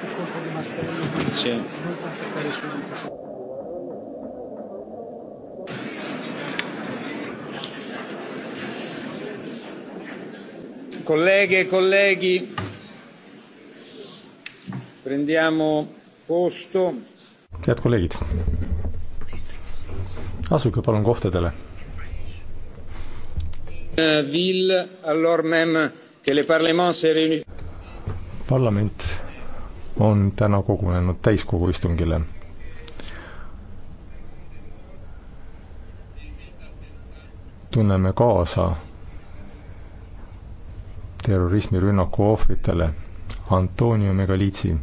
più colpo di martello sì. noi attaccare subito. Colleghe e colleghi, prendiamo posto. head kolleegid, asuge palun kohtadele. Ville, alors même que le Parlement se réunit parlament on täna kogunenud täiskogu istungile. tunneme kaasa terrorismirünnaku ohvritele Antonio Megalitsi,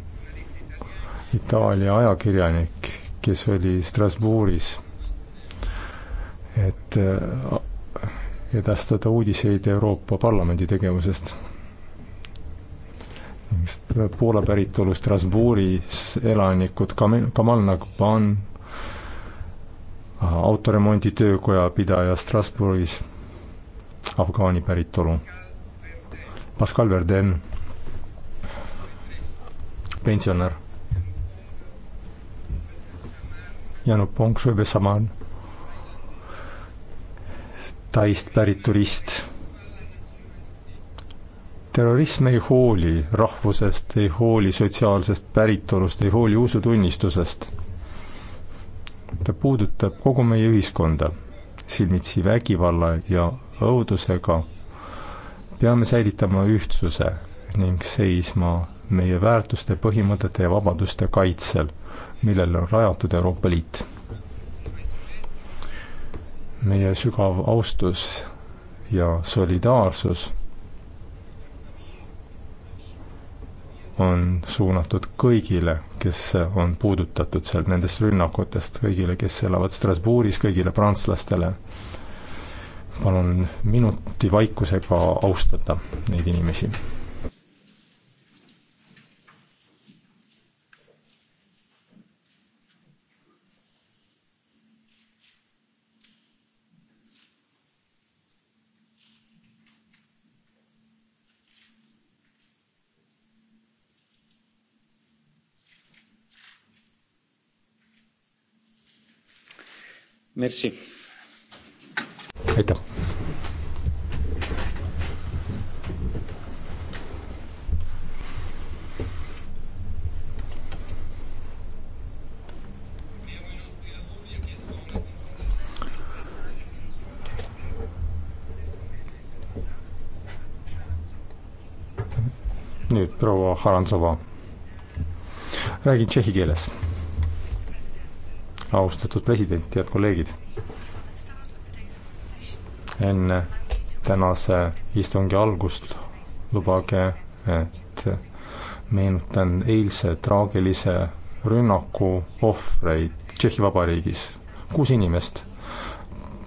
Itaalia ajakirjanik, kes oli Strasbourgis, et äh, edastada uudiseid Euroopa Parlamendi tegevusest Poola päritolu Strasbourgis elanikud Kam-, Kamal Nagban, äh, autoremonditöökoja pidaja Strasbourgis, afgaani päritolu. Pascal Verden, pensionär. Janupong Šubesaman, Taist pärit turist terrorism ei hooli rahvusest, ei hooli sotsiaalsest päritolust, ei hooli usutunnistusest. ta puudutab kogu meie ühiskonda silmitsi vägivalla ja õudusega. peame säilitama ühtsuse ning seisma meie väärtuste, põhimõtete ja vabaduste kaitsel, millele on rajatud Euroopa Liit. meie sügav austus ja solidaarsus on suunatud kõigile, kes on puudutatud seal nendest rünnakutest, kõigile, kes elavad Strasbourgis, kõigile prantslastele. palun minuti vaikusega austada neid inimesi. Merci. aitäh. nüüd proua Harantsova räägin tšehhi keeles austatud president, head kolleegid. enne tänase istungi algust lubage, et meenutan eilse traagilise rünnaku ohvreid Tšehhi Vabariigis. kuus inimest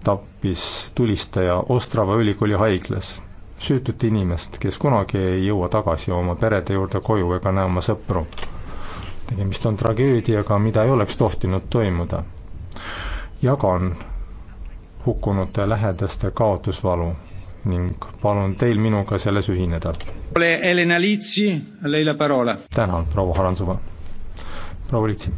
tappis tulistaja Ostrava ülikooli haiglas süütut inimest, kes kunagi ei jõua tagasi oma perede juurde koju ega näe oma sõpru tegemist on tragöödiaga, mida ei oleks tohtinud toimuda. jagan hukkunute lähedaste kaotusvalu ning palun teil minuga selles ühineda. tänan, proua Haransova. proua Litsi.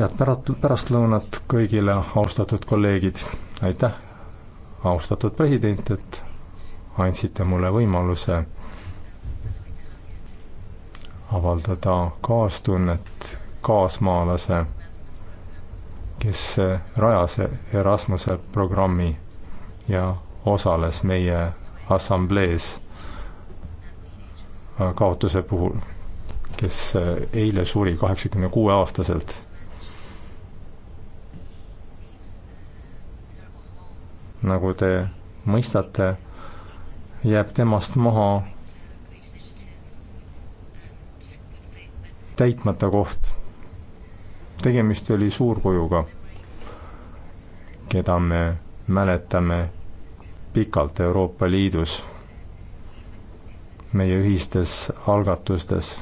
head pärat-, pärastlõunat kõigile, austatud kolleegid, aitäh, austatud president, et andsite mulle võimaluse avaldada kaastunnet kaasmaalase, kes rajas Erasmuse programmi ja osales meie assamblees kaotuse puhul, kes eile suri kaheksakümne kuue aastaselt nagu te mõistate, jääb temast maha täitmata koht. tegemist oli suurkujuga, keda me mäletame pikalt Euroopa Liidus, meie ühistes algatustes.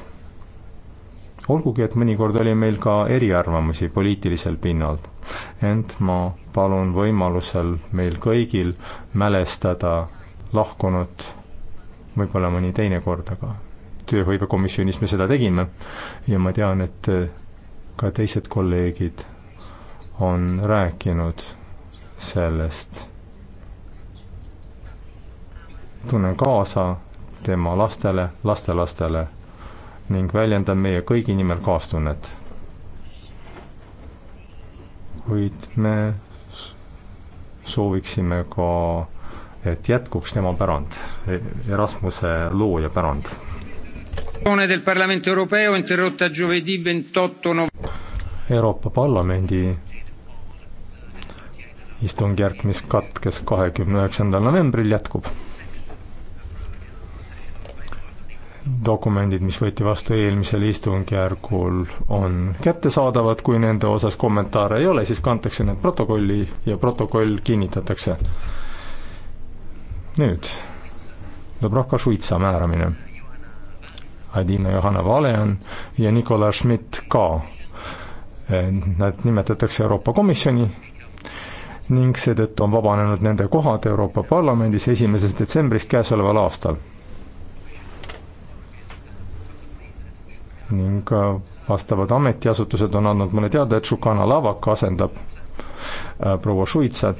olgugi, et mõnikord oli meil ka eriarvamusi poliitilisel pinnal, ent ma palun võimalusel meil kõigil mälestada lahkunud võib-olla mõni teine kord, aga tööhõivekomisjonis me seda tegime ja ma tean, et äh, ka teised kolleegid on rääkinud sellest. tunnen kaasa tema lastele, lastelastele ning väljendan meie kõigi nimel kaastunnet. kuid me sooviksime ka et jätkuks tema pärand, Erasmuse looja pärand. Euroopa Parlamendi istungjärk, mis katkes kahekümne üheksandal novembril, jätkub. dokumendid, mis võeti vastu eelmisel istungjärgul, on kättesaadavad, kui nende osas kommentaare ei ole, siis kantakse need protokolli ja protokoll kinnitatakse nüüd Dubravka Šuitsa määramine. Adina Johanna Valean ja Nikolai Schmidt ka. Nad nimetatakse Euroopa Komisjoni ning seetõttu on vabanenud nende kohad Euroopa Parlamendis esimesest detsembrist käesoleval aastal. ning vastavad ametiasutused on andnud mulle teada, et Šukana Lavak asendab äh, proua Šuitsat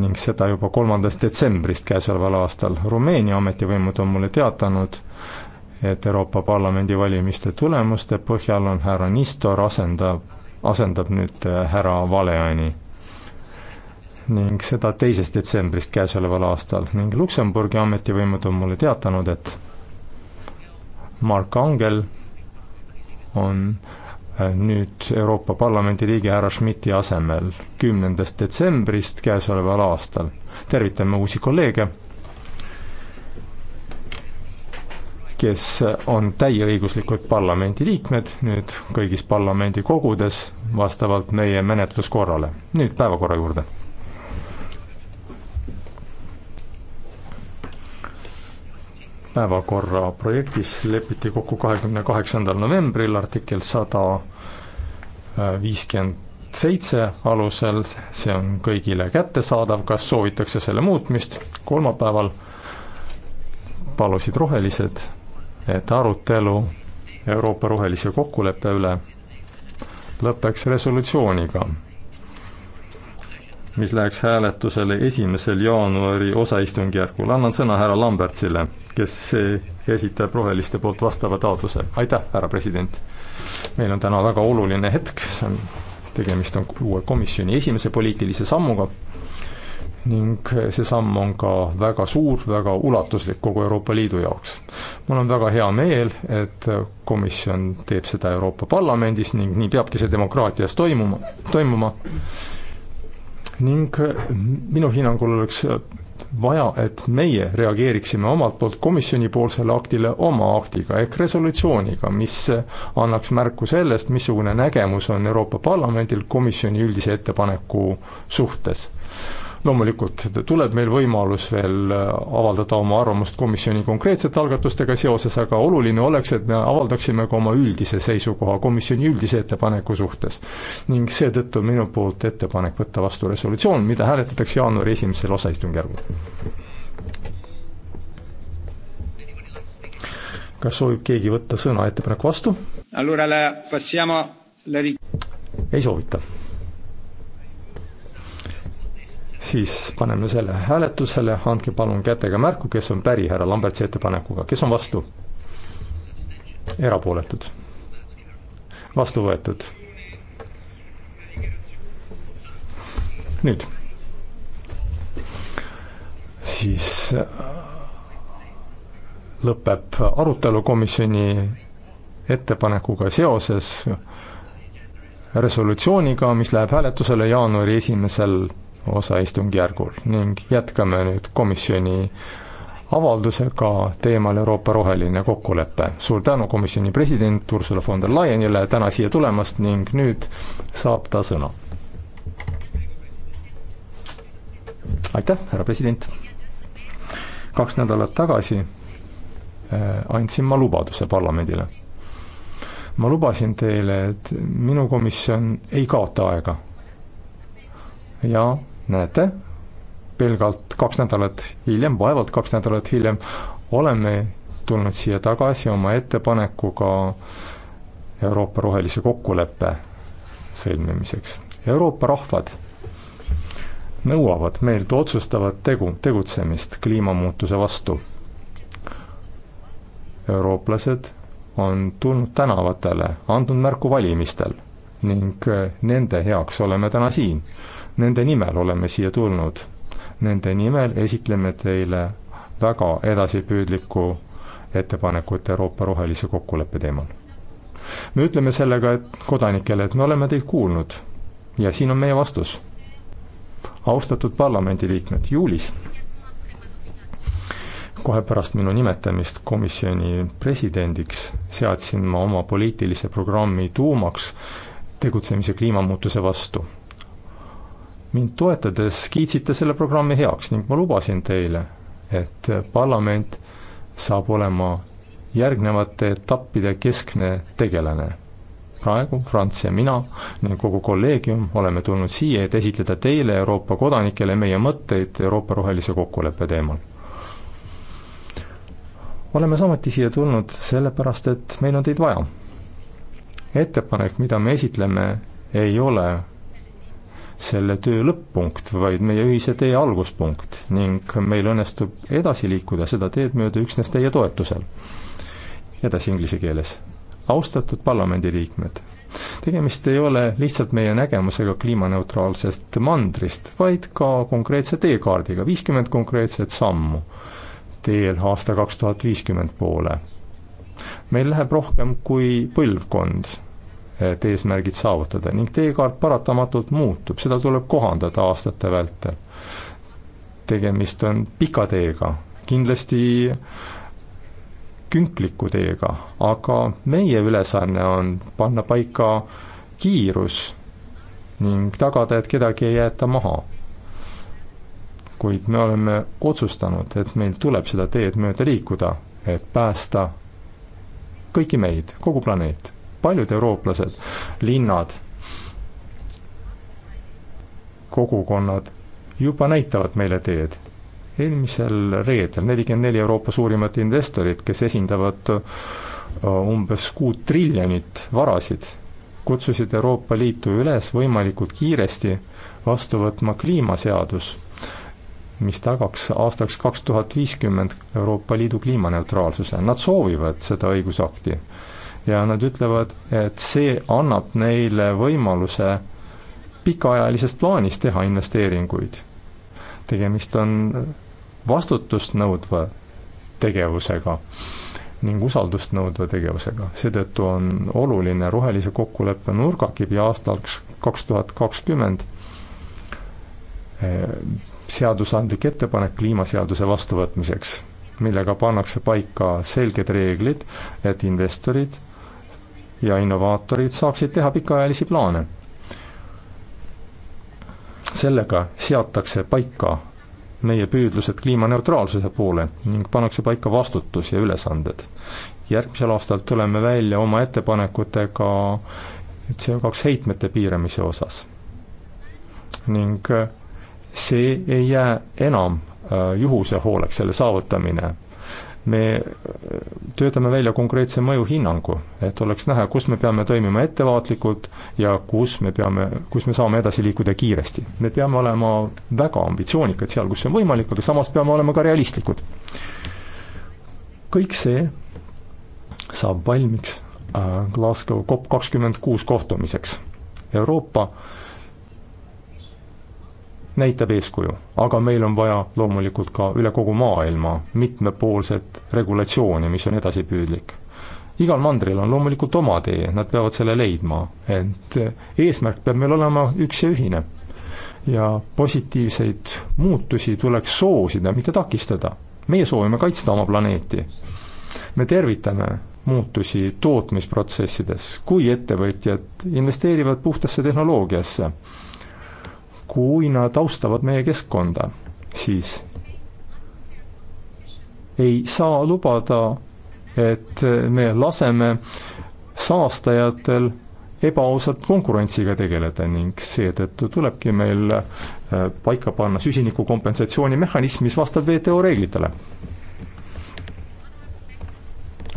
ning seda juba kolmandast detsembrist käesoleval aastal. Rumeenia ametivõimud on mulle teatanud, et Euroopa Parlamendi valimiste tulemuste põhjal on härra Nistor asendab, asendab nüüd äh, härra Valeani. ning seda teisest detsembrist käesoleval aastal ning Luksemburgi ametivõimud on mulle teatanud, et Mark Angel on nüüd Euroopa Parlamendi liige härra Schmidti asemel kümnendast detsembrist käesoleval aastal. tervitame uusi kolleege, kes on täieõiguslikud parlamendi liikmed nüüd kõigis parlamendikogudes vastavalt meie menetluskorrale. nüüd päevakorra juurde päevakorra projektis lepiti kokku kahekümne kaheksandal novembril artikkel sada äh, viiskümmend seitse alusel, see on kõigile kättesaadav, kas soovitakse selle muutmist, kolmapäeval palusid rohelised, et arutelu Euroopa rohelise kokkuleppe üle lõpeks resolutsiooniga mis läheks hääletusele esimesel jaanuari osaistungjärgul. annan sõna härra Lambertsile, kes esitab Roheliste poolt vastava taotluse. aitäh, härra president! meil on täna väga oluline hetk, see on, tegemist on uue komisjoni esimese poliitilise sammuga ning see samm on ka väga suur, väga ulatuslik kogu Euroopa Liidu jaoks. mul on väga hea meel, et komisjon teeb seda Euroopa Parlamendis ning nii peabki see demokraatias toimuma, toimuma ning äh, minu hinnangul oleks äh, vaja, et meie reageeriksime omalt poolt komisjonipoolsele aktile oma aktiga ehk resolutsiooniga, mis äh, annaks märku sellest, missugune nägemus on Euroopa Parlamendil komisjoni üldise ettepaneku suhtes loomulikult tuleb meil võimalus veel äh, avaldada oma arvamust komisjoni konkreetsete algatustega seoses, aga oluline oleks, et me avaldaksime ka oma üldise seisukoha komisjoni üldise ettepaneku suhtes. ning seetõttu minu poolt ettepanek võtta vastu resolutsioon, mida hääletatakse jaanuari esimesel osaistungjärgul. kas soovib keegi võtta sõna ettepaneku vastu? ei soovita siis paneme selle hääletusele, andke palun kätega märku, kes on päri härra Lambertsi ettepanekuga, kes on vastu? erapooletud? vastu võetud. nüüd. siis äh, lõpeb arutelu komisjoni ettepanekuga seoses resolutsiooniga, mis läheb hääletusele jaanuari esimesel osa istungjärgul ning jätkame nüüd komisjoni avaldusega teemal Euroopa roheline kokkulepe. suur tänu komisjoni president Ursula von der Leyenile täna siia tulemast ning nüüd saab ta sõna. aitäh, härra president. kaks nädalat tagasi äh, andsin ma lubaduse parlamendile. ma lubasin teile, et minu komisjon ei kaota aega. ja näete, pelgalt kaks nädalat hiljem, vaevalt kaks nädalat hiljem, oleme tulnud siia tagasi oma ettepanekuga Euroopa rohelise kokkuleppe sõlmimiseks. Euroopa rahvad nõuavad meilt otsustavat tegu, tegutsemist kliimamuutuse vastu. eurooplased on tulnud tänavatele, andnud märku valimistel ning nende heaks oleme täna siin Nende nimel oleme siia tulnud. Nende nimel esitleme teile väga edasipüüdlikku ettepanekut Euroopa rohelise kokkuleppe teemal. me ütleme sellega, et kodanikele, et me oleme teid kuulnud ja siin on meie vastus. austatud parlamendiliikmed, juulis kohe pärast minu nimetamist komisjoni presidendiks seadsin ma oma poliitilise programmi tuumaks tegutsemise kliimamuutuse vastu mind toetades kiitsite selle programmi heaks ning ma lubasin teile, et parlament saab olema järgnevate etappide keskne tegelane. praegu Franz ja mina ning kogu kolleegium oleme tulnud siia, et esitleda teile, Euroopa kodanikele, meie mõtteid Euroopa rohelise kokkuleppe teemal. oleme samuti siia tulnud sellepärast, et meil on teid vaja. ettepanek, mida me esitleme, ei ole selle töö lõpp-punkt, vaid meie ühise tee alguspunkt ning meil õnnestub edasi liikuda seda teed mööda üksnes teie toetusel. edasi inglise keeles. austatud parlamendiliikmed, tegemist ei ole lihtsalt meie nägemusega kliimaneutraalsest mandrist, vaid ka konkreetse teekaardiga, viiskümmend konkreetset sammu teel aasta kaks tuhat viiskümmend poole. meil läheb rohkem kui põlvkond et eesmärgid saavutada ning teekaart paratamatult muutub, seda tuleb kohandada aastate vältel. tegemist on pika teega, kindlasti künkliku teega, aga meie ülesanne on panna paika kiirus ning tagada, et kedagi ei jäeta maha. kuid me oleme otsustanud, et meil tuleb seda teed mööda liikuda, et päästa kõiki meid, kogu planeet paljud eurooplased, linnad, kogukonnad juba näitavad meile teed. eelmisel reedel nelikümmend neli Euroopa suurimat investorit, kes esindavad äh, umbes kuut triljonit varasid, kutsusid Euroopa Liitu üles võimalikult kiiresti vastu võtma kliimaseadus, mis tagaks aastaks kaks tuhat viiskümmend Euroopa Liidu kliimaneutraalsuse. Nad soovivad seda õigusakti ja nad ütlevad, et see annab neile võimaluse pikaajalises plaanis teha investeeringuid. tegemist on vastutust nõudva tegevusega ning usaldust nõudva tegevusega, seetõttu on oluline rohelise kokkuleppe nurgakivi aastaks kaks tuhat kakskümmend eh, seadusandlik ettepanek kliimaseaduse vastuvõtmiseks, millega pannakse paika selged reeglid, et investorid ja innovaatorid saaksid teha pikaajalisi plaane. sellega seatakse paika meie püüdlused kliimaneutraalsuse poole ning pannakse paika vastutus ja ülesanded. järgmisel aastal tuleme välja oma ettepanekutega CO2 heitmete piiramise osas. ning see ei jää enam äh, juhuse hooleks, selle saavutamine me äh, töötame välja konkreetse mõjuhinnangu, et oleks näha, kus me peame toimima ettevaatlikult ja kus me peame, kus me saame edasi liikuda kiiresti. me peame olema väga ambitsioonikad seal, kus see on võimalik, aga samas peame olema ka realistlikud. kõik see saab valmiks äh, Glasgow COP kakskümmend kuus kohtumiseks. Euroopa äh, näitab eeskuju, aga meil on vaja loomulikult ka üle kogu maailma mitmepoolset regulatsiooni, mis on edasipüüdlik. igal mandril on loomulikult oma tee, nad peavad selle leidma, ent eesmärk peab meil olema üks ja ühine. ja positiivseid muutusi tuleks soosida, mitte takistada. meie soovime kaitsta oma planeeti. me tervitame muutusi tootmisprotsessides, kui ettevõtjad investeerivad puhtasse tehnoloogiasse kui nad austavad meie keskkonda, siis ei saa lubada, et me laseme saastajatel ebaausalt konkurentsiga tegeleda ning seetõttu tulebki meil äh, paika panna süsiniku kompensatsioonimehhanism, mis vastab WTO reeglitele.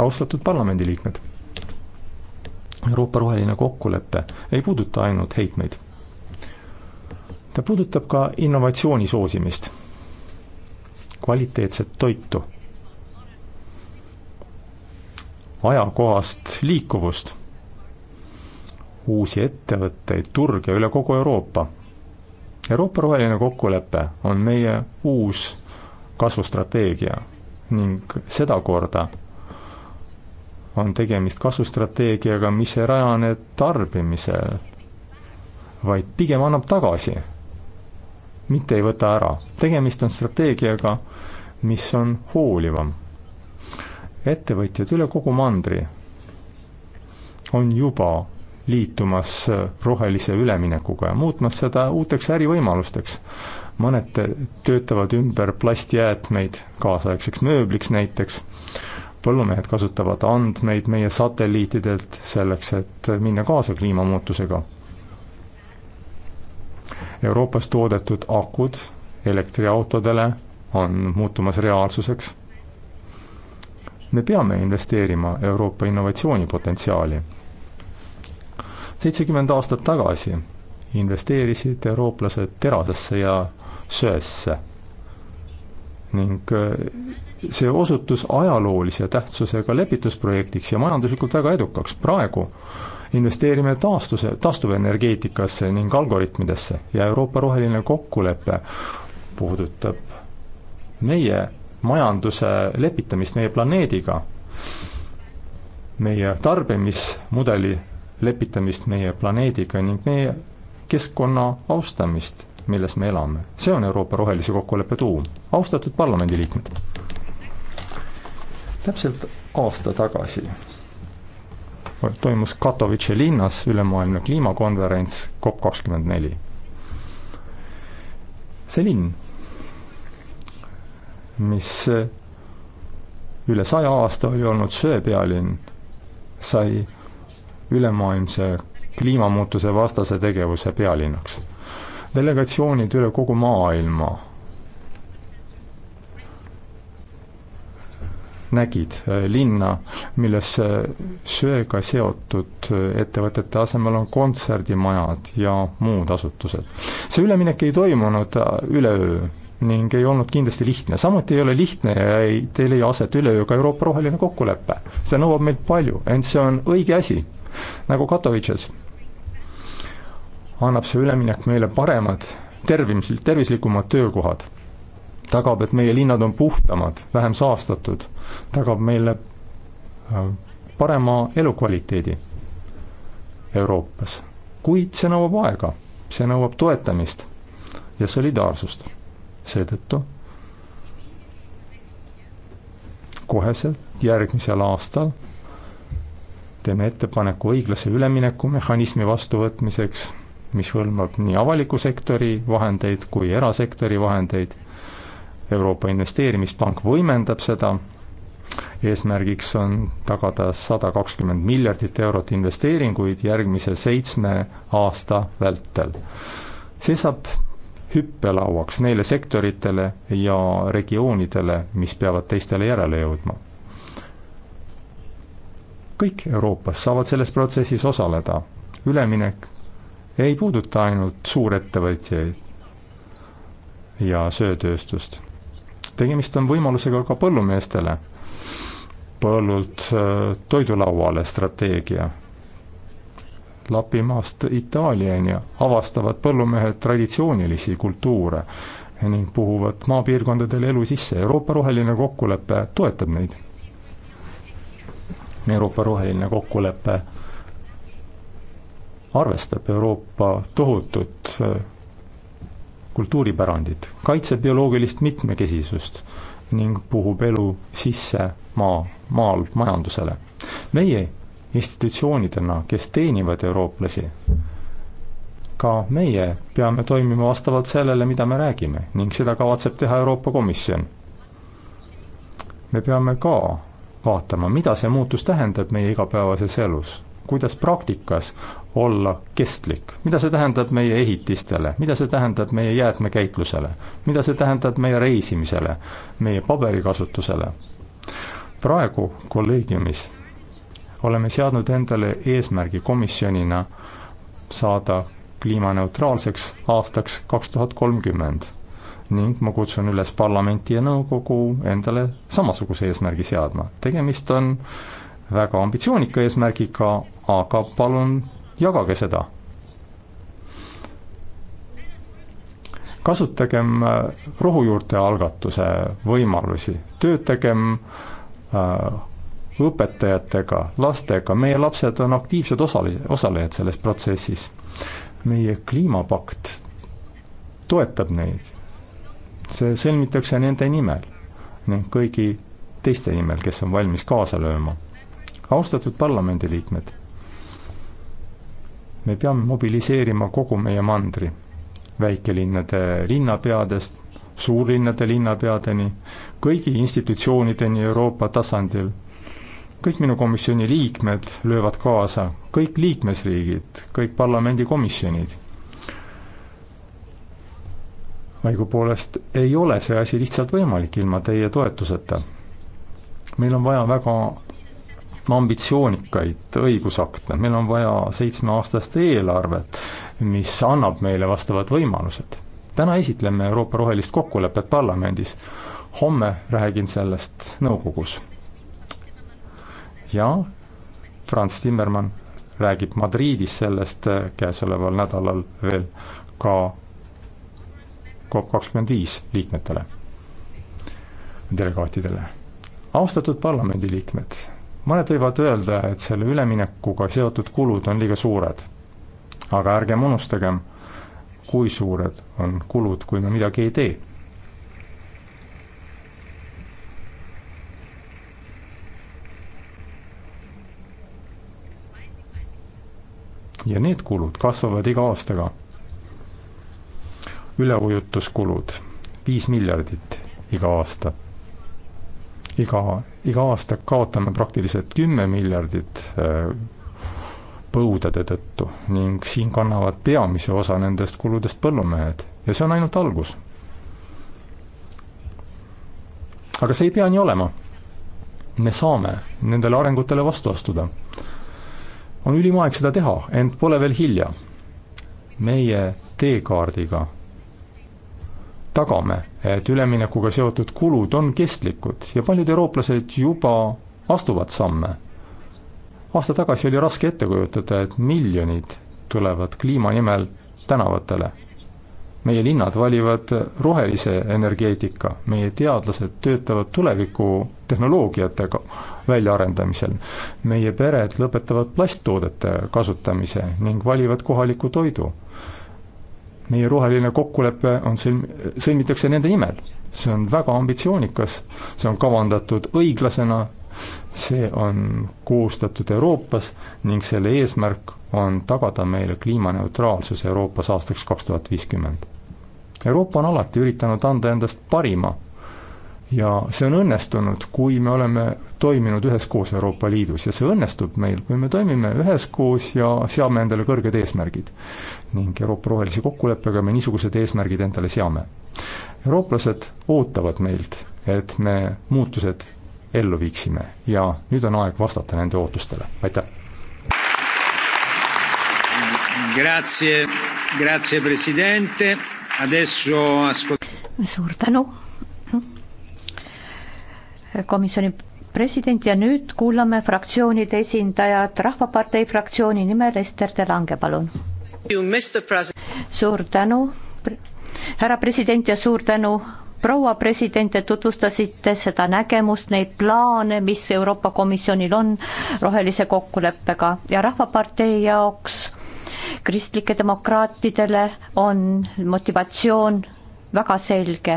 austatud parlamendiliikmed, Euroopa roheline kokkulepe ei puuduta ainult heitmeid ta puudutab ka innovatsiooni soosimist, kvaliteetset toitu, ajakohast liikuvust, uusi ettevõtteid, turge üle kogu Euroopa. Euroopa roheline kokkulepe on meie uus kasvustrateegia ning sedakorda on tegemist kasvustrateegiaga, mis ei rajane tarbimisel, vaid pigem annab tagasi mitte ei võta ära. tegemist on strateegiaga, mis on hoolivam. ettevõtjad üle kogu mandri on juba liitumas rohelise üleminekuga ja muutmas seda uuteks ärivõimalusteks. mõned töötavad ümber plastjäätmeid kaasaegseks mööbliks näiteks, põllumehed kasutavad andmeid meie satelliitidelt selleks, et minna kaasa kliimamuutusega Euroopas toodetud akud elektriautodele on muutumas reaalsuseks. me peame investeerima Euroopa innovatsioonipotentsiaali. seitsekümmend aastat tagasi investeerisid eurooplased terasesse ja söesse ning eh, see osutus ajaloolise tähtsusega lepitusprojektiks ja majanduslikult väga edukaks. praegu investeerime taastuse, taastuvenergeetikasse ning algoritmidesse ja Euroopa roheline kokkulepe puudutab meie majanduse lepitamist meie planeediga, meie tarbimismudeli lepitamist meie planeediga ning meie keskkonna austamist, milles me elame. see on Euroopa rohelise kokkuleppe tuum. austatud parlamendiliikmed! täpselt aasta tagasi toimus Katowice linnas ülemaailmne kliimakonverents COP kakskümmend neli. see linn, mis üle saja aasta oli olnud söepealinn, sai ülemaailmse kliimamuutuse vastase tegevuse pealinnaks. delegatsioonid üle kogu maailma nägid äh, linna, milles äh, söega seotud äh, ettevõtete asemel on kontserdimajad ja muud asutused. see üleminek ei toimunud üleöö ning ei olnud kindlasti lihtne, samuti ei ole lihtne ja ei, ei leia aset üleöö ka Euroopa roheline kokkulepe. see nõuab meilt palju, ent see on õige asi, nagu Katowices. annab see üleminek meile paremad, tervis, tervislikumad töökohad tagab, et meie linnad on puhtamad, vähem saastatud, tagab meile äh, parema elukvaliteedi Euroopas. kuid see nõuab aega, see nõuab toetamist ja solidaarsust. seetõttu koheselt järgmisel aastal teeme ettepaneku õiglase ülemineku mehhanismi vastuvõtmiseks, mis hõlmab nii avaliku sektori vahendeid kui erasektori vahendeid Euroopa Investeerimispank võimendab seda, eesmärgiks on tagada sada kakskümmend miljardit eurot investeeringuid järgmise seitsme aasta vältel. see saab hüppelauaks neile sektoritele ja regioonidele, mis peavad teistele järele jõudma. kõik Euroopas saavad selles protsessis osaleda, üleminek ei puuduta ainult suurettevõtjaid ja söetööstust tegemist on võimalusega ka põllumeestele. põllult äh, toidulauale strateegia. Lapimaast Itaaliani avastavad põllumehed traditsioonilisi kultuure ning puhuvad maapiirkondadele elu sisse. Euroopa roheline kokkulepe toetab neid. Euroopa roheline kokkulepe arvestab Euroopa tohutut äh, kultuuripärandit, kaitseb bioloogilist mitmekesisust ning puhub elu sisse maa, maal majandusele. meie institutsioonidena, kes teenivad eurooplasi, ka meie peame toimima vastavalt sellele, mida me räägime ning seda kavatseb teha Euroopa Komisjon. me peame ka vaatama, mida see muutus tähendab meie igapäevases elus, kuidas praktikas olla kestlik, mida see tähendab meie ehitistele, mida see tähendab meie jäätmekäitlusele, mida see tähendab meie reisimisele, meie paberikasutusele. praegu kolleegiumis oleme seadnud endale eesmärgi komisjonina saada kliimaneutraalseks aastaks kaks tuhat kolmkümmend ning ma kutsun üles parlamenti ja nõukogu endale samasuguse eesmärgi seadma. tegemist on väga ambitsioonika eesmärgiga, aga palun jagage seda. kasutagem äh, rohujuurte algatuse võimalusi, töötagem äh, õpetajatega, lastega, meie lapsed on aktiivsed osalis-, osalejad selles protsessis. meie kliimapakt toetab neid. see sõlmitakse nende nimel ning kõigi teiste nimel, kes on valmis kaasa lööma. austatud parlamendiliikmed me peame mobiliseerima kogu meie mandri, väikelinnade linnapeadest suurlinnade linnapeadeni, kõigi institutsioonideni Euroopa tasandil. kõik minu komisjoni liikmed löövad kaasa, kõik liikmesriigid, kõik parlamendikomisjonid. õigupoolest ei ole see asi lihtsalt võimalik ilma teie toetuseta. meil on vaja väga võtma ambitsioonikaid õigusakte, meil on vaja seitsmeaastast eelarvet, mis annab meile vastavad võimalused. täna esitleme Euroopa rohelist kokkulepet parlamendis, homme räägin sellest nõukogus. ja Franz Timmermann räägib Madridis sellest käesoleval nädalal veel ka COP kakskümmend viis liikmetele, delegaatidele. austatud parlamendiliikmed mõned võivad öelda, et selle üleminekuga seotud kulud on liiga suured. aga ärgem unustagem, kui suured on kulud, kui me midagi ei tee. ja need kulud kasvavad iga aastaga. üleujutuskulud viis miljardit iga aasta iga, iga aasta kaotame praktiliselt kümme miljardit äh, põudade tõttu ning siin kannavad peamise osa nendest kuludest põllumehed ja see on ainult algus. aga see ei pea nii olema. me saame nendele arengutele vastu astuda. on ülim aeg seda teha, ent pole veel hilja. meie teekaardiga tagame, et üleminekuga seotud kulud on kestlikud ja paljud eurooplased juba astuvad samme. aasta tagasi oli raske ette kujutada, et miljonid tulevad kliima nimel tänavatele. meie linnad valivad rohelise energeetika, meie teadlased töötavad tulevikutehnoloogiate väljaarendamisel, meie pered lõpetavad plasttoodete kasutamise ning valivad kohaliku toidu meie roheline kokkulepe on sõlm-, sõlmitakse nende nimel. see on väga ambitsioonikas, see on kavandatud õiglasena, see on koostatud Euroopas ning selle eesmärk on tagada meile kliimaneutraalsus Euroopas aastaks kaks tuhat viiskümmend. Euroopa on alati üritanud anda endast parima ja see on õnnestunud, kui me oleme toiminud üheskoos Euroopa Liidus ja see õnnestub meil, kui me toimime üheskoos ja seame endale kõrged eesmärgid. ning Euroopa rohelise kokkuleppega me niisugused eesmärgid endale seame. eurooplased ootavad meilt, et me muutused ellu viiksime ja nüüd on aeg vastata nende ootustele, aitäh! Grazie, grazie presidente, adesso ascol-. suur tänu komisjoni president ja nüüd kuulame fraktsioonide esindajad, Rahvapartei fraktsiooni nimel Ester De Lange, palun. suur tänu, härra president ja suur tänu proua president, te tutvustasite seda nägemust, neid plaane, mis Euroopa Komisjonil on rohelise kokkuleppega ja Rahvapartei jaoks kristlike demokraatidele on motivatsioon väga selge.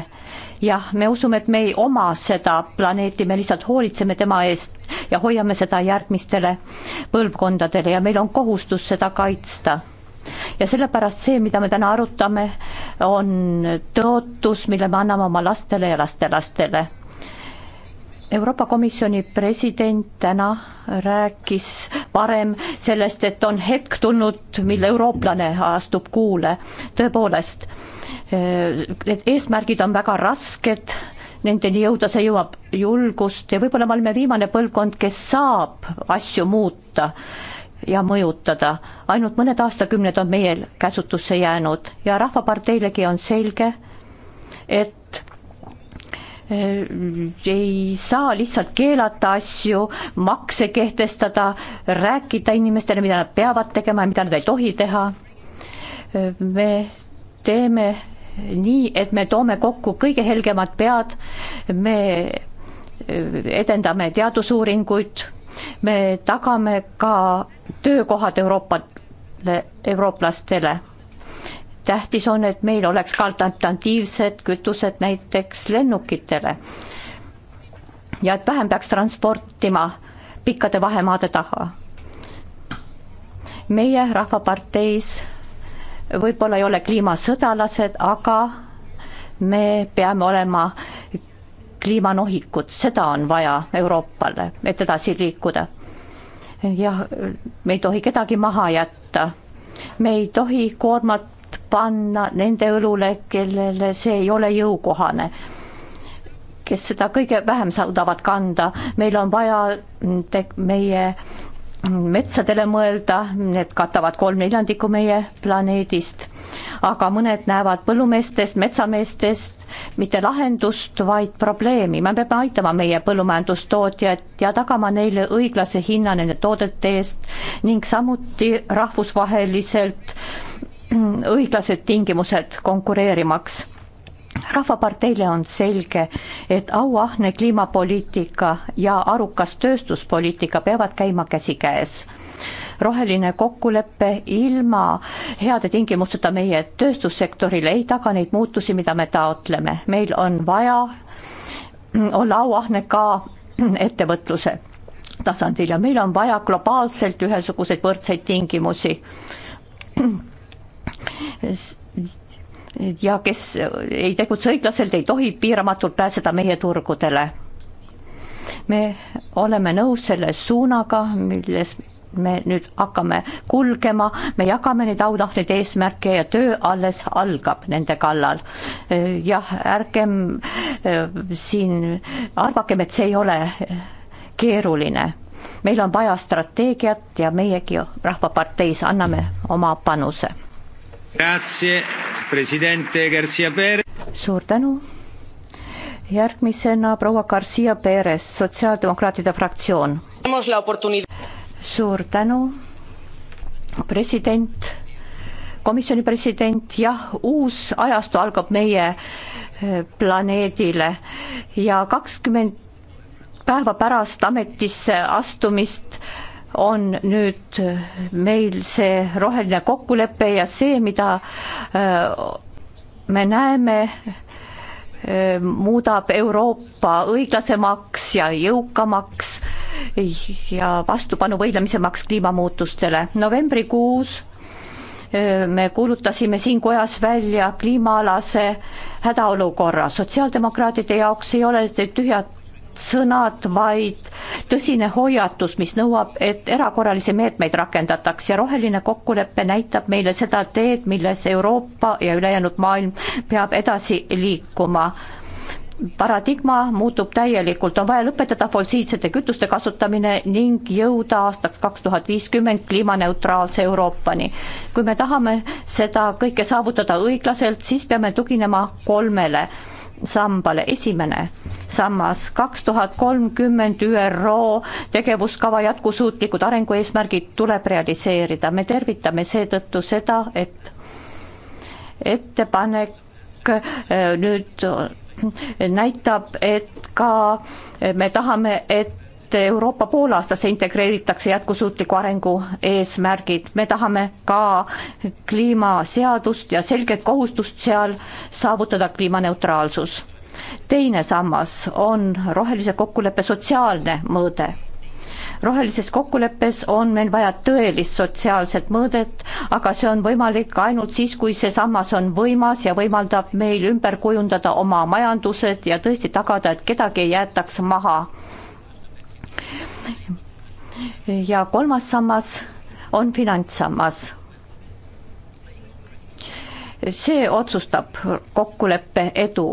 jah, me usume, et me ei oma seda planeeti, me lihtsalt hoolitseme tema eest ja hoiame seda järgmistele põlvkondadele ja meil on kohustus seda kaitsta ja sellepärast see, mida me täna arutame, on tõotus, mille me anname oma lastele ja lastelastele Euroopa Komisjoni president täna rääkis varem sellest, et on hetk tulnud, mil eurooplane astub kuule. tõepoolest, eh, need eesmärgid on väga rasked, nendeni jõuda, see jõuab julgust ja võib-olla me oleme viimane põlvkond, kes saab asju muuta ja mõjutada. ainult mõned aastakümned on meie käsutusse jäänud ja Rahvaparteilegi on selge, et ei saa lihtsalt keelata asju, makse kehtestada, rääkida inimestele, mida nad peavad tegema ja mida nad ei tohi teha. me teeme nii, et me toome kokku kõige helgemad pead, me edendame teadusuuringuid, me tagame ka töökohad Euroopa eurooplastele tähtis on, et meil oleks ka alternatiivsed kütused näiteks lennukitele. ja et vähem peaks transportima pikkade vahemaade taha. meie Rahvaparteis võib-olla ei ole kliimasõdalased, aga me peame olema kliimanohikud, seda on vaja Euroopale, et edasi liikuda. jah, me ei tohi kedagi maha jätta, me ei tohi koormat panna nende õlule, kellele see ei ole jõukohane, kes seda kõige vähem suudavad kanda. meil on vaja meie metsadele mõelda, need katavad kolm neljandikku meie planeedist. aga mõned näevad põllumeestest, metsameestest mitte lahendust, vaid probleemi. me peame aitama meie põllumajandustootjat ja tagama neile õiglase hinna nende toodete eest ning samuti rahvusvaheliselt õiglased tingimused konkureerimaks. rahvaparteile on selge, et auahne kliimapoliitika ja arukas tööstuspoliitika peavad käima käsikäes roheline kokkulepe ilma heade tingimusteta meie tööstussektorile ei taga neid muutusi, mida me taotleme. meil on vaja olla auahne ka ettevõtluse tasandil ja meil on vaja globaalselt ühesuguseid võrdseid tingimusi ja kes ei tegutse õiglaselt, ei tohi piiramatult pääseda meie turgudele. me oleme nõus selle suunaga, milles me nüüd hakkame kulgema, me jagame neid auahneid eesmärke ja töö alles algab nende kallal. jah, ärgem eh, siin arvakem, et see ei ole keeruline. meil on vaja strateegiat ja meiegi Rahvaparteis anname oma panuse suur tänu. järgmisena proua Garcia Perez, Sotsiaaldemokraatide fraktsioon. suur tänu, president, komisjoni president, jah, uus ajastu algab meie eh, planeedile ja kakskümmend päeva pärast ametisse astumist äh, on nüüd meil see roheline kokkulepe ja see, mida äh, me näeme, äh, muudab Euroopa õiglasemaks ja jõukamaks ja vastupanuvõimlemisemaks kliimamuutustele. novembrikuus äh, me kuulutasime siin kojas välja kliimaalase hädaolukorra, sotsiaaldemokraatide jaoks ei ole need tühjad sõnad, vaid tõsine hoiatus, mis nõuab, et erakorralisi meetmeid rakendataks ja roheline kokkulepe näitab meile seda teed, milles Euroopa ja ülejäänud maailm peab edasi liikuma paradigma muutub täielikult, on vaja lõpetada fossiilsete kütuste kasutamine ning jõuda aastaks kaks tuhat viiskümmend kliimaneutraalse Euroopani. kui me tahame seda kõike saavutada õiglaselt, siis peame tuginema kolmele sambale, esimene sammas, kaks tuhat kolmkümmend ÜRO tegevuskava jätkusuutlikud arengueesmärgid tuleb realiseerida, me tervitame seetõttu seda, et ettepanek äh, nüüd äh, näitab, et ka me tahame, et et Euroopa poolaastasse integreeritakse jätkusuutliku arengu eesmärgid, me tahame ka kliimaseadust ja selget kohustust seal saavutada kliimaneutraalsus. teine sammas on rohelise kokkuleppe sotsiaalne mõõde rohelises kokkuleppes on meil vaja tõelist sotsiaalset mõõdet, aga see on võimalik ainult siis, kui see sammas on võimas ja võimaldab meil ümber kujundada oma majandused ja tõesti tagada, et kedagi ei jäetaks maha ja kolmas sammas on finantssammas. see otsustab kokkuleppe edu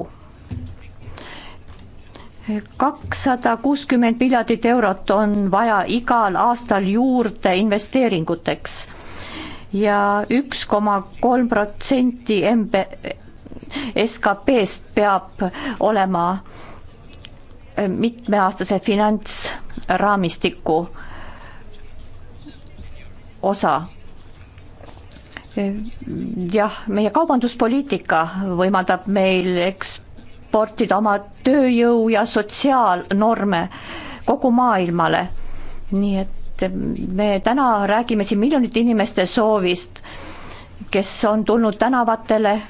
kakssada kuuskümmend miljardit eurot on vaja igal aastal juurde investeeringuteks ja üks koma kolm protsenti MB SKP-st peab olema mitmeaastase finants raamistiku osa. jah, meie kaubanduspoliitika võimaldab meil eksportida oma tööjõu ja sotsiaalnorme kogu maailmale. nii et me täna räägime siin miljonite inimeste soovist, kes on tulnud tänavatele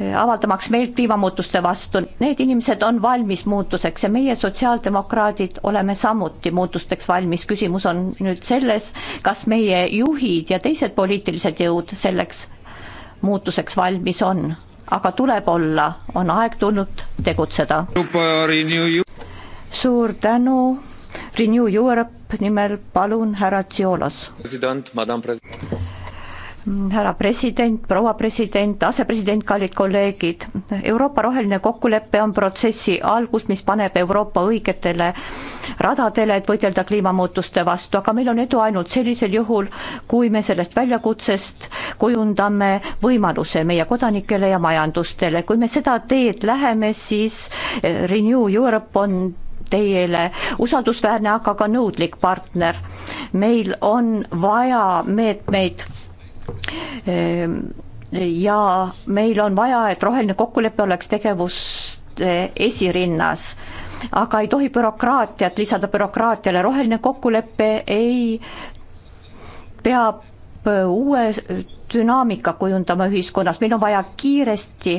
Eh, avaldamaks meelt kliimamuutuste vastu. Need inimesed on valmis muutuseks ja meie, sotsiaaldemokraadid, oleme samuti muutusteks valmis. küsimus on nüüd selles, kas meie juhid ja teised poliitilised jõud selleks muutuseks valmis on. aga tuleb olla, on aeg tulnud tegutseda. suur tänu. Renew Europe nimel palun härra Tsiolos. president, madam president härra president, proua president, asepresident, kallid kolleegid. Euroopa roheline kokkulepe on protsessi algus, mis paneb Euroopa õigetele radadele, et võidelda kliimamuutuste vastu, aga meil on edu ainult sellisel juhul, kui me sellest väljakutsest kujundame võimaluse meie kodanikele ja majandustele. kui me seda teed läheme, siis eh, Renew Europe on teile usaldusväärne, aga ka nõudlik partner. meil on vaja meetmeid meet Ehm, ja meil on vaja, et roheline kokkulepe oleks tegevuste esirinnas, aga ei tohi bürokraatiat lisada bürokraatiale, roheline kokkulepe ei, peab uue dünaamika kujundama ühiskonnas, meil on vaja kiiresti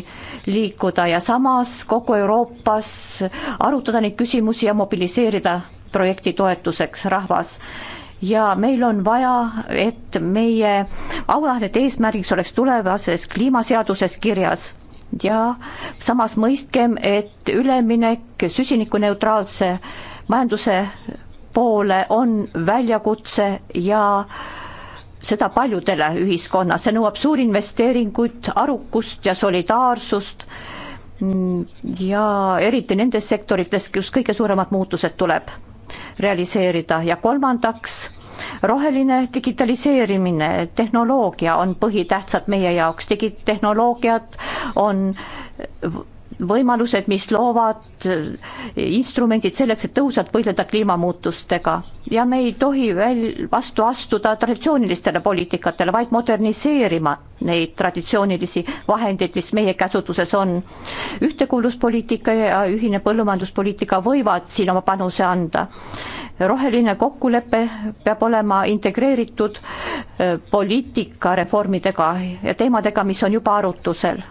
liikuda ja samas kogu Euroopas arutada neid küsimusi ja mobiliseerida projekti toetuseks rahvas ja meil on vaja, et meie aulahned eesmärgiks oleks tulevases kliimaseaduses kirjas ja samas mõistkem, et üleminek süsinikuneutraalse majanduse poole on väljakutse ja seda paljudele ühiskonnas, see nõuab suurinvesteeringuid, arukust ja solidaarsust mm, ja eriti nendes sektorites, kus kõige suuremad muutused tuleb realiseerida ja kolmandaks, roheline digitaliseerimine, tehnoloogia on põhitähtsad meie jaoks, digitehnoloogiad on võimalused, mis loovad eh, instrumendid selleks, et tõhusalt võidelda kliimamuutustega ja me ei tohi veel vastu astuda traditsioonilistele poliitikatele, vaid moderniseerima neid traditsioonilisi vahendeid, mis meie käsutuses on. ühtekuuluvuspoliitika ja ühine põllumajanduspoliitika võivad siin oma panuse anda. roheline kokkulepe peab olema integreeritud eh, poliitikareformidega ja teemadega, mis on juba arutusel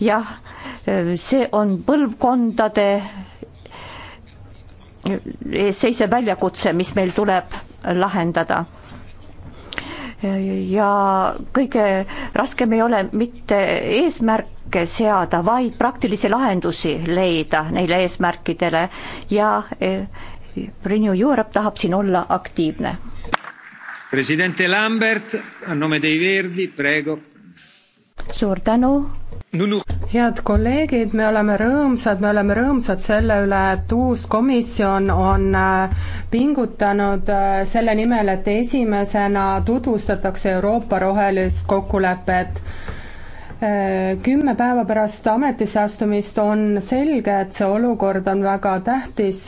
jah, see on põlvkondade ees seisev väljakutse, mis meil tuleb lahendada ja kõige raskem ei ole mitte eesmärke seada, vaid praktilisi lahendusi leida neile eesmärkidele ja eh, Renew Europe tahab siin olla aktiivne. president Lambert, a nome dei Verdi, prego. suur tänu head kolleegid, me oleme rõõmsad, me oleme rõõmsad selle üle, et uus komisjon on äh, pingutanud äh, selle nimel, et esimesena tutvustatakse Euroopa rohelist kokkulepet. Äh, kümme päeva pärast ametisse astumist on selge, et see olukord on väga tähtis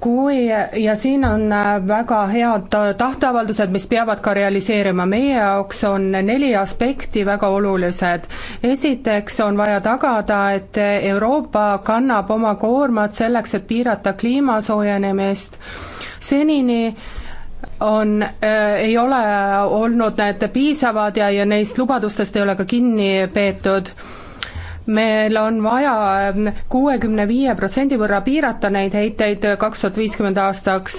kui, ja siin on äh, väga head äh, tahteavaldused, mis peavad ka realiseerima, meie jaoks on neli aspekti väga olulised. esiteks on vaja tagada, et Euroopa kannab oma koormat selleks, et piirata kliima soojenemist, senini on äh,, ei ole olnud need piisavad ja, ja neist lubadustest ei ole ka kinni peetud meil on vaja ähm, kuuekümne viie protsendi võrra piirata neid heiteid kaks tuhat viiskümmend aastaks.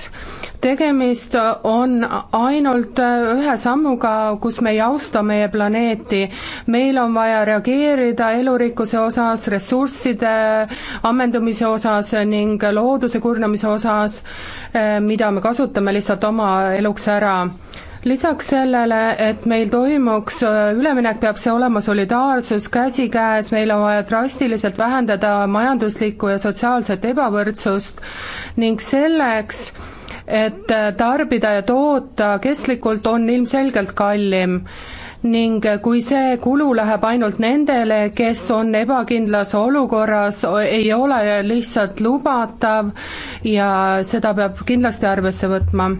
tegemist on ainult äh, ühe sammuga, kus me ei austa meie planeeti. meil on vaja reageerida elurikkuse osas, ressursside äh, ammendumise osas ning looduse kurnamise osas, äh, mida me kasutame lihtsalt oma eluks ära lisaks sellele, et meil toimuks äh, üleminek, peab see olema solidaarsus käsikäes, meil on vaja drastiliselt vähendada majanduslikku ja sotsiaalset ebavõrdsust ning selleks, et äh, tarbida ja toota kestlikult, on ilmselgelt kallim ning äh, kui see kulu läheb ainult nendele, kes on ebakindlas olukorras, ei ole lihtsalt lubatav ja seda peab kindlasti arvesse võtma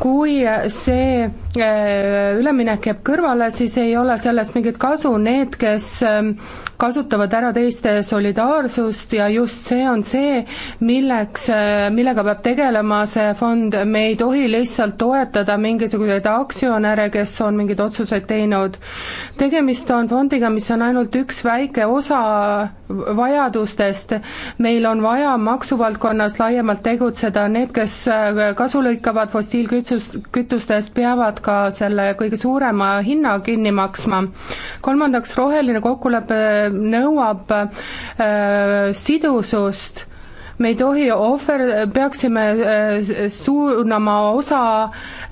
kui see äh, üleminek jääb kõrvale, siis ei ole sellest mingit kasu, need, kes ähm, kasutavad ära teiste solidaarsust ja just see on see, milleks, äh, millega peab tegelema see fond, me ei tohi lihtsalt toetada mingisuguseid aktsionäre, kes on mingeid otsuseid teinud. tegemist on fondiga, mis on ainult üks väike osa vajadustest, meil on vaja maksuvaldkonnas laiemalt tegutseda, need, kes äh, kasu lõikavad fossiilkütust, kütustest, peavad ka selle kõige suurema hinna kinni maksma. kolmandaks, roheline kokkulepe nõuab äh, sidusust me ei tohi ohver, peaksime äh, suunama osa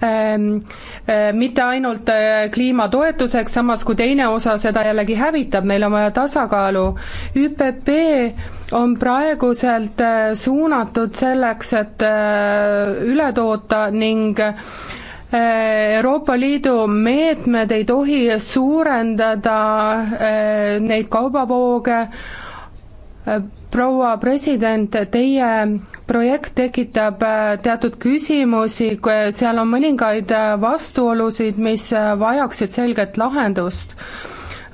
ähm, äh, mitte ainult äh, kliimatoetuseks, samas kui teine osa seda jällegi hävitab, meil on vaja tasakaalu. ÜPP on praeguselt äh, suunatud selleks, et äh, üle toota ning Euroopa Liidu meetmed ei tohi suurendada eh, neid kaubavooge, eh, proua president, teie projekt tekitab eh, teatud küsimusi, seal on mõningaid vastuolusid, mis vajaksid selget lahendust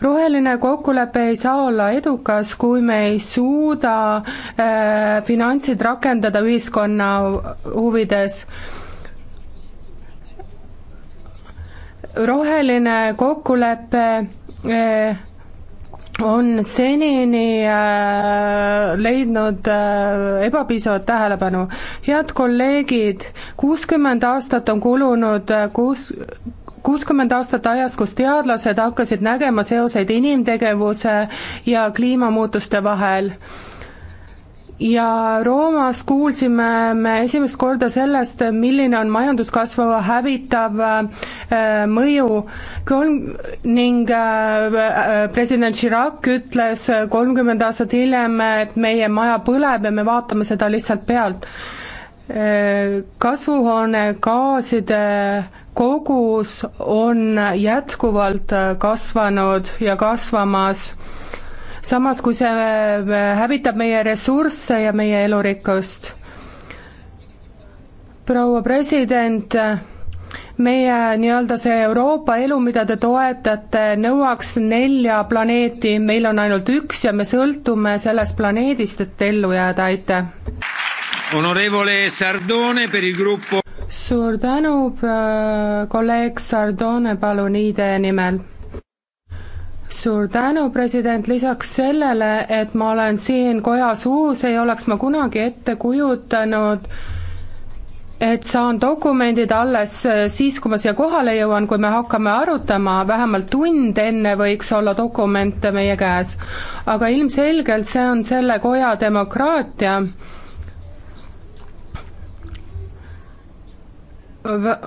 roheline kokkulepe ei saa olla edukas, kui me ei suuda äh, finantsid rakendada ühiskonna huvides äh, roheline kokkulepe eh, on senini eh, leidnud eh, ebapiisavat tähelepanu. head kolleegid, kuuskümmend aastat on kulunud, kus kuuskümmend aastat ajast, kus teadlased hakkasid nägema seoseid inimtegevuse ja kliimamuutuste vahel ja Roomas kuulsime me esimest korda sellest, milline on majanduskasvu hävitav äh, mõju. kolm, ning äh, äh, president Chirac ütles kolmkümmend aastat hiljem, et meie maja põleb ja me vaatame seda lihtsalt pealt. kasvuhoonegaaside kogus on jätkuvalt kasvanud ja kasvamas samas kui see äh, hävitab meie ressursse ja meie elurikkust. proua president, meie nii-öelda see Euroopa elu, mida te toetate, nõuaks nelja planeeti, meil on ainult üks ja me sõltume sellest planeedist, et ellu jääda, aitäh. suur tänu, äh, kolleeg Sardone, palun ID nimel suur tänu, president, lisaks sellele, et ma olen siin kojas uus, ei oleks ma kunagi ette kujutanud, et saan dokumendid alles siis, kui ma siia kohale jõuan, kui me hakkame arutama, vähemalt tund enne võiks olla dokumente meie käes. aga ilmselgelt see on selle koja demokraatia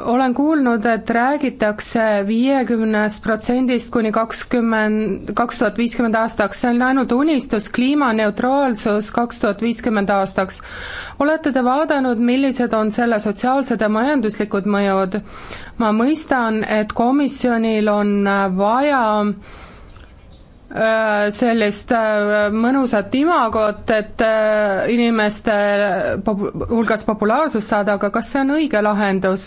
olen kuulnud, et räägitakse viiekümnest protsendist kuni kakskümmend, kaks tuhat viiskümmend aastaks, see on ainult unistus, kliimaneutraalsus kaks tuhat viiskümmend aastaks. olete te vaadanud, millised on selle sotsiaalsed ja majanduslikud mõjud? ma mõistan, et komisjonil on vaja äh, Äh, sellist äh, mõnusat imagot, et äh, inimeste pop-, hulgas populaarsust saada, aga kas see on õige lahendus?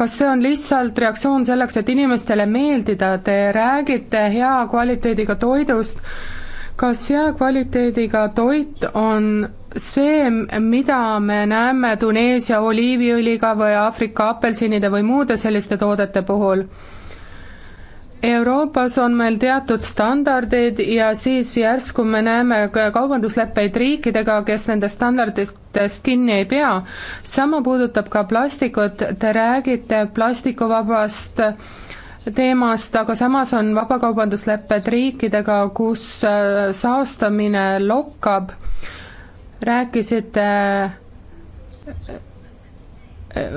kas see on lihtsalt reaktsioon selleks, et inimestele meeldida, te räägite hea kvaliteediga toidust, kas hea kvaliteediga toit on see, mida me näeme Tuneesia oliiviõliga või Aafrika apelsinide või muude selliste toodete puhul? Euroopas on meil teatud standardid ja siis järsku me näeme kaubandusleppeid riikidega, kes nendest standarditest kinni ei pea. sama puudutab ka plastikut, te räägite plastikuvabast teemast, aga samas on vabakaubanduslepped riikidega, kus äh, saastamine lokkab. rääkisite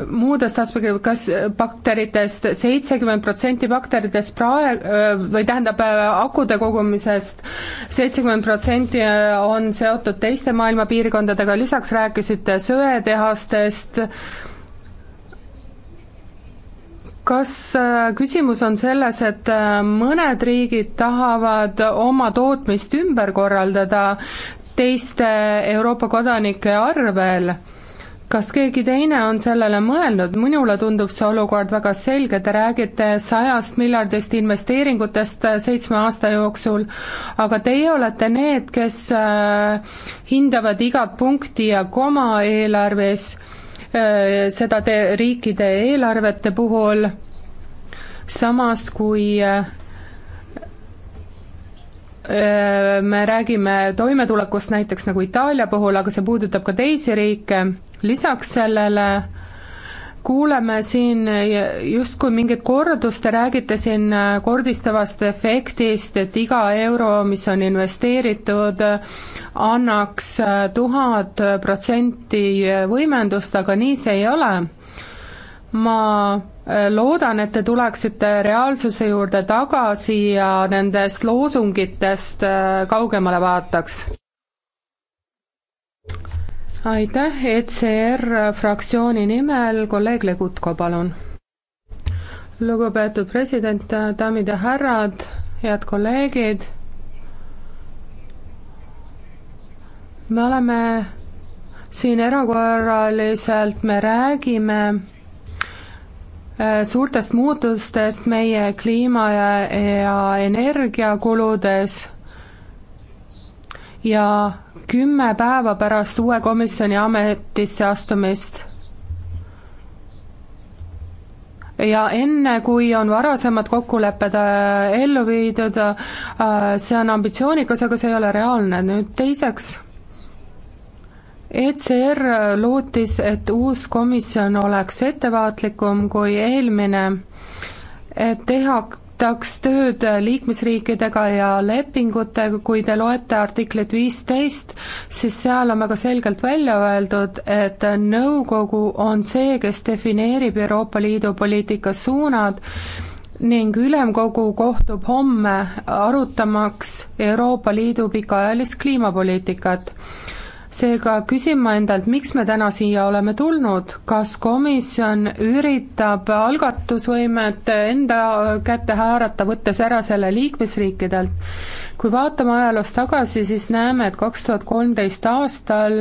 muudest aspektidest, kas bakteritest seitsekümmend protsenti bakteritest praegu äh, või tähendab äh, akude kogumisest seitsekümmend protsenti äh, on seotud teiste maailma piirkondadega, lisaks rääkisite söetehastest. kas küsimus on selles, et mõned riigid tahavad oma tootmist ümber korraldada teiste Euroopa kodanike arvel? kas keegi teine on sellele mõelnud, minule tundub see olukord väga selge, te räägite sajast miljardist investeeringutest äh, seitsme aasta jooksul, aga teie olete need, kes äh, hindavad igat punkti ja koma eelarves, äh, seda te riikide eelarvete puhul, samas kui me räägime toimetulekust näiteks nagu Itaalia puhul, aga see puudutab ka teisi riike, lisaks sellele kuuleme siin justkui mingit kordust, te räägite siin kordistavast efektist, et iga euro, mis on investeeritud, annaks tuhat protsenti võimendust, aga nii see ei ole ma äh, loodan, et te tuleksite reaalsuse juurde tagasi ja nendest loosungitest äh, kaugemale vaataks. aitäh, ECR fraktsiooni nimel kolleeg Legutko, palun. lugupeetud president, daamid ja härrad, head kolleegid, me oleme siin erakorraliselt, me räägime suurtest muutustest meie kliima ja, ja energiakuludes ja kümme päeva pärast uue komisjoni ametisse astumist ja enne, kui on varasemad kokkulepped äh, ellu viidud, äh, see on ambitsioonikas, aga see ei ole reaalne, nüüd teiseks ECR lootis, et uus komisjon oleks ettevaatlikum kui eelmine, et tehataks tööd liikmesriikidega ja lepingutega, kui te loete artiklit viisteist, siis seal on väga selgelt välja öeldud, et nõukogu on see, kes defineerib Euroopa Liidu poliitika suunad ning ülemkogu kohtub homme arutamaks Euroopa Liidu pikaajalist kliimapoliitikat seega küsin ma endalt, miks me täna siia oleme tulnud, kas komisjon üritab algatusvõimet enda kätte haarata, võttes ära selle liikmesriikidelt. kui vaatame ajaloos tagasi, siis näeme, et kaks tuhat kolmteist aastal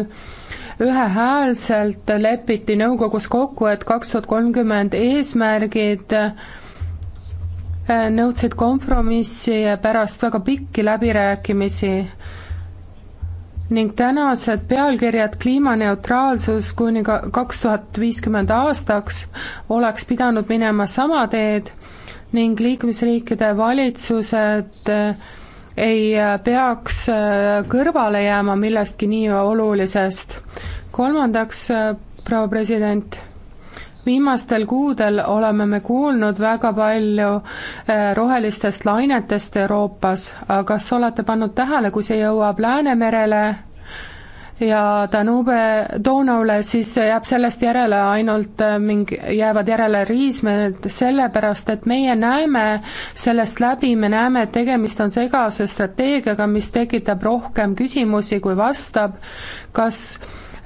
ühehäälselt lepiti nõukogus kokku, et kaks tuhat kolmkümmend eesmärgid eh, nõudsid kompromissi pärast väga pikki läbirääkimisi ning tänased pealkirjad Kliimaneutraalsus kuni kaks tuhat viiskümmend aastaks oleks pidanud minema sama teed ning liikmesriikide valitsused eh, ei eh, peaks eh, kõrvale jääma millestki nii olulisest. kolmandaks, proua president viimastel kuudel oleme me kuulnud väga palju äh, rohelistest lainetest Euroopas, kas olete pannud tähele, kui see jõuab Läänemerele ja Danube, Donaule, siis jääb sellest järele ainult äh, mingi, jäävad järele riismed, sellepärast et meie näeme sellest läbi, me näeme, et tegemist on segase strateegiaga, mis tekitab rohkem küsimusi, kui vastab, kas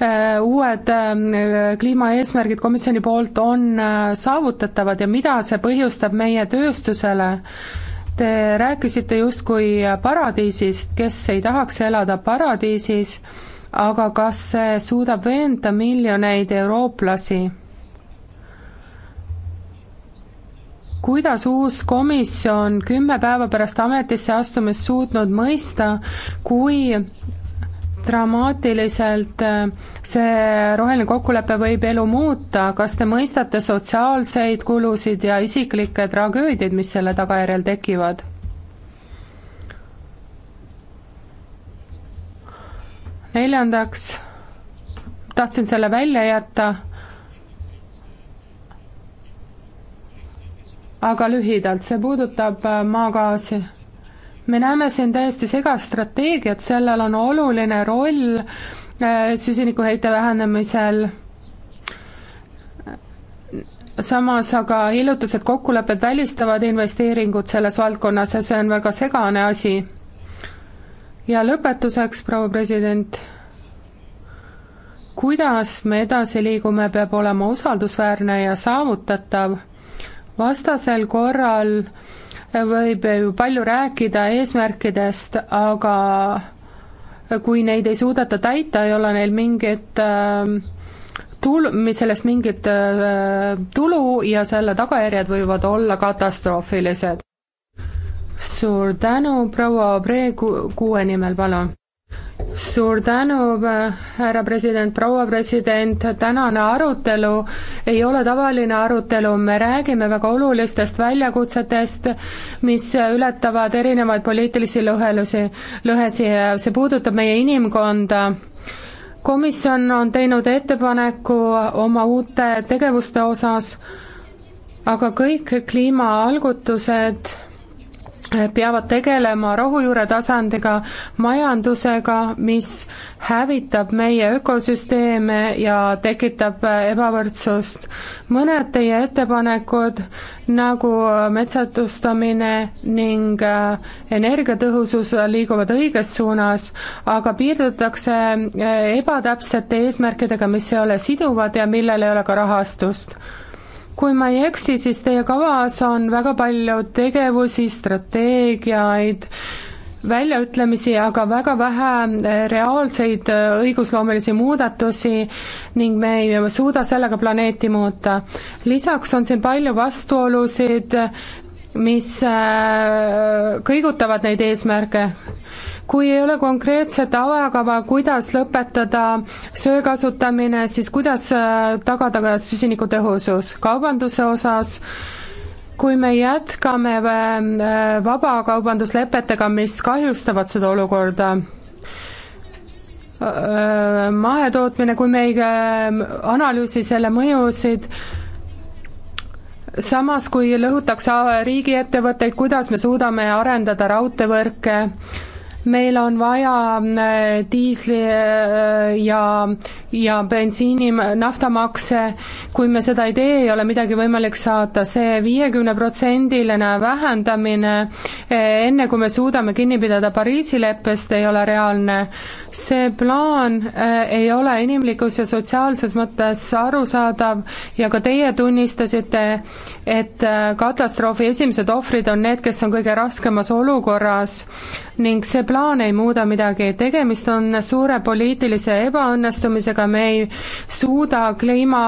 Äh, uued äh, kliimaeesmärgid komisjoni poolt on äh, saavutatavad ja mida see põhjustab meie tööstusele? Te rääkisite justkui paradiisist, kes ei tahaks elada paradiisis, aga kas see suudab veenda miljoneid eurooplasi? kuidas uus komisjon kümme päeva pärast ametisse astumist suutnud mõista, kui dramaatiliselt äh, see roheline kokkulepe võib elu muuta, kas te mõistate sotsiaalseid kulusid ja isiklikke tragöödiaid, mis selle tagajärjel tekivad? neljandaks tahtsin selle välja jätta, aga lühidalt, see puudutab äh, maagaasi me näeme siin täiesti segast strateegiat, sellel on oluline roll äh, süsinikuheite vähenemisel, samas aga hiljutised kokkulepped välistavad investeeringud selles valdkonnas ja see on väga segane asi. ja lõpetuseks, proua president, kuidas me edasi liigume, peab olema usaldusväärne ja saavutatav, vastasel korral äh, võib ju palju rääkida eesmärkidest, aga kui neid ei suudeta täita, ei ole neil mingit äh, tul-, sellest mingit äh, tulu ja selle tagajärjed võivad olla katastroofilised. suur tänu, proua Preegu, kuue nimel, palun suur tänu, härra president, proua president, tänane arutelu ei ole tavaline arutelu, me räägime väga olulistest väljakutsetest, mis ületavad erinevaid poliitilisi lõhelusi, lõhesi ja see puudutab meie inimkonda komisjon on teinud ettepaneku oma uute tegevuste osas, aga kõik kliimaalgutused peavad tegelema rohujuure tasandiga majandusega, mis hävitab meie ökosüsteeme ja tekitab ebavõrdsust. mõned teie ettepanekud, nagu metsatustamine ning äh, energiatõhusus, liiguvad õiges suunas, aga piirdutakse äh, ebatäpsete eesmärkidega, mis ei ole siduvad ja millel ei ole ka rahastust kui ma ei eksi, siis teie kavas on väga palju tegevusi, strateegiaid, väljaütlemisi, aga väga vähe eh, reaalseid eh, õigusloomelisi muudatusi ning me ei suuda sellega planeeti muuta. lisaks on siin palju vastuolusid, mis eh, kõigutavad neid eesmärke kui ei ole konkreetset ajakava, kuidas lõpetada söe kasutamine, siis kuidas äh, tagada ka süsinikutõhusus kaubanduse osas, kui me jätkame äh, äh, vabakaubanduslepetega, mis kahjustavad seda olukorda, mahetootmine, kui me ei analüüsi selle mõjusid, samas kui lõhutakse riigiettevõtteid, kuidas me suudame arendada raudteevõrke, meil on vaja äh, diisli äh, ja ja bensiini, naftamakse, kui me seda ei tee, ei ole midagi võimalik saada, see viiekümneprotsendiline vähendamine eh, enne, kui me suudame kinni pidada Pariisi leppest, ei ole reaalne. see plaan eh, ei ole inimlikus ja sotsiaalses mõttes arusaadav ja ka teie tunnistasite, et eh, katastroofi esimesed ohvrid on need, kes on kõige raskemas olukorras ning see plaan ei muuda midagi, tegemist on suure poliitilise ebaõnnestumisega, aga me ei suuda kliima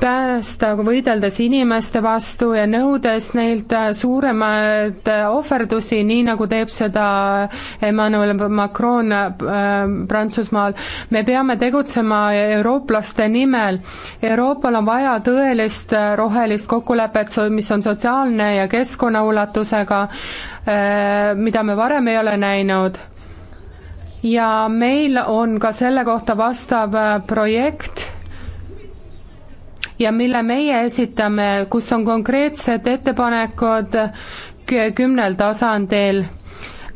päästa, võideldes inimeste vastu ja nõudes neilt suuremaid ohverdusi, nii nagu teeb seda Emmanuel Macron äh, Prantsusmaal. me peame tegutsema eurooplaste nimel. Euroopal on vaja tõelist rohelist kokkulepet, mis on sotsiaalne ja keskkonna ulatusega, äh, mida me varem ei ole näinud ja meil on ka selle kohta vastav äh, projekt ja mille meie esitame, kus on konkreetsed ettepanekud kümnel tasandil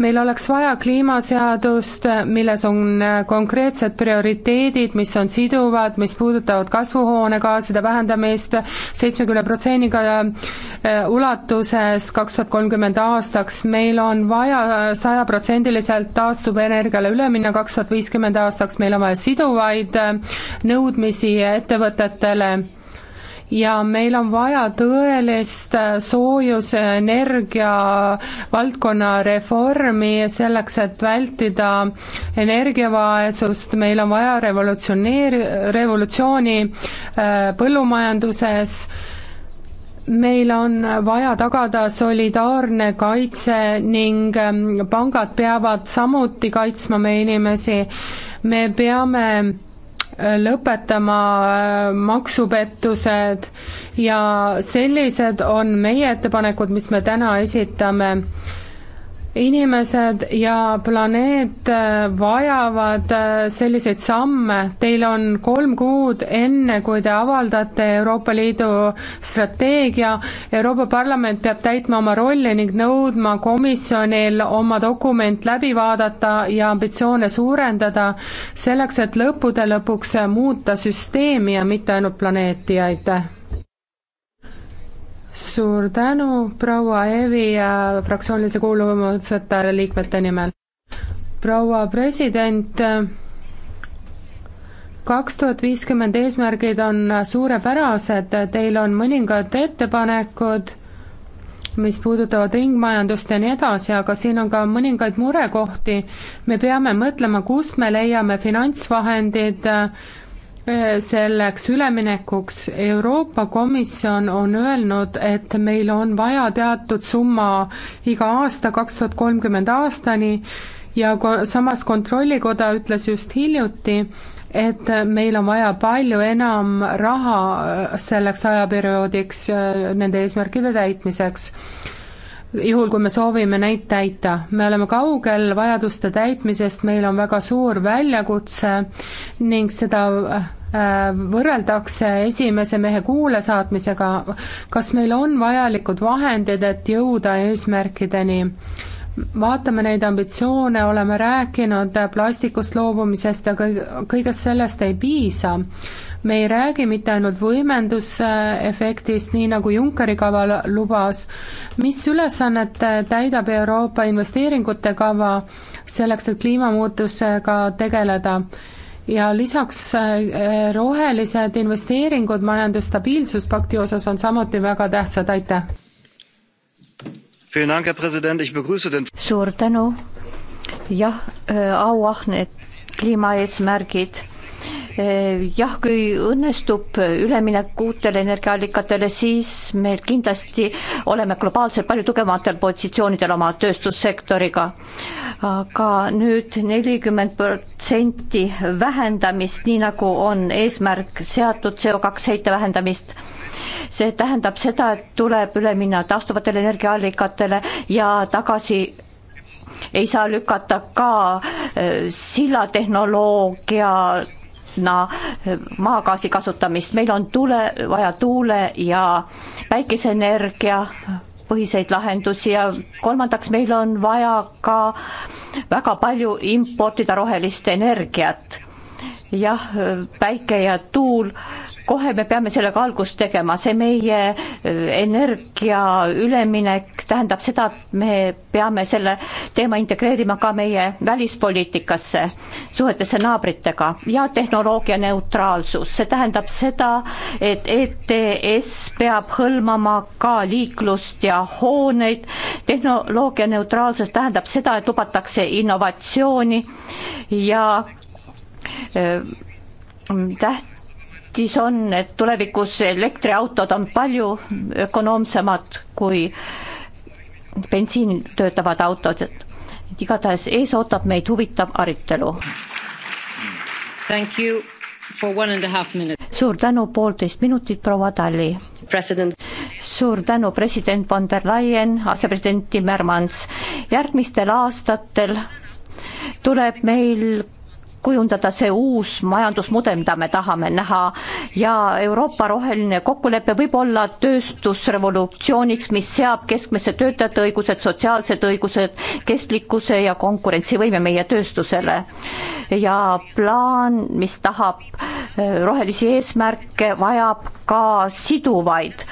meil oleks vaja kliimaseadust, milles on äh, konkreetsed prioriteedid, mis on siduvad, mis puudutavad kasvuhoonegaaside vähendamist seitsmekümne protsendiga äh, ulatuses kaks tuhat kolmkümmend aastaks, meil on vaja äh, sajaprotsendiliselt taastuvenergiale üle minna kaks tuhat viiskümmend aastaks, meil on vaja siduvaid nõudmisi ettevõtetele ja meil on vaja tõelist äh, soojusenergia valdkonna reformi selleks, et vältida energiavaesust, meil on vaja revolutsioneeri-, revolutsiooni äh, põllumajanduses, meil on vaja tagada solidaarne kaitse ning ähm, pangad peavad samuti kaitsma meie inimesi, me peame lõpetama äh, maksupettused ja sellised on meie ettepanekud, mis me täna esitame inimesed ja planeet äh, vajavad äh, selliseid samme, teil on kolm kuud enne, kui te avaldate Euroopa Liidu strateegia, Euroopa Parlament peab täitma oma rolli ning nõudma komisjonil oma dokument läbi vaadata ja ambitsioone suurendada, selleks et lõppude lõpuks muuta süsteemi ja mitte ainult planeeti, aitäh! suur tänu, proua Evi ja fraktsioonilise kuuluvuseta liikmete nimel. proua president, kaks tuhat viiskümmend eesmärgid on suurepärased, teil on mõningad ettepanekud, mis puudutavad ringmajandust ja nii edasi, aga siin on ka mõningaid murekohti. me peame mõtlema, kust me leiame finantsvahendid äh, selleks üleminekuks Euroopa Komisjon on öelnud, et meil on vaja teatud summa iga aasta kaks tuhat kolmkümmend aastani ja ko-, samas Kontrollikoda ütles just hiljuti, et meil on vaja palju enam raha selleks ajaperioodiks äh, nende eesmärkide täitmiseks juhul, kui me soovime neid täita. me oleme kaugel vajaduste täitmisest, meil on väga suur väljakutse ning seda äh, võrreldakse esimese mehe kuule saatmisega, kas meil on vajalikud vahendid, et jõuda eesmärkideni? vaatame neid ambitsioone, oleme rääkinud plastikust loobumisest ja kõigest sellest ei piisa me ei räägi mitte ainult võimendusefektist, nii nagu Junckeri kava lubas, mis ülesannet täidab Euroopa investeeringute kava selleks, et kliimamuutusega tegeleda ja lisaks eh, rohelised investeeringud majandusstabiilsuspakti osas on samuti väga tähtsad, aitäh! suur tänu, jah, äh, auahned kliimaeesmärgid Eh, jah, kui õnnestub üleminek uutele energiaallikatele, siis meil kindlasti oleme globaalselt palju tugevamatel positsioonidel oma tööstussektoriga. aga nüüd nelikümmend protsenti vähendamist, nii nagu on eesmärk seatud CO2 heite vähendamist see tähendab seda, et tuleb üle minna taastuvatele energiaallikatele ja tagasi ei saa lükata ka eh, sillatehnoloogia Lõuna maagaasi kasutamist, meil on tuule, vaja tuule ja päikeseenergia põhiseid lahendusi ja kolmandaks, meil on vaja ka väga palju importida rohelist energiat jah, päike ja tuul, kohe me peame sellega algust tegema, see meie e, energia üleminek tähendab seda, et me peame selle teema integreerima ka meie välispoliitikasse, suhetesse naabritega ja tehnoloogia neutraalsus, see tähendab seda, et ETS peab hõlmama ka liiklust ja hooneid, tehnoloogia neutraalsus tähendab seda, et lubatakse innovatsiooni ja Ehm, tähtis on, et tulevikus elektriautod on palju ökonoomsemad kui bensiinil töötavad autod, et igatahes ees ootab meid huvitav arutelu. suur tänu, poolteist minutit, proua Talli. suur tänu, president von der Leyen, asepresident Timmermans. järgmistel aastatel tuleb meil kujundada see uus majandusmudel, mida me tahame näha ja Euroopa roheline kokkulepe võib olla tööstusrevolutsiooniks, mis seab keskmesse töötajate õigused, sotsiaalsed õigused, kestlikkuse ja konkurentsivõime meie tööstusele. ja plaan, mis tahab äh, rohelisi eesmärke, vajab ka siduvaid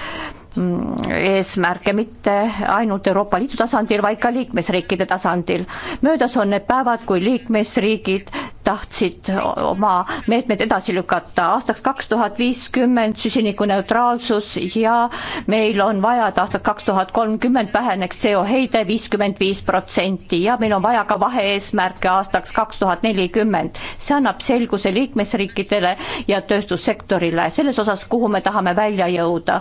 mm, eesmärke mitte ainult Euroopa Liidu tasandil, vaid ka liikmesriikide tasandil. möödas on need päevad, kui liikmesriigid tahtsid oma meetmed edasi lükata. aastaks kaks tuhat viiskümmend süsinikuneutraalsus ja meil on vaja, et aastaks kaks tuhat kolmkümmend väheneks CO heide viiskümmend viis protsenti ja meil on vaja ka vahe-eesmärke aastaks kaks tuhat nelikümmend. see annab selguse liikmesriikidele ja tööstussektorile selles osas, kuhu me tahame välja jõuda.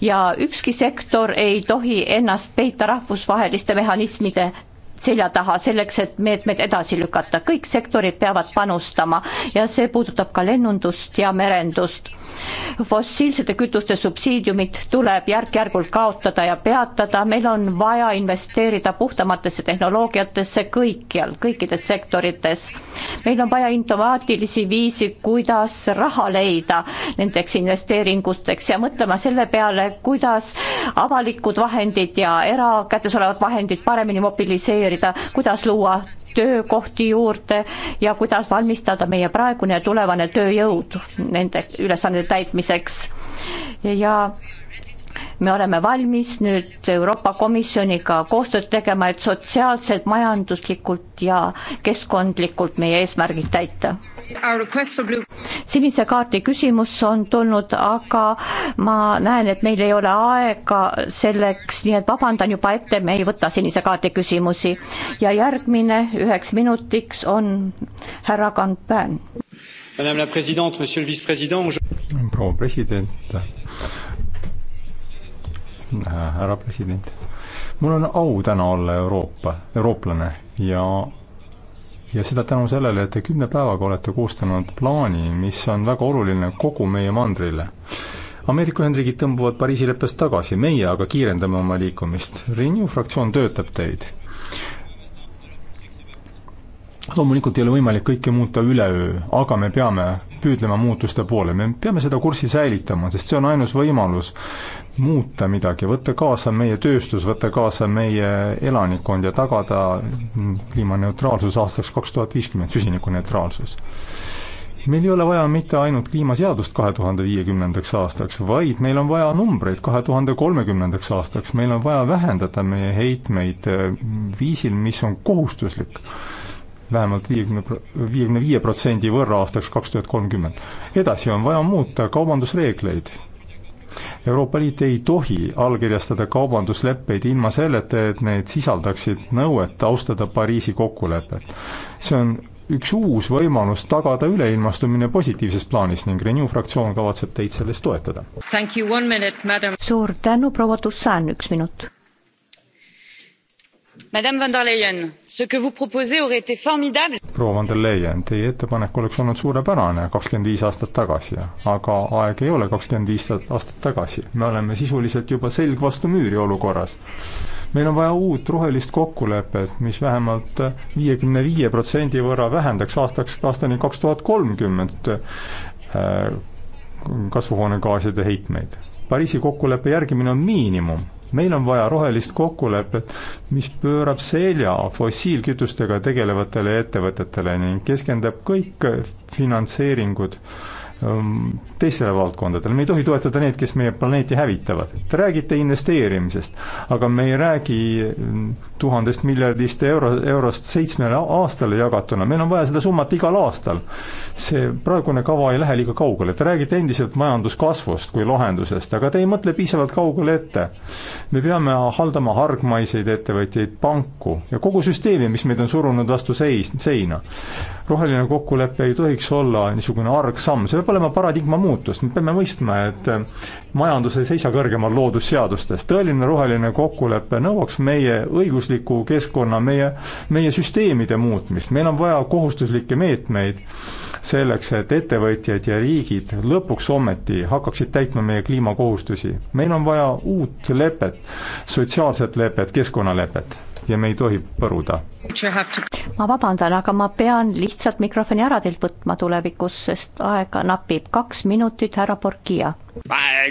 ja ükski sektor ei tohi ennast peita rahvusvaheliste mehhanismide selja taha selleks, et meetmed edasi lükata, kõik sektorid peavad panustama ja see puudutab ka lennundust ja merendust. fossiilsete kütuste subsiidiumid tuleb järk-järgult kaotada ja peatada, meil on vaja investeerida puhtamatesse tehnoloogiatesse kõikjal, kõikides sektorites. meil on vaja innovaatilisi viisi, kuidas raha leida nendeks investeeringuteks ja mõtlema selle peale, kuidas avalikud vahendid ja erakätes olevad vahendid paremini mobiliseerida uurida, kuidas luua töökohti juurde ja kuidas valmistada meie praegune ja tulevane tööjõud nende ülesannete täitmiseks. ja me oleme valmis nüüd Euroopa Komisjoniga koostööd tegema, et sotsiaalselt, majanduslikult ja keskkondlikult meie eesmärgid täita. sinise kaardi küsimus on tulnud, aga ma näen, et meil ei ole aega selleks, nii et vabandan juba ette, me ei võta sinise kaardi küsimusi. ja järgmine üheks minutiks on härra Kanpään. proua president, Äh, härra president. mul on au täna olla Euroopa, eurooplane ja, ja seda tänu sellele, et te kümne päevaga olete koostanud plaani, mis on väga oluline kogu meie mandrile. Ameerika Ühendriigid tõmbuvad Pariisi leppest tagasi, meie aga kiirendame oma liikumist. Renew fraktsioon töötab teid loomulikult ei ole võimalik kõike muuta üleöö, aga me peame püüdlema muutuste poole, me peame seda kurssi säilitama, sest see on ainus võimalus muuta midagi, võtta kaasa meie tööstus, võtta kaasa meie elanikkond ja tagada kliimaneutraalsus aastaks kaks tuhat viiskümmend, süsinikuneutraalsus. meil ei ole vaja mitte ainult kliimaseadust kahe tuhande viiekümnendaks aastaks, vaid meil on vaja numbreid kahe tuhande kolmekümnendaks aastaks, meil on vaja vähendada meie heitmeid äh, viisil, mis on kohustuslik vähemalt viiekümne, viiekümne viie protsendi võrra aastaks kaks tuhat kolmkümmend. edasi on vaja muuta kaubandusreegleid Euroopa Liit ei tohi allkirjastada kaubandusleppeid ilma selleta, et need sisaldaksid nõuet austada Pariisi kokkulepet. see on üks uus võimalus tagada üleilmastumine positiivses plaanis ning Renew fraktsioon kavatseb teid selles toetada. suur tänu, proua Tussan, üks minut proua von der Leyen, teie ettepanek oleks olnud suurepärane kakskümmend viis aastat tagasi, aga aeg ei ole kakskümmend viis aastat tagasi. me oleme sisuliselt juba selg vastu müüri olukorras. meil on vaja uut rohelist kokkulepet, mis vähemalt viiekümne viie protsendi võrra vähendaks aastaks, aastani kaks tuhat kolmkümmend äh, kasvuhoonegaaside heitmeid. Pariisi kokkuleppe järgimine on miinimum meil on vaja rohelist kokkulepet, mis pöörab selja fossiilkütustega tegelevatele ettevõtetele ning keskendab kõik finantseeringud ähm, teistele valdkondadele, me ei tohi toetada neid, kes meie planeeti hävitavad. Te räägite investeerimisest, aga me ei räägi mm, tuhandest miljardist euro, eurost seitsmele aastale jagatuna, meil on vaja seda summat igal aastal. see praegune kava ei lähe liiga kaugele, te räägite endiselt majanduskasvust kui lahendusest, aga te ei mõtle piisavalt kaugele ette. me peame haldama hargmaiseid ettevõtjaid, panku ja kogu süsteemi, mis meid on surunud vastu seis, seina. roheline kokkulepe ei tohiks olla niisugune arg samm, see peab olema paradigma muutus kliimamuutust, me peame mõistma, et äh, majandus ei seisa kõrgemal loodusseadustest, tõeline roheline kokkulepe nõuaks meie õigusliku keskkonna, meie, meie süsteemide muutmist, meil on vaja kohustuslikke meetmeid selleks, et ettevõtjad ja riigid lõpuks ometi hakkaksid täitma meie kliimakohustusi. meil on vaja uut lepet, sotsiaalset lepet, keskkonnalepet ja me ei tohi põruda. ma vabandan, aga ma pean lihtsalt mikrofoni ära teilt võtma tulevikus, sest aega napib. kaks minutit, härra Borgia. Eh,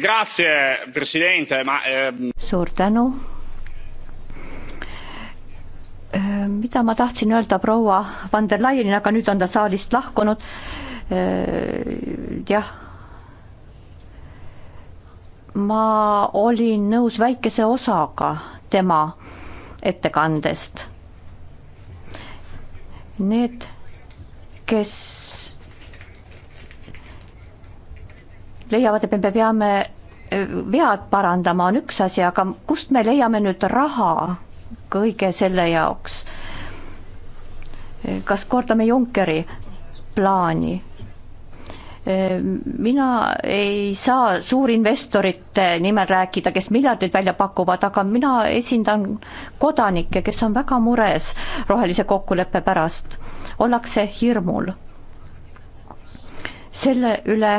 ehm, suur tänu. Ehm, mida ma tahtsin öelda proua van der Leyenile, aga nüüd on ta saalist lahkunud. Ehm, jah ma olin nõus väikese osaga tema ettekandest. Need, kes leiavad, et me peame eh, vead parandama, on üks asi, aga kust me leiame nüüd raha kõige selle jaoks? Eh, kas kordame Junckeri plaani? Ehm, mina ei saa suurinvestorite nimel rääkida, kes miljardeid välja pakuvad, aga mina esindan kodanikke, kes on väga mures rohelise kokkuleppe pärast. ollakse hirmul selle üle,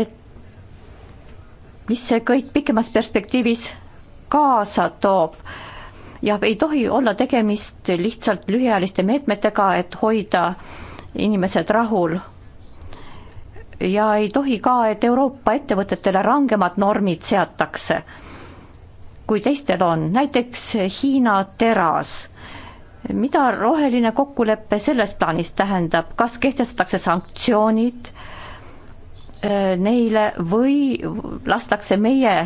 et mis see kõik pikemas perspektiivis kaasa toob ja ei tohi olla tegemist lihtsalt lühiajaliste meetmetega, et hoida inimesed rahul. ja ei tohi ka, et Euroopa ettevõtetele rangemad normid seatakse, kui teistel on, näiteks Hiina teras mida roheline kokkulepe selles plaanis tähendab, kas kehtestatakse sanktsioonid äh, neile või lastakse meie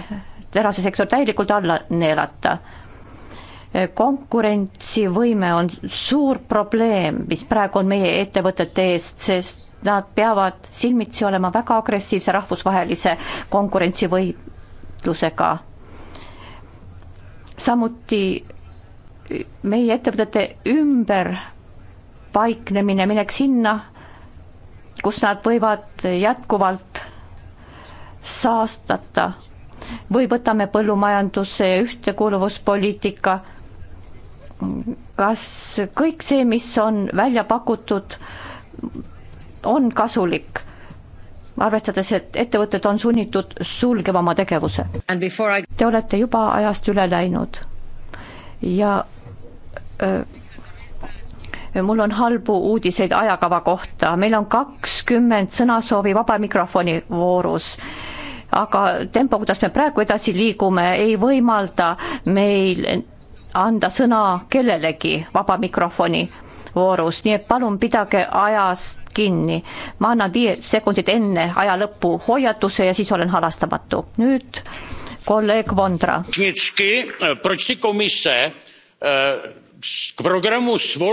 terasesektor täielikult alla neelata? konkurentsivõime on suur probleem, mis praegu on meie ettevõtete eest, sest nad peavad silmitsi olema väga agressiivse rahvusvahelise konkurentsivõitlusega. samuti meie ettevõtete ümberpaiknemine, minek sinna, kus nad võivad jätkuvalt saastata või võtame põllumajanduse ühtekuuluvuspoliitika kas kõik see, mis on välja pakutud, on kasulik? arvestades, et ettevõtted on sunnitud sulgema oma tegevuse. I... Te olete juba ajast üle läinud ja öö, mul on halbu uudiseid ajakava kohta, meil on kakskümmend sõnasoovi vaba mikrofoni voorus aga tempo, kuidas me praegu edasi liigume, ei võimalda meil anda sõna kellelegi vaba mikrofoni voorus, nii et palun pidage ajast kinni. ma annan viied sekundid enne aja lõppu hoiatuse ja siis olen halastamatu. nüüd kolleeg Vondra. Eh,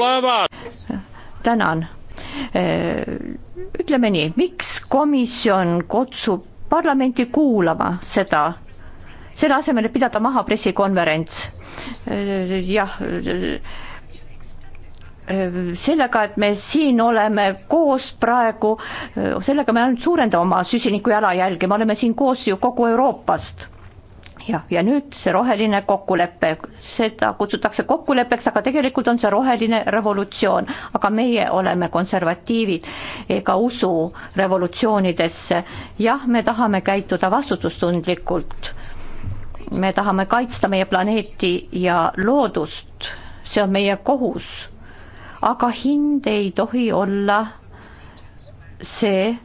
eh, tänan. Eh, ütleme nii, miks komisjon kutsub parlamenti kuulama seda, selle asemel, et pidada maha pressikonverents jah, sellega, et me siin oleme koos praegu, sellega me ainult suurendame oma süsiniku jalajälge, me oleme siin koos ju kogu Euroopast jah, ja nüüd see roheline kokkulepe, seda kutsutakse kokkuleppeks, aga tegelikult on see roheline revolutsioon. aga meie oleme konservatiivid ega usu revolutsioonidesse. jah, me tahame käituda vastutustundlikult me tahame kaitsta meie planeeti ja loodust, see on meie kohus. aga hind ei tohi olla see,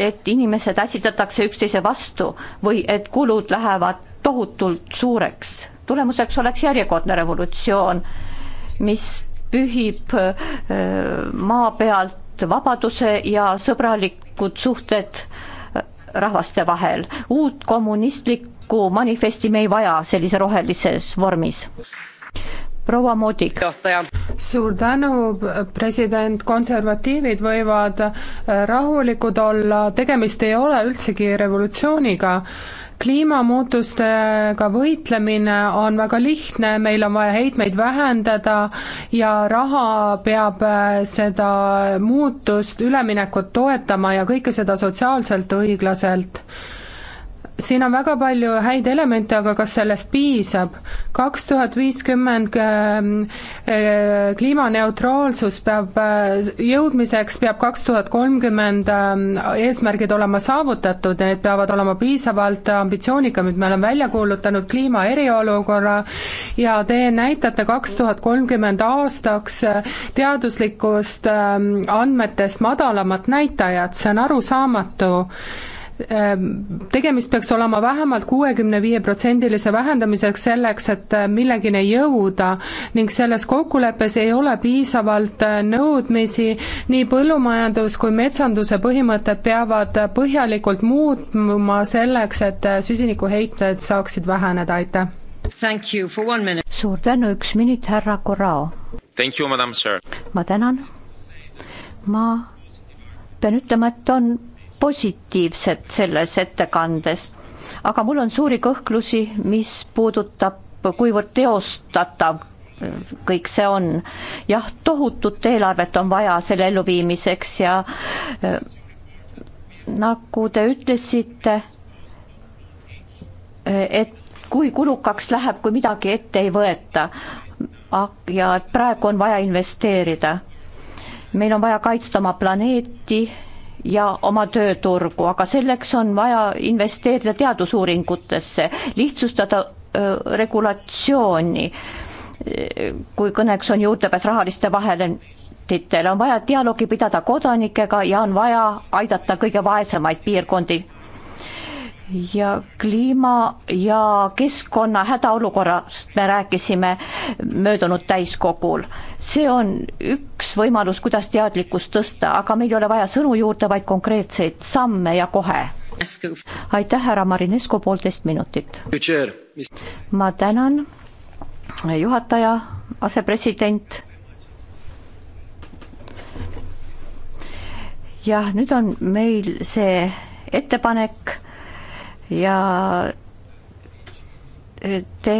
et inimesed äsitatakse üksteise vastu või et kulud lähevad tohutult suureks. tulemuseks oleks järjekordne revolutsioon, mis pühib äh, maa pealt vabaduse ja sõbralikud suhted äh, rahvaste vahel. uut kommunistlikku manifesti me ei vaja sellise rohelises vormis proua Moodik. suur tänu, president, konservatiivid võivad rahulikud olla, tegemist ei ole üldsegi revolutsiooniga kliimamuutustega võitlemine on väga lihtne, meil on vaja heitmeid vähendada ja raha peab äh, seda muutust, üleminekut toetama ja kõike seda sotsiaalselt õiglaselt siin on väga palju häid elemente, aga kas sellest piisab? kaks tuhat viiskümmend ähm, äh, kliimaneutraalsus peab, äh, jõudmiseks peab kaks tuhat kolmkümmend ähm, eesmärgid olema saavutatud ja need peavad olema piisavalt ambitsioonikamad, me oleme välja kuulutanud kliima eriolukorra ja te näitate kaks tuhat kolmkümmend aastaks äh, teaduslikust ähm, andmetest madalamat näitajat, see on arusaamatu Ehm, tegemist peaks olema vähemalt kuuekümne viie protsendilise vähendamiseks selleks, et äh, millegini jõuda ning selles kokkuleppes ei ole piisavalt äh, nõudmisi, nii põllumajandus kui metsanduse põhimõtted peavad äh, põhjalikult muutuma selleks, et süsinikuheited saaksid väheneda, aitäh. suur tänu, üks minut, härra Corrao. ma tänan. ma pean ütlema, et on positiivset selles ettekandes, aga mul on suuri kõhklusi, mis puudutab, kuivõrd teostatav kõik see on. jah, tohutut eelarvet on vaja selle elluviimiseks ja eh, nagu te ütlesite, eh, et kui kulukaks läheb, kui midagi ette ei võeta ja et praegu on vaja investeerida. meil on vaja kaitsta oma planeeti ja oma tööturgu, aga selleks on vaja investeerida teadusuuringutesse, lihtsustada regulatsiooni, kui kõneks on juurdepääs rahaliste vahenditele, on vaja dialoogi pidada kodanikega ja on vaja aidata kõige vaesemaid piirkondi ja kliima ja keskkonna hädaolukorrast me rääkisime möödunud täiskogul. see on üks võimalus, kuidas teadlikkust tõsta, aga meil ei ole vaja sõnu juurde, vaid konkreetseid samme ja kohe. aitäh, härra Marinesko, poolteist minutit. ma tänan, juhataja, asepresident jah, nüüd on meil see ettepanek ja te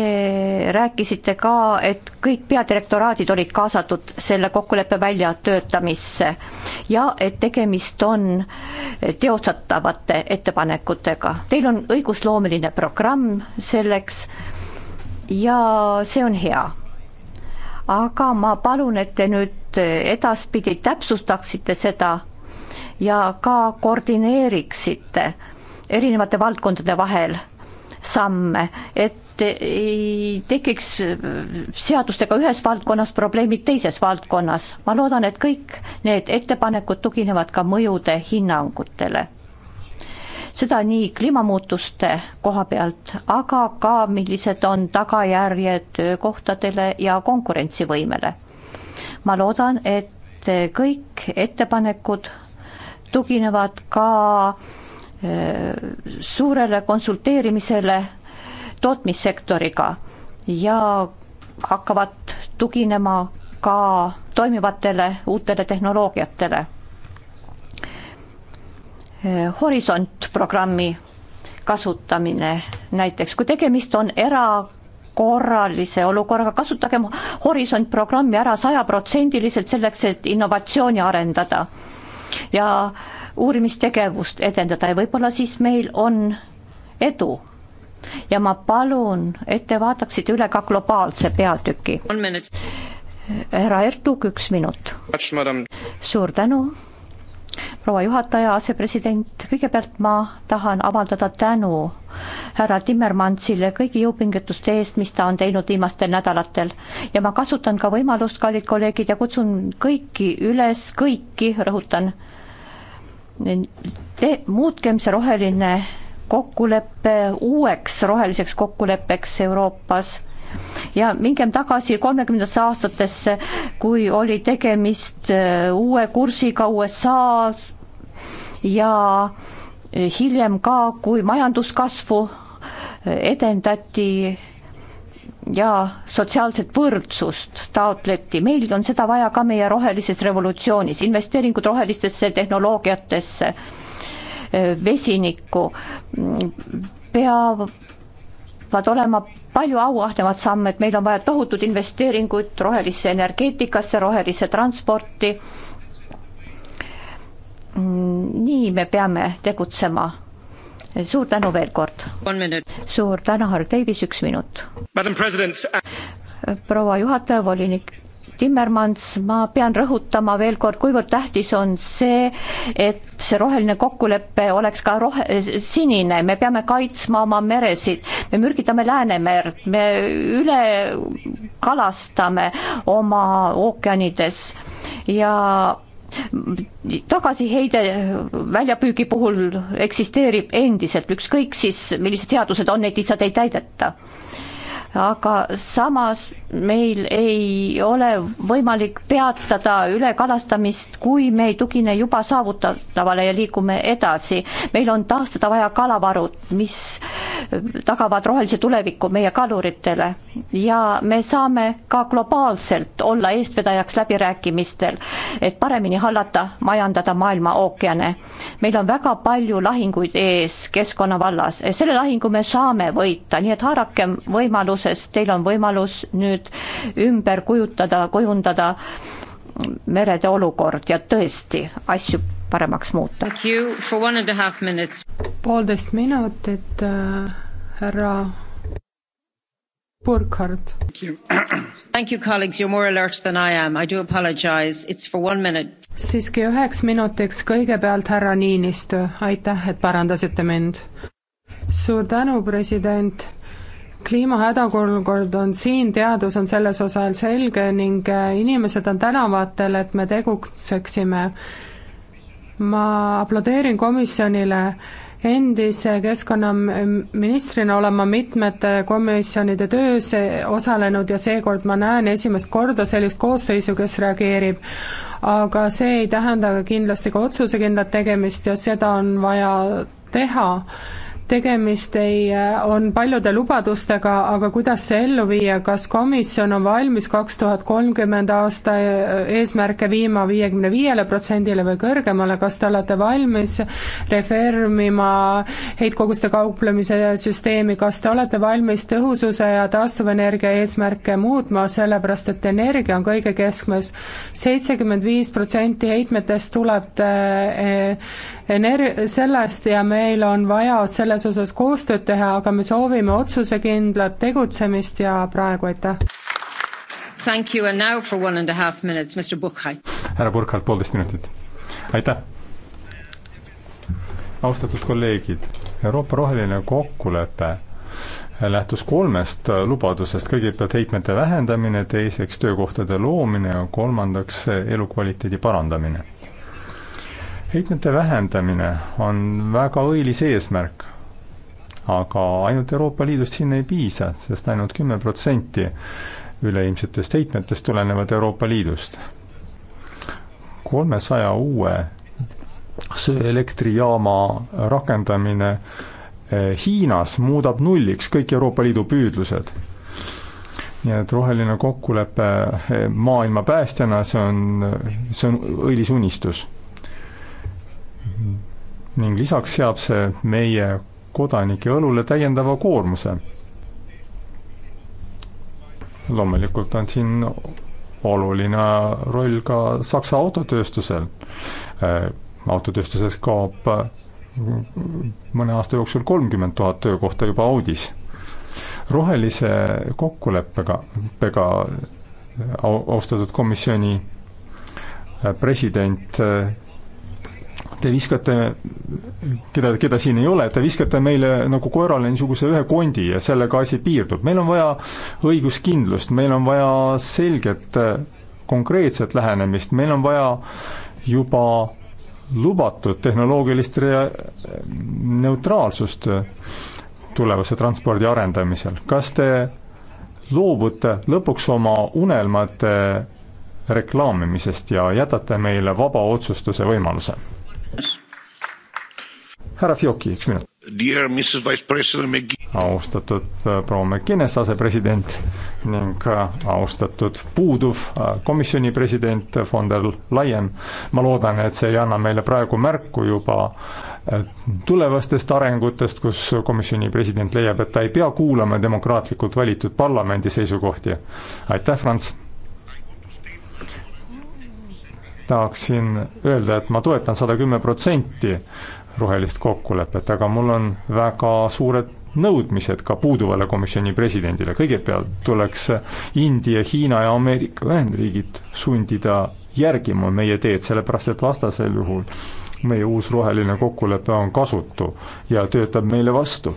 rääkisite ka, et kõik peadirektoraadid olid kaasatud selle kokkuleppe väljatöötamisse ja et tegemist on teostatavate ettepanekutega. Teil on õigusloomeline programm selleks ja see on hea. aga ma palun, et te nüüd edaspidi täpsustaksite seda ja ka koordineeriksite erinevate valdkondade vahel samme, et ei tekiks seadustega ühes valdkonnas probleemid teises valdkonnas. ma loodan, et kõik need ettepanekud tuginevad ka mõjude hinnangutele. seda nii kliimamuutuste koha pealt, aga ka millised on tagajärjed töökohtadele ja konkurentsivõimele. ma loodan, et kõik ettepanekud tuginevad ka äh, Äh, suurele konsulteerimisele tootmissektoriga ja hakkavad tuginema ka toimivatele uutele tehnoloogiatele. Äh, Horisont programmi kasutamine näiteks, kui tegemist on erakorralise olukorraga, kasutagem Horisont programmi ära sajaprotsendiliselt selleks, et innovatsiooni arendada ja äh, uurimistegevust edendada ja võib-olla siis meil on edu. ja ma palun, et te vaataksite üle ka globaalse peatüki. härra Ertug, üks minut. suur tänu proua juhataja, asepresident, kõigepealt ma tahan avaldada tänu härra Timmermansile kõigi jõupingutuste eest, mis ta on teinud viimastel nädalatel. ja ma kasutan ka võimalust, kallid kolleegid, ja kutsun kõiki üles, kõiki, rõhutan, te-, muutkem see roheline kokkulepe uueks roheliseks kokkuleppeks Euroopas ja mingem tagasi kolmekümnendasse aastatesse, kui oli tegemist äh, uue kursiga USA-s ja äh, hiljem ka, kui majanduskasvu äh, edendati ja sotsiaalset võrdsust taotleti, meil on seda vaja ka meie rohelises revolutsioonis, investeeringud rohelistesse tehnoloogiatesse, vesinikku, peavad olema palju auahnemad sammud, meil on vaja tohutud investeeringuid rohelisse energeetikasse, rohelisse transporti, nii me peame tegutsema suur tänu veel kord. suur tänu, härra Davis, üks minut. proua juhataja, volinik Timmermans, ma pean rõhutama veel kord, kuivõrd tähtis on see, et see roheline kokkulepe oleks ka rohe, sinine, me peame kaitsma oma meresid, me mürgitame Läänemerd, me üle kalastame oma ookeanides ja tagasiheide väljapüügi puhul eksisteerib endiselt, ükskõik siis, millised seadused on, neid lihtsalt ei täideta aga samas meil ei ole võimalik peatada ülekalastamist, kui me ei tugine juba saavutatavale ja liigume edasi. meil on taastada vaja kalavarud, mis tagavad rohelise tuleviku meie kaluritele ja me saame ka globaalselt olla eestvedajaks läbirääkimistel, et paremini hallata, majandada maailma ookeane. meil on väga palju lahinguid ees keskkonna vallas, selle lahingu me saame võita, nii et haarakem võimalus tegevusest, teil on võimalus nüüd ümber kujutada, kujundada merede olukord ja tõesti asju paremaks muuta. poolteist minutit äh,, härra Burkhardt. Thank you, colleagues. You're more alert than I am. I do apologize. It's for one minute. siiski üheks minutiks kõigepealt härra Niinistö, aitäh, et parandasite mind. suur tänu, president kliimahädaolukord on siin, teadus on selles osas selge ning äh, inimesed on tänavatel, et me tegutseksime. ma aplodeerin komisjonile, endise keskkonnaministrina olen ma mitmete komisjonide töös osalenud ja seekord ma näen esimest korda sellist koosseisu, kes reageerib. aga see ei tähenda kindlasti ka otsusekindlat tegemist ja seda on vaja teha tegemist ei, äh, on paljude lubadustega, aga kuidas see ellu viia, kas komisjon on valmis kaks tuhat kolmkümmend aasta äh, eesmärke viima viiekümne viiele protsendile või kõrgemale, kas te olete valmis reformima heitkoguste kauplemise süsteemi, kas te olete valmis tõhususe ja taastuvenergia eesmärke muutma, sellepärast et energia on kõige keskmes. seitsekümmend viis protsenti heitmetest tuleb äh, energ-, sellest ja meil on vaja selles osas koostööd teha, aga me soovime otsusekindlat tegutsemist ja praegu aitäh. Thank you and now for one and a half minutes, Mr Buchheit. härra Burkhardt, poolteist minutit. aitäh. austatud kolleegid, Euroopa roheline kokkulepe lähtus kolmest lubadusest, kõigepealt heitmete vähendamine, teiseks töökohtade loomine ja kolmandaks elukvaliteedi parandamine heitmete vähendamine on väga õilis eesmärk, aga ainult Euroopa Liidust sinna ei piisa, sest ainult kümme protsenti üleilmsetest heitmetest tulenevad Euroopa Liidust. kolmesaja uue söeelektrijaama rakendamine eh, Hiinas muudab nulliks kõik Euroopa Liidu püüdlused. nii et roheline kokkulepe eh, maailma päästjana, see on, see on õilis unistus ning lisaks seab see meie kodanike õlule täiendava koormuse. loomulikult on siin oluline roll ka Saksa autotööstusel. Äh, autotööstuses kaob äh, mõne aasta jooksul kolmkümmend tuhat töökohta juba Audis. rohelise kokkuleppega, pega äh, austatud komisjoni president Te viskate, keda, keda siin ei ole, te viskate meile nagu koerale niisuguse ühe kondi ja sellega asi piirdub. meil on vaja õiguskindlust, meil on vaja selget äh, konkreetset lähenemist, meil on vaja juba lubatud tehnoloogilist rea-, neutraalsust äh, tulevase transpordi arendamisel. kas te loobute lõpuks oma unelmate reklaamimisest ja jätate meile vaba otsustuse võimaluse? härra Fjoki, üks minut. austatud äh, proua McGuinness, asepresident ning äh, austatud puuduv äh, komisjoni president von der Leyen. ma loodan, et see ei anna meile praegu märku juba tulevastest arengutest, kus komisjoni president leiab, et ta ei pea kuulama demokraatlikult valitud parlamendi seisukohti. aitäh, Franz tahaksin öelda, et ma toetan sada kümme protsenti rohelist kokkulepet, aga mul on väga suured nõudmised ka puuduvale komisjoni presidendile, kõigepealt tuleks India, Hiina ja Ameerika Ühendriigid sundida järgima meie teed, sellepärast et vastasel juhul meie uus roheline kokkulepe on kasutu ja töötab meile vastu.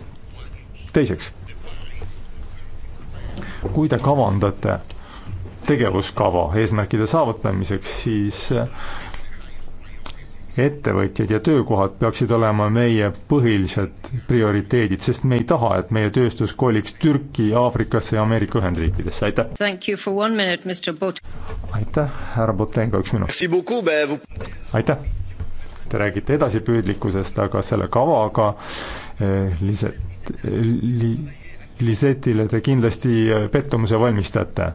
teiseks, kui te kavandate tegevuskava eesmärkide saavutamiseks, siis eh, ettevõtjad ja töökohad peaksid olema meie põhilised prioriteedid, sest me ei taha, et meie tööstus koliks Türki, Aafrikasse ja Ameerika Ühendriikidesse, aitäh! aitäh, härra Botenko, üks minut. aitäh! Te räägite edasipüüdlikkusest, aga selle kavaga eh, lihtsalt eh, li, Lisetile te kindlasti äh, pettumuse valmistate.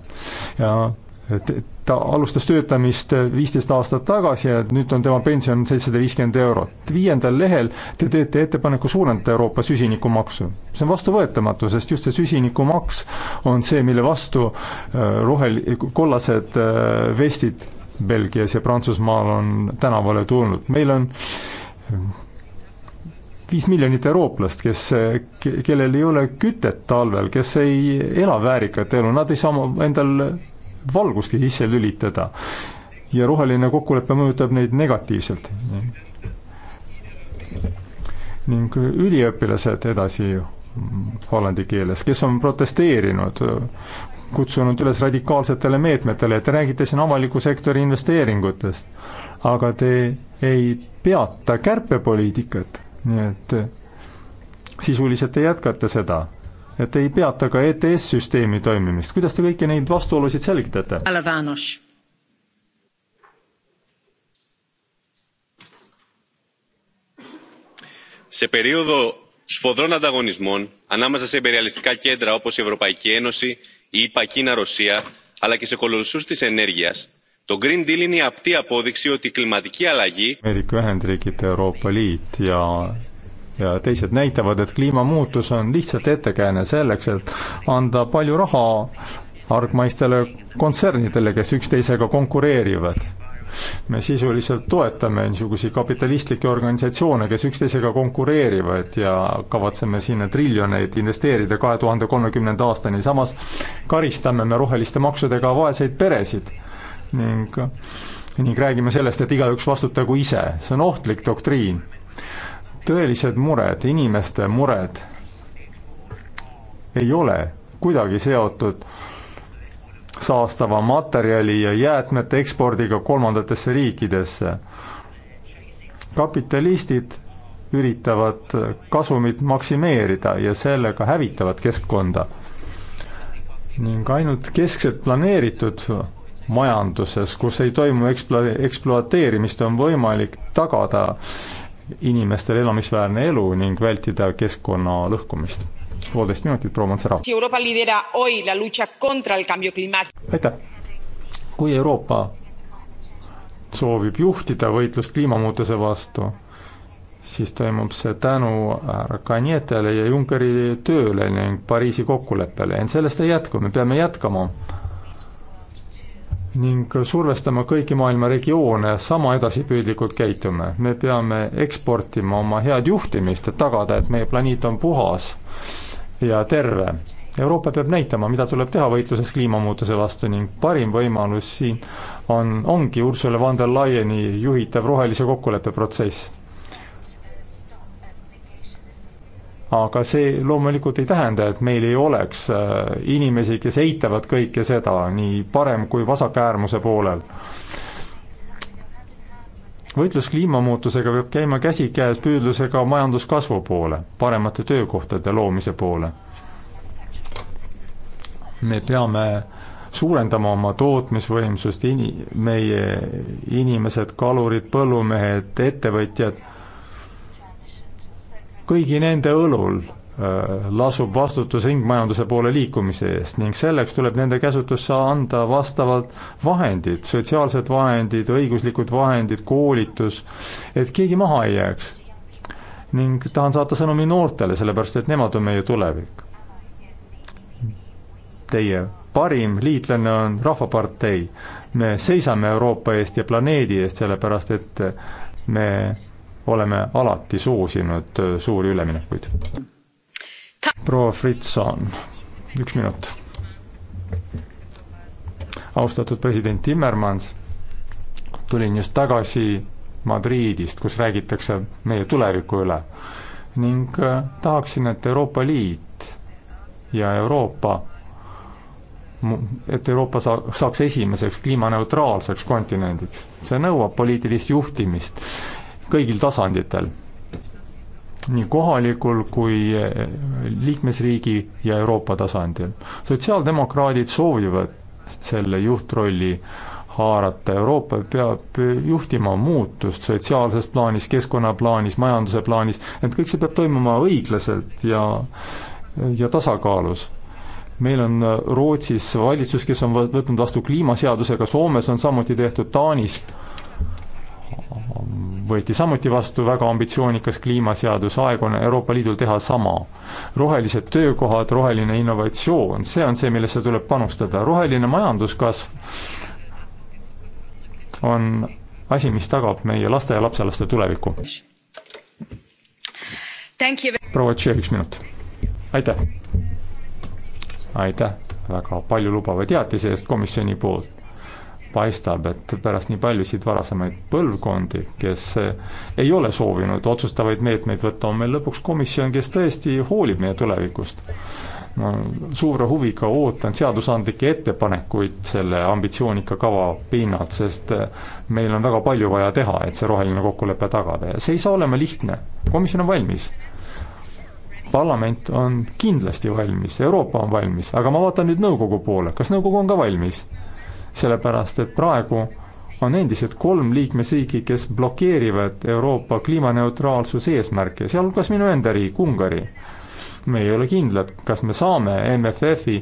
ja äh, ta alustas töötamist äh, viisteist aastat tagasi ja nüüd on tema pension seitsesada viiskümmend eurot. viiendal lehel te teete ettepaneku suurendada Euroopa süsinikumaksu. see on vastuvõetamatu, sest just see süsinikumaks on see, mille vastu rohel-, kollased vestid Belgias ja Prantsusmaal on tänavale tulnud. meil on viis miljonit eurooplast, kes, kellel ei ole kütet talvel, kes ei ela väärikat elu, nad ei saa endal valgustki sisse lülitada. ja roheline kokkulepe mõjutab neid negatiivselt. ning üliõpilased edasi hollandi keeles, kes on protesteerinud, kutsunud üles radikaalsetele meetmetele, te räägite siin avaliku sektori investeeringutest, aga te ei peata kärpepoliitikat nii et eh, sisuliselt te jätkate seda, et ei peata ka ETS-süsteemi toimimist, kuidas te kõiki neid vastuolusid selgitate? Σε περίοδο σφοδρών ανταγωνισμών ανάμεσα σε υπεριαλιστικά κέντρα όπως η Ευρωπαϊκή Ένωση, η ΙΠΑ, Κίνα, Ρωσία, αλλά και σε κολοσσούς της ενέργειας, Το Green Deal είναι η απτή απόδειξη ότι η κλιματική αλλαγή Ameerika Ühendriigid, Euroopa Liit ja ja teised näitavad, et kliimamuutus on lihtsalt ettekääne selleks, et anda palju raha argmaistele kontsernidele, kes üksteisega konkureerivad. me sisuliselt toetame niisuguseid kapitalistlikke organisatsioone, kes üksteisega konkureerivad ja kavatseme sinna triljoneid investeerida kahe tuhande kolmekümnenda aastani, samas karistame me roheliste maksudega vaeseid peresid ning ning räägime sellest, et igaüks vastutagu ise, see on ohtlik doktriin. tõelised mured, inimeste mured ei ole kuidagi seotud saastava materjali ja jäätmete ekspordiga kolmandatesse riikidesse. kapitalistid üritavad kasumit maksimeerida ja sellega hävitavad keskkonda. ning ainult keskselt planeeritud majanduses, kus ei toimu eksplo-, ekspluateerimist, on võimalik tagada inimestele elamisväärne elu ning vältida keskkonna lõhkumist. poolteist minutit, proua Montserrat. aitäh! kui Euroopa soovib juhtida võitlust kliimamuutuse vastu, siis toimub see tänu härra Kanietele ja Junckeri tööle ning Pariisi kokkuleppele, ent sellest ei jätku, me peame jätkama ning survestama kõiki maailma regioone sama edasipüüdlikult käituma. me peame eksportima oma head juhtimist, et tagada, et meie planeet on puhas ja terve. Euroopa peab näitama, mida tuleb teha võitluses kliimamuutuse vastu ning parim võimalus siin on, ongi Ursula von der Leyeni juhitav rohelise kokkuleppe protsess aga see loomulikult ei tähenda, et meil ei oleks äh, inimesi, kes eitavad kõike seda nii parem kui vasakäärmuse poolel. võitlus kliimamuutusega peab käima käsikäes püüdlusega majanduskasvu poole, paremate töökohtade loomise poole. me peame suurendama oma tootmisvõimsust, ini-, meie inimesed, kalurid, põllumehed, ettevõtjad kõigi nende õlul äh, lasub vastutus ringmajanduse poole liikumise eest ning selleks tuleb nende käsutusse anda vastavad vahendid, sotsiaalsed vahendid, õiguslikud vahendid, koolitus, et keegi maha ei jääks. ning tahan saata sõnumi noortele, sellepärast et nemad on meie tulevik. Teie parim liitlane on Rahvapartei. me seisame Euroopa eest ja planeedi eest, sellepärast et me oleme alati soosinud äh, suuri üleminekuid. proua Fritson, üks minut. austatud president Timmermans, tulin just tagasi Madridist, kus räägitakse meie tuleviku üle ning äh, tahaksin, et Euroopa Liit ja Euroopa et Euroopa saa-, saaks esimeseks kliimaneutraalseks kontinendiks. see nõuab poliitilist juhtimist kõigil tasanditel, nii kohalikul kui eh, liikmesriigi ja Euroopa tasandil. sotsiaaldemokraadid soovivad selle juhtrolli haarata, Euroopa peab eh, juhtima muutust sotsiaalses plaanis, keskkonnaplaanis, majanduse plaanis, et kõik see peab toimuma õiglaselt ja, ja tasakaalus meil on eh, Rootsis valitsus, kes on võtnud vastu kliimaseaduse, ka Soomes on samuti tehtud, Taanis võeti samuti vastu väga ambitsioonikas kliimaseadus, aeg on Euroopa Liidul teha sama. rohelised töökohad, roheline innovatsioon, see on see, millesse tuleb panustada, roheline majanduskasv on asi, mis tagab meie laste ja lapselaste tuleviku. proua Tšehh, üks minut. aitäh! aitäh väga paljulubava teatise eest komisjoni poolt paistab, et pärast nii paljusid varasemaid põlvkondi, kes eh, ei ole soovinud otsustavaid meetmeid võtta, on meil lõpuks komisjon, kes tõesti hoolib meie tulevikust. ma suure huviga ootan seadusandlikke ettepanekuid selle ambitsioonika kava pinnalt, sest eh, meil on väga palju vaja teha, et see roheline kokkulepe tagada ja see ei saa olema lihtne, komisjon on valmis parlament on kindlasti valmis, Euroopa on valmis, aga ma vaatan nüüd nõukogu poole, kas nõukogu on ka valmis? sellepärast et praegu on endiselt kolm liikmesriiki, kes blokeerivad Euroopa kliimaneutraalsuse eesmärke, sealhulgas minu enda riik, Ungari. me ei ole kindlad, kas me saame MFF-i,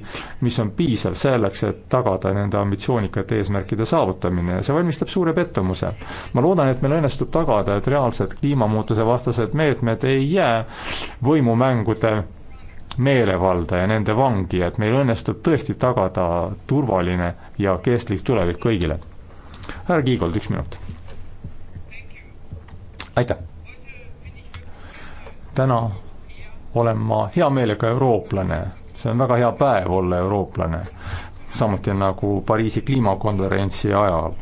mis on piisav selleks, et tagada nende ambitsioonikate eesmärkide saavutamine ja see valmistab suure pettumuse. ma loodan, et meil õnnestub tagada, et reaalsed kliimamuutuse vastased meetmed ei jää võimumängude meelevalda ja nende vangi, et meil õnnestub tõesti tagada turvaline ja kestlik tulevik kõigile. härra Kiigold, üks minut. aitäh. täna olen ma hea meelega eurooplane, see on väga hea päev olla eurooplane, samuti nagu Pariisi kliimakonverentsi ajal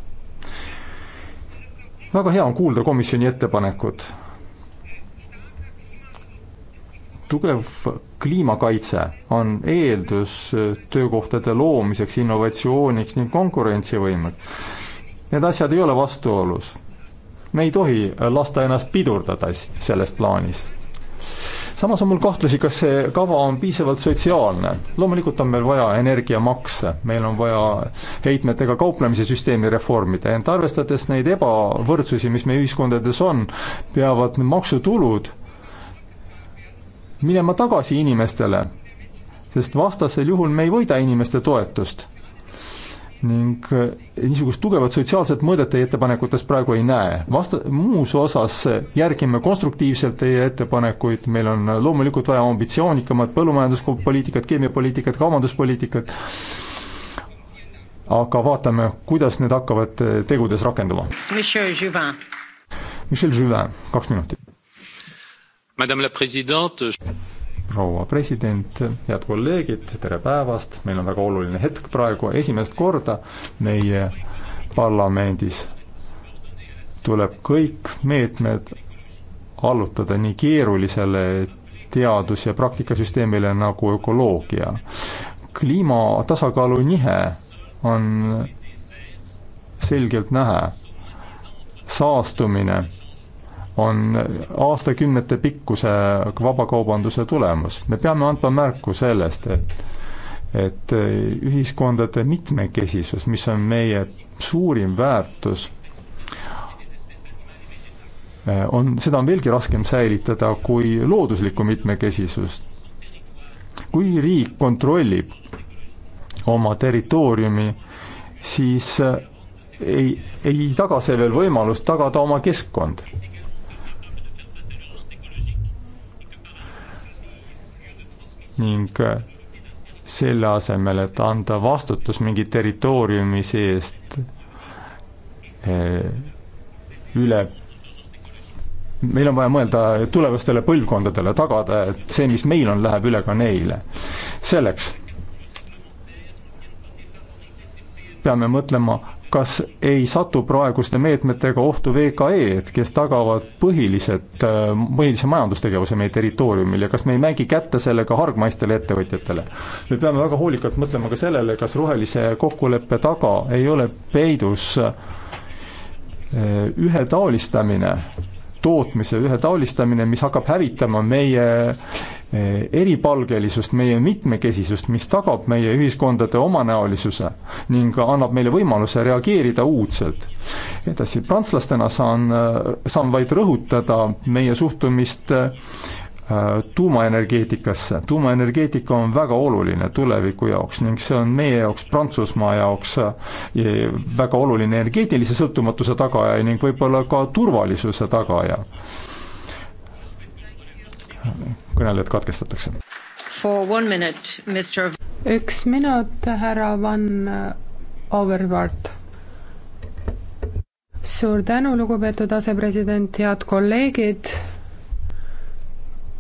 väga hea on kuulda komisjoni ettepanekut, tugev kliimakaitse on eeldus töökohtade loomiseks, innovatsiooniks ning konkurentsivõimeks. Need asjad ei ole vastuolus. me ei tohi lasta ennast pidurdada selles plaanis. samas on mul kahtlusi, kas see kava on piisavalt sotsiaalne. loomulikult on meil vaja energiamakse, meil on vaja heitmetega kauplemise süsteemi reformida, ent arvestades neid ebavõrdsusi, mis meie ühiskondades on, peavad maksutulud minema tagasi inimestele, sest vastasel juhul me ei võida inimeste toetust. ning äh, niisugust tugevat sotsiaalset mõõdet teie ettepanekutes praegu ei näe. Vasta-, muus osas järgime konstruktiivselt teie ettepanekuid, meil on loomulikult vaja ambitsioonikamat põllumajanduspoliitikat, keemiapoliitikat, kaubanduspoliitikat, aga vaatame, kuidas need hakkavad äh, tegudes rakenduma. Michel Juvin, kaks minutit proua president, head kolleegid, tere päevast, meil on väga oluline hetk praegu, esimest korda meie parlamendis tuleb kõik meetmed allutada nii keerulisele teadus- ja praktikasüsteemile nagu ökoloogia. kliima tasakaalu nihe on selgelt näha, saastumine on aastakümnete pikkuse vabakaubanduse tulemus. me peame andma märku sellest, et et ühiskondade mitmekesisus, mis on meie suurim väärtus, on, seda on veelgi raskem säilitada kui looduslikku mitmekesisust. kui riik kontrollib oma territooriumi, siis ei, ei taga see veel võimalust tagada oma keskkond ning selle asemel, et anda vastutus mingi territooriumi seest eh, üle, meil on vaja mõelda tulevastele põlvkondadele, tagada, et see, mis meil on, läheb üle ka neile. selleks peame mõtlema kas ei satu praeguste meetmetega ohtu VKE-d, kes tagavad põhilised, äh, põhilise majandustegevuse meie territooriumil ja kas me ei mängi kätte sellega hargmaistele ettevõtjatele? me peame väga hoolikalt mõtlema ka sellele, kas rohelise kokkuleppe taga ei ole peidus äh, ühetaolistamine tootmise ühetaolistamine, mis hakkab hävitama meie eh, eripalgelisust, meie mitmekesisust, mis tagab meie ühiskondade omanäolisuse ning annab meile võimaluse reageerida uudselt. edasi, prantslastena saan, eh, saan vaid rõhutada meie suhtumist eh, Äh, tuumaenergeetikasse. tuumaenergeetika on väga oluline tuleviku jaoks ning see on meie jaoks, Prantsusmaa jaoks äh, väga oluline energeetilise sõltumatuse tagaja ning võib-olla ka turvalisuse tagaja. kõnelejad katkestatakse. üks minut, härra Van Overvart suur tänu, lugupeetud asepresident, head kolleegid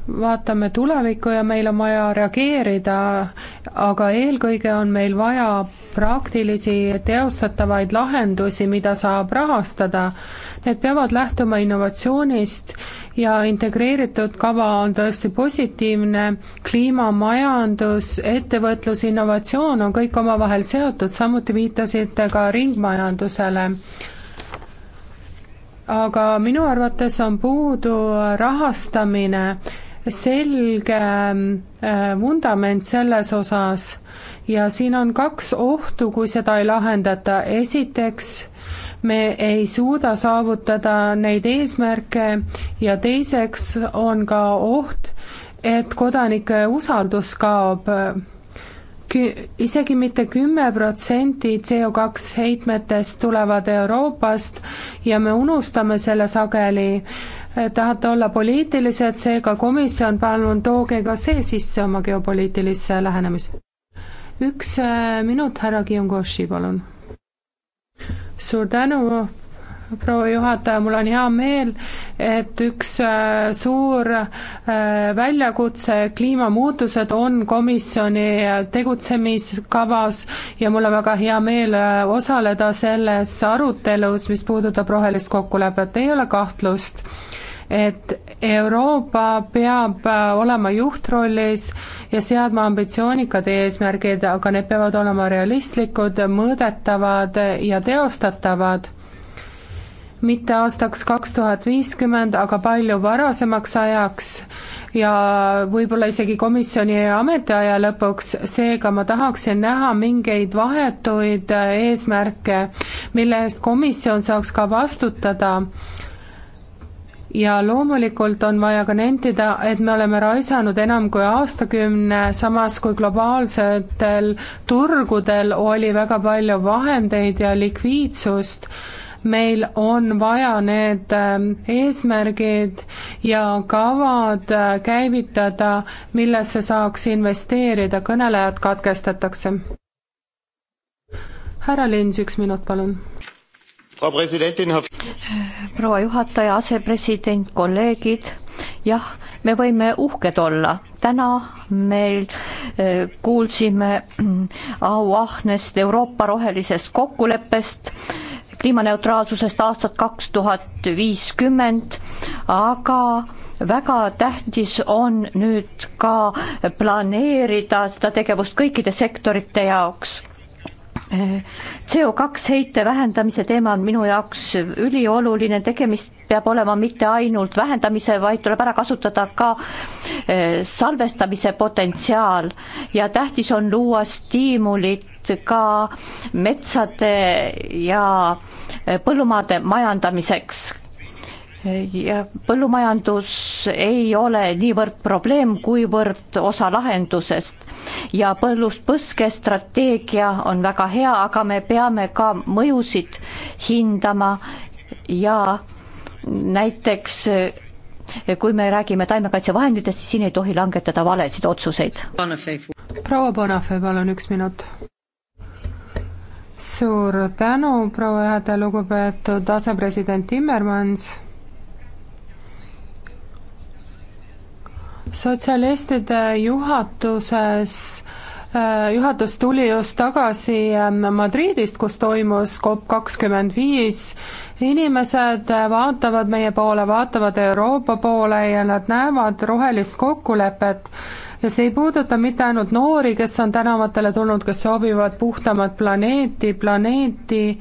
vaatame tulevikku ja meil on vaja reageerida, aga eelkõige on meil vaja praktilisi teostatavaid lahendusi, mida saab rahastada. Need peavad lähtuma innovatsioonist ja integreeritud kava on tõesti positiivne, kliimamajandus, ettevõtlus, innovatsioon on kõik omavahel seotud, samuti viitasite ka ringmajandusele aga minu arvates on puudu rahastamine selge äh, vundament selles osas ja siin on kaks ohtu, kui seda ei lahendata. esiteks, me ei suuda saavutada neid eesmärke ja teiseks on ka oht, et kodanike usaldus kaob Kü-, isegi mitte kümme protsenti CO2 heitmetest tulevad Euroopast ja me unustame selle sageli tahate olla poliitilised, seega komisjon, palun tooge ka see sisse oma geopoliitilisse lähenemisse. üks äh, minut, härra Kiongoshi, palun. suur tänu proua juhataja, mul on hea meel, et üks äh, suur äh, väljakutse, kliimamuutused on komisjoni tegutsemiskavas ja mul on väga hea meel osaleda selles arutelus, mis puudutab rohelist kokkulepet, ei ole kahtlust et Euroopa peab äh, olema juhtrollis ja seadma ambitsioonikad eesmärgid, aga need peavad olema realistlikud, mõõdetavad ja teostatavad. mitte aastaks kaks tuhat viiskümmend, aga palju varasemaks ajaks ja võib-olla isegi komisjoni ametiaja lõpuks, seega ma tahaksin näha mingeid vahetuid äh, eesmärke, mille eest komisjon saaks ka vastutada ja loomulikult on vaja ka nentida, et me oleme raisanud enam kui aastakümne, samas kui globaalsetel turgudel oli väga palju vahendeid ja likviidsust, meil on vaja need ähm, eesmärgid ja kavad äh, käivitada, millesse saaks investeerida, kõnelejad katkestatakse. härra Lins, üks minut, palun proua juhataja, asepresident, kolleegid, jah, me võime uhked olla, täna meil äh, kuulsime äh, auahnest Euroopa rohelisest kokkuleppest, kliimaneutraalsusest aastat kaks tuhat viiskümmend, aga väga tähtis on nüüd ka planeerida seda tegevust kõikide sektorite jaoks CO2 heite vähendamise teema on minu jaoks ülioluline, tegemist peab olema mitte ainult vähendamise, vaid tuleb ära kasutada ka eh, salvestamise potentsiaal ja tähtis on luua stiimulit ka metsade ja eh, põllumaade majandamiseks ja põllumajandus ei ole niivõrd probleem, kuivõrd osa lahendusest ja põlluspõske strateegia on väga hea, aga me peame ka mõjusid hindama ja näiteks eh, kui me räägime taimekaitsevahenditest, siis siin ei tohi langetada valesid otsuseid. proua Bonafe, palun üks minut. suur tänu, proua juhataja, lugupeetud asepresident Timmermans sotsialistide juhatuses äh, juhatus tuli just tagasi ähm, Madridist, kus toimus COP kakskümmend viis. inimesed äh, vaatavad meie poole, vaatavad Euroopa poole ja nad näevad rohelist kokkulepet. ja see ei puuduta mitte ainult noori, kes on tänavatele tulnud, kes soovivad puhtamat planeeti, planeeti,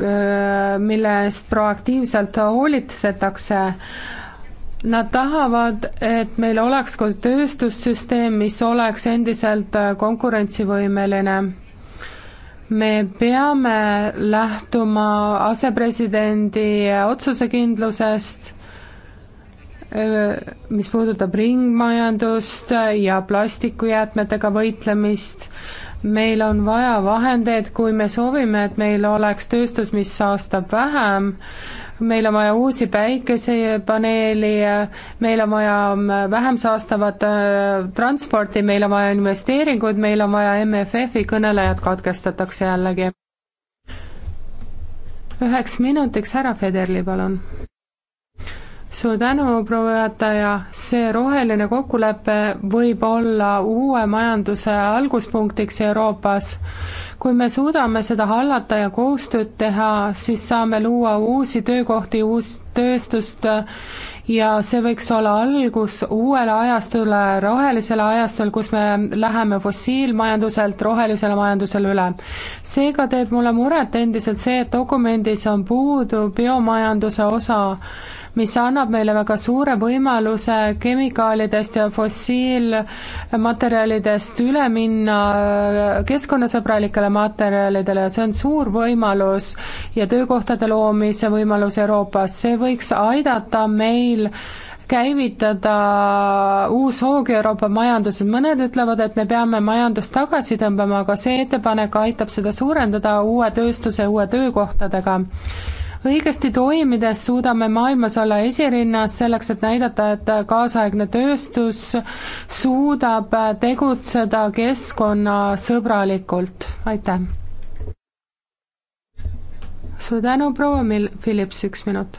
äh, mille eest proaktiivselt hoolitsetakse Nad tahavad, et meil oleks ka tööstussüsteem, mis oleks endiselt äh, konkurentsivõimeline. me peame lähtuma asepresidendi äh, otsusekindlusest, äh, mis puudutab ringmajandust ja plastikujäätmetega võitlemist, meil on vaja vahendeid, kui me soovime, et meil oleks tööstus, mis saastab vähem, meil on vaja uusi päikesepaneeli, meil on vaja mm, vähem saastavat äh, transporti, meil on vaja investeeringuid, meil on vaja MFF-i, kõnelejad katkestatakse jällegi. üheks minutiks, härra Federli, palun. suur tänu, proua juhataja, see roheline kokkulepe võib olla uue majanduse alguspunktiks Euroopas kui me suudame seda hallata ja koostööd teha, siis saame luua uusi töökohti, uus tööstust ja see võiks olla algus uuele ajastule, rohelisele ajastul, kus me läheme fossiilmajanduselt rohelisele majandusele üle. seega teeb mulle muret endiselt see, et dokumendis on puudu biomajanduse osa mis annab meile väga suure võimaluse kemikaalidest ja fossiilmaterjalidest üle minna keskkonnasõbralikele materjalidele ja see on suur võimalus ja töökohtade loomise võimalus Euroopas, see võiks aidata meil käivitada uus hoog Euroopa majanduses, mõned ütlevad, et me peame majandust tagasi tõmbama, aga see ettepanek aitab seda suurendada uue tööstuse, uue töökohtadega õigesti toimides suudame maailmas olla esirinnas selleks, et näidata, et kaasaegne tööstus suudab tegutseda keskkonnasõbralikult, aitäh. suur tänu, proua Mil-, Philips, üks minut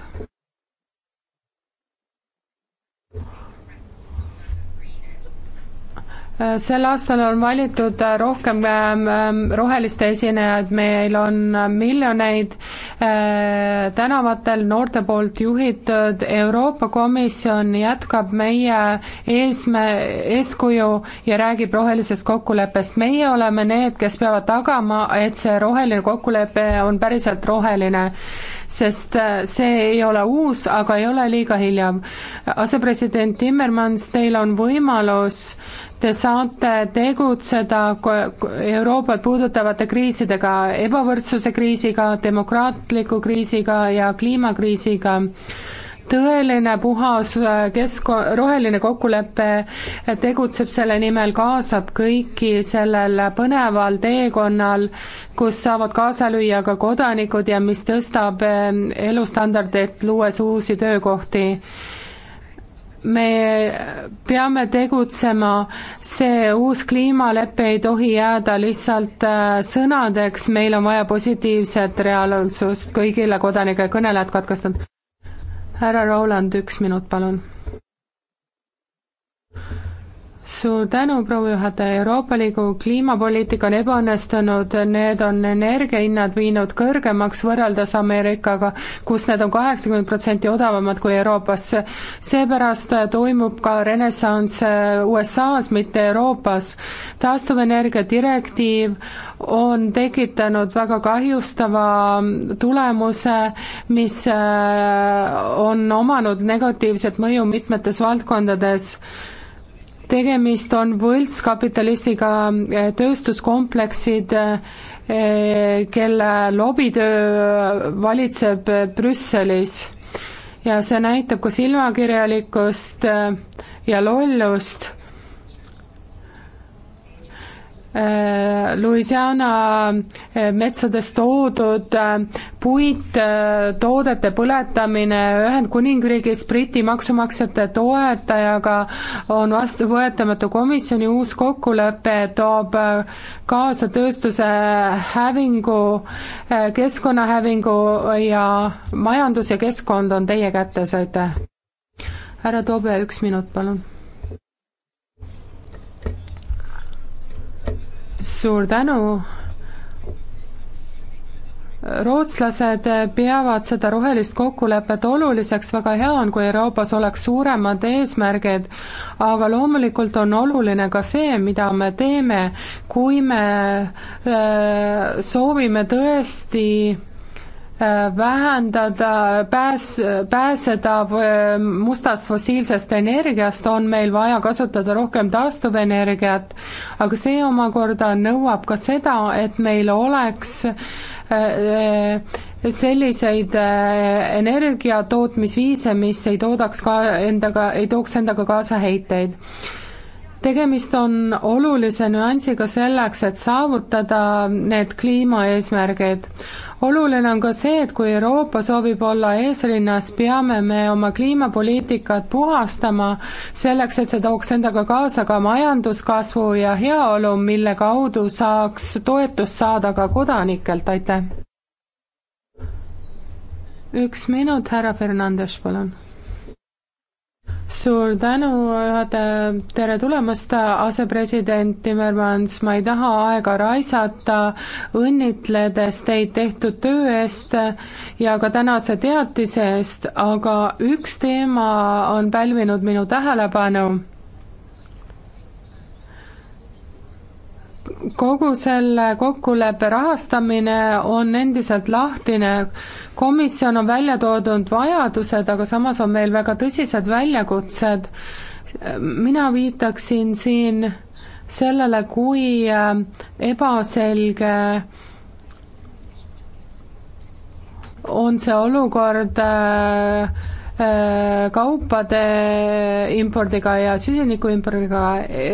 sel aastal on valitud rohkem ähm, ähm, roheliste esinejaid, meil on miljoneid äh, tänavatel noorte poolt juhitud, Euroopa Komisjon jätkab meie eesme-, eeskuju ja räägib rohelisest kokkuleppest. meie oleme need, kes peavad tagama, et see roheline kokkulepe on päriselt roheline sest äh, see ei ole uus, aga ei ole liiga hilja. asepresident Timmermans, teil on võimalus te saate tegutseda Euroopat puudutavate kriisidega, ebavõrdsuse kriisiga, demokraatliku kriisiga ja kliimakriisiga tõeline puhas äh, kesko-, roheline kokkulepe tegutseb selle nimel, kaasab kõiki sellel põneval teekonnal, kus saavad kaasa lüüa ka kodanikud ja mis tõstab äh, elustandardit, luues uusi töökohti me peame tegutsema, see uus kliimalepe ei tohi jääda lihtsalt äh, sõnadeks, meil on vaja positiivset reaalsust kõigile kodanikele, kõnelejad katkestanud härra Roland, üks minut, palun suur tänu, proua juhataja, Euroopa Liidu kliimapoliitika on ebaõnnestunud, need on energiahinnad viinud kõrgemaks võrreldes Ameerikaga, kus need on kaheksakümmend protsenti odavamad kui Euroopas. seepärast toimub ka renessanss USA-s, mitte Euroopas. taastuvenergia direktiiv on tekitanud väga kahjustava tulemuse, mis äh, on omanud negatiivset mõju mitmetes valdkondades tegemist on võltskapitalistiga eh, tööstuskompleksid, eh, kelle lobitöö eh, valitseb Brüsselis ja see näitab ka silmakirjalikkust ja lollust Louisiana eh, metsades toodud eh, puittoodete eh, põletamine Ühendkuningriigis Briti maksumaksjate toetajaga on vastuvõetamatu. komisjoni uus kokkulepe toob kaasa tööstuse hävingu, keskkonnahävingu ja majandus ja keskkond on teie kätes, aitäh! härra Toobe, üks minut, palun suur tänu. rootslased peavad seda rohelist kokkulepet oluliseks, väga hea on, kui Euroopas oleks suuremad eesmärgid, aga loomulikult on oluline ka see, mida me teeme, kui me äh, soovime tõesti vähendada, pääs, pääseda äh, mustast fossiilsest energiast, on meil vaja kasutada rohkem taastuvenergiat, aga see omakorda nõuab ka seda, et meil oleks äh, selliseid äh, energiatootmisviise, mis ei toodaks ka endaga, ei tooks endaga kaasa heiteid tegemist on olulise nüansiga selleks, et saavutada need kliimaeesmärgid oluline on ka see, et kui Euroopa soovib olla eesrinnas, peame me oma kliimapoliitikat puhastama selleks, et see tooks endaga kaasa ka majanduskasvu ja heaolu, mille kaudu saaks toetust saada ka kodanikelt, aitäh! üks minut, härra Fernandes, palun suur tänu, juhataja, tere tulemast, asepresident Timmermans, ma ei taha aega raisata, õnnitledes teid tehtud töö eest ja ka tänase teatise eest, aga üks teema on pälvinud minu tähelepanu kogu selle kokkuleppe rahastamine on endiselt lahtine. komisjon on välja toodud vajadused, aga samas on meil väga tõsised väljakutsed. mina viitaksin siin sellele, kui äh, ebaselge on see olukord äh, Äh, kaupade impordiga ja süsiniku impordiga,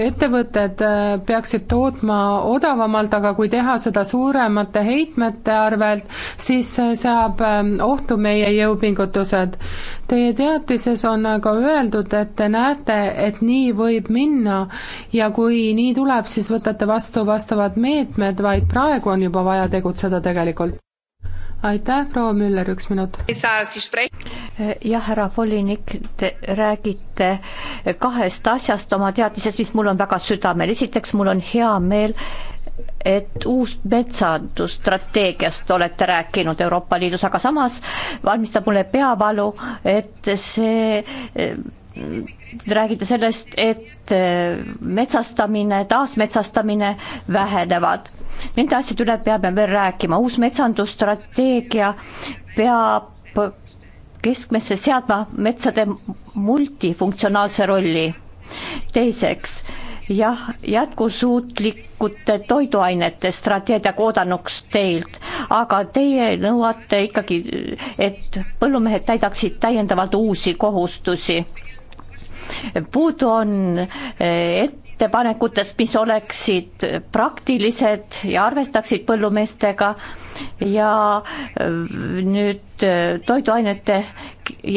ettevõtted äh, peaksid tootma odavamalt, aga kui teha seda suuremate heitmete arvelt, siis seab ähm, ohtu meie jõupingutused. Teie teatises on aga öeldud, et te näete, et nii võib minna ja kui nii tuleb, siis võtate vastu vastavad meetmed, vaid praegu on juba vaja tegutseda tegelikult aitäh, proua Müller, üks minut. jah, härra volinik, te räägite kahest asjast oma teadmises, mis mul on väga südamel, esiteks mul on hea meel, et uus metsandusstrateegiast olete rääkinud Euroopa Liidus, aga samas valmistab mulle peavalu, et see räägite sellest, et äh, metsastamine, taasmetsastamine vähenevad. Nende asjade üle peame veel rääkima, uus metsandusstrateegia peab keskmesse seadma metsade multifunktsionaalse rolli. teiseks, jah, jätkusuutlikute toiduainete strateegia oodanuks teilt, aga teie nõuate ikkagi, et põllumehed täidaksid täiendavalt uusi kohustusi puudu on eh, ettepanekutest, mis oleksid praktilised ja arvestaksid põllumeestega ja eh, nüüd eh, toiduainete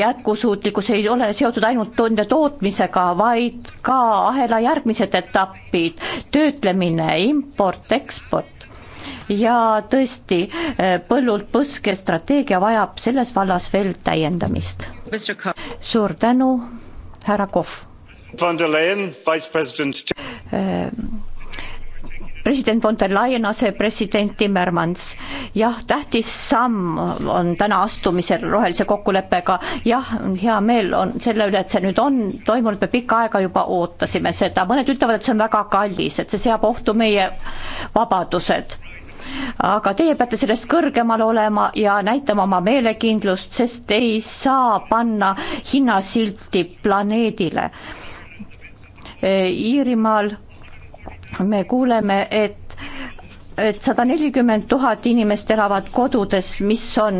jätkusuutlikkus ei ole seotud ainult tunde tootmisega, vaid ka ahela järgmised etapid, töötlemine, import, eksport ja tõesti, põllult põske strateegia vajab selles vallas veel täiendamist. suur tänu härra Kohv. Eh, president von der Leyen, asepresident Timmermans. jah, tähtis samm on täna astumisel rohelise kokkuleppega, jah, hea meel on selle üle, et see nüüd on toimunud, me pikka aega juba ootasime seda, mõned ütlevad, et see on väga kallis, et see seab ohtu meie vabadused aga teie peate sellest kõrgemal olema ja näitama oma meelekindlust, sest ei saa panna hinnasilti planeedile. Iirimaal me kuuleme, et et sada nelikümmend tuhat inimest elavad kodudes, mis on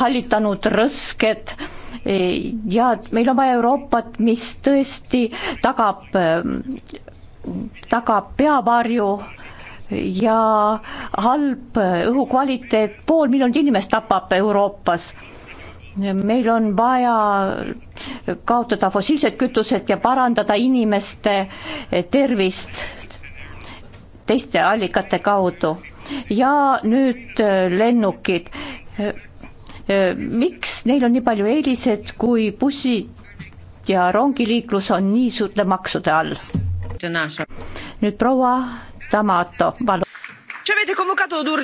hallitanud rõsked ja meil on vaja Euroopat, mis tõesti tagab, tagab peavarju äh, ja halb õhukvaliteet, pool miljonit inimest tapab Euroopas. meil on vaja kaotada fossiilsed kütused ja parandada inimeste tervist teiste allikate kaudu. ja nüüd äh, lennukid. Äh, äh, miks neil on nii palju eelised, kui bussid ja rongiliiklus on nii suurte maksude all? nüüd proua D'Amato, palun.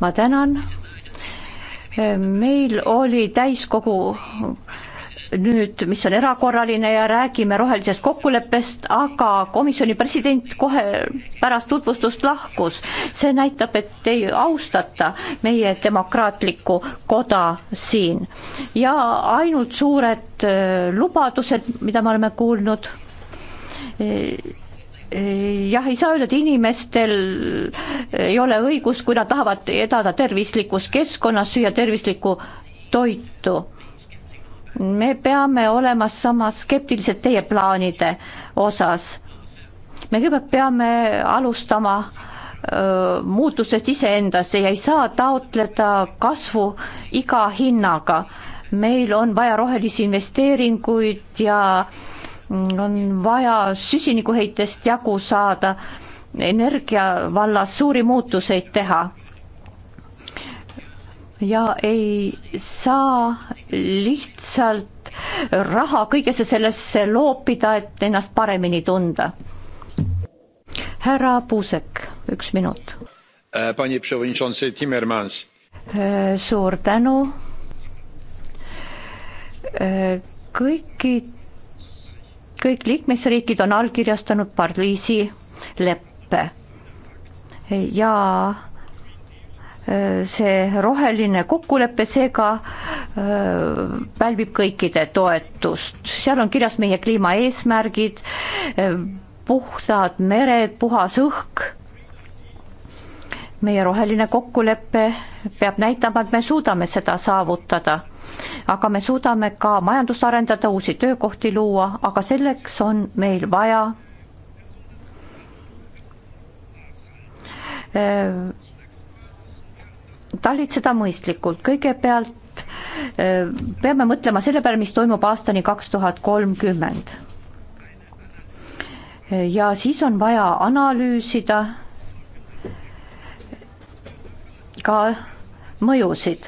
ma tänan. meil oli täiskogu nüüd, mis on erakorraline ja räägime rohelisest kokkuleppest, aga komisjoni president kohe pärast tutvustust lahkus. see näitab, et ei austata meie demokraatlikku koda siin ja ainult suured äh, lubadused, mida me oleme kuulnud äh, jah, ei saa öelda, et inimestel ei ole õigust, kui nad tahavad edada tervislikus keskkonnas, süüa tervislikku toitu. me peame olema samas skeptilised teie plaanide osas. me kõigepealt peame alustama öö, muutustest iseendas ja ei saa taotleda kasvu iga hinnaga. meil on vaja rohelisi investeeringuid ja öö, on vaja süsinikuheitest jagu saada, energia vallas suuri muutuseid teha. ja ei saa lihtsalt raha kõigesse sellesse loopida, et ennast paremini tunda. härra Puusek, üks minut. suur tänu. kõikid kõik liikmesriigid on allkirjastanud Pariisi leppe. ja äh, see roheline kokkulepe seega äh, pälvib kõikide toetust, seal on kirjas meie kliimaeesmärgid, äh, puhtad mered, puhas õhk, meie roheline kokkulepe peab näitama, et me suudame seda saavutada aga me suudame ka majandust arendada, uusi töökohti luua, aga selleks on meil vaja äh, talitseda mõistlikult, kõigepealt äh, peame mõtlema selle peale, mis toimub aastani kaks tuhat kolmkümmend. ja siis on vaja analüüsida ka mõjusid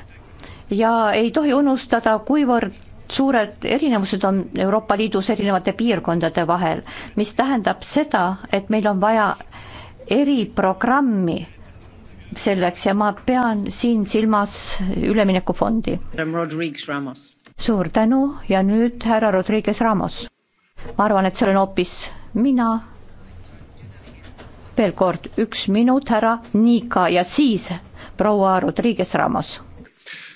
ja ei tohi unustada, kuivõrd suured erinevused on Euroopa Liidus erinevate piirkondade vahel, mis tähendab seda, et meil on vaja eriprogrammi selleks ja ma pean siin silmas üleminekufondi. suur tänu ja nüüd härra Rodriguez Ramos. ma arvan, et see olen hoopis mina. veel kord üks minut, härra Niika ja siis proua Rodriguez Ramos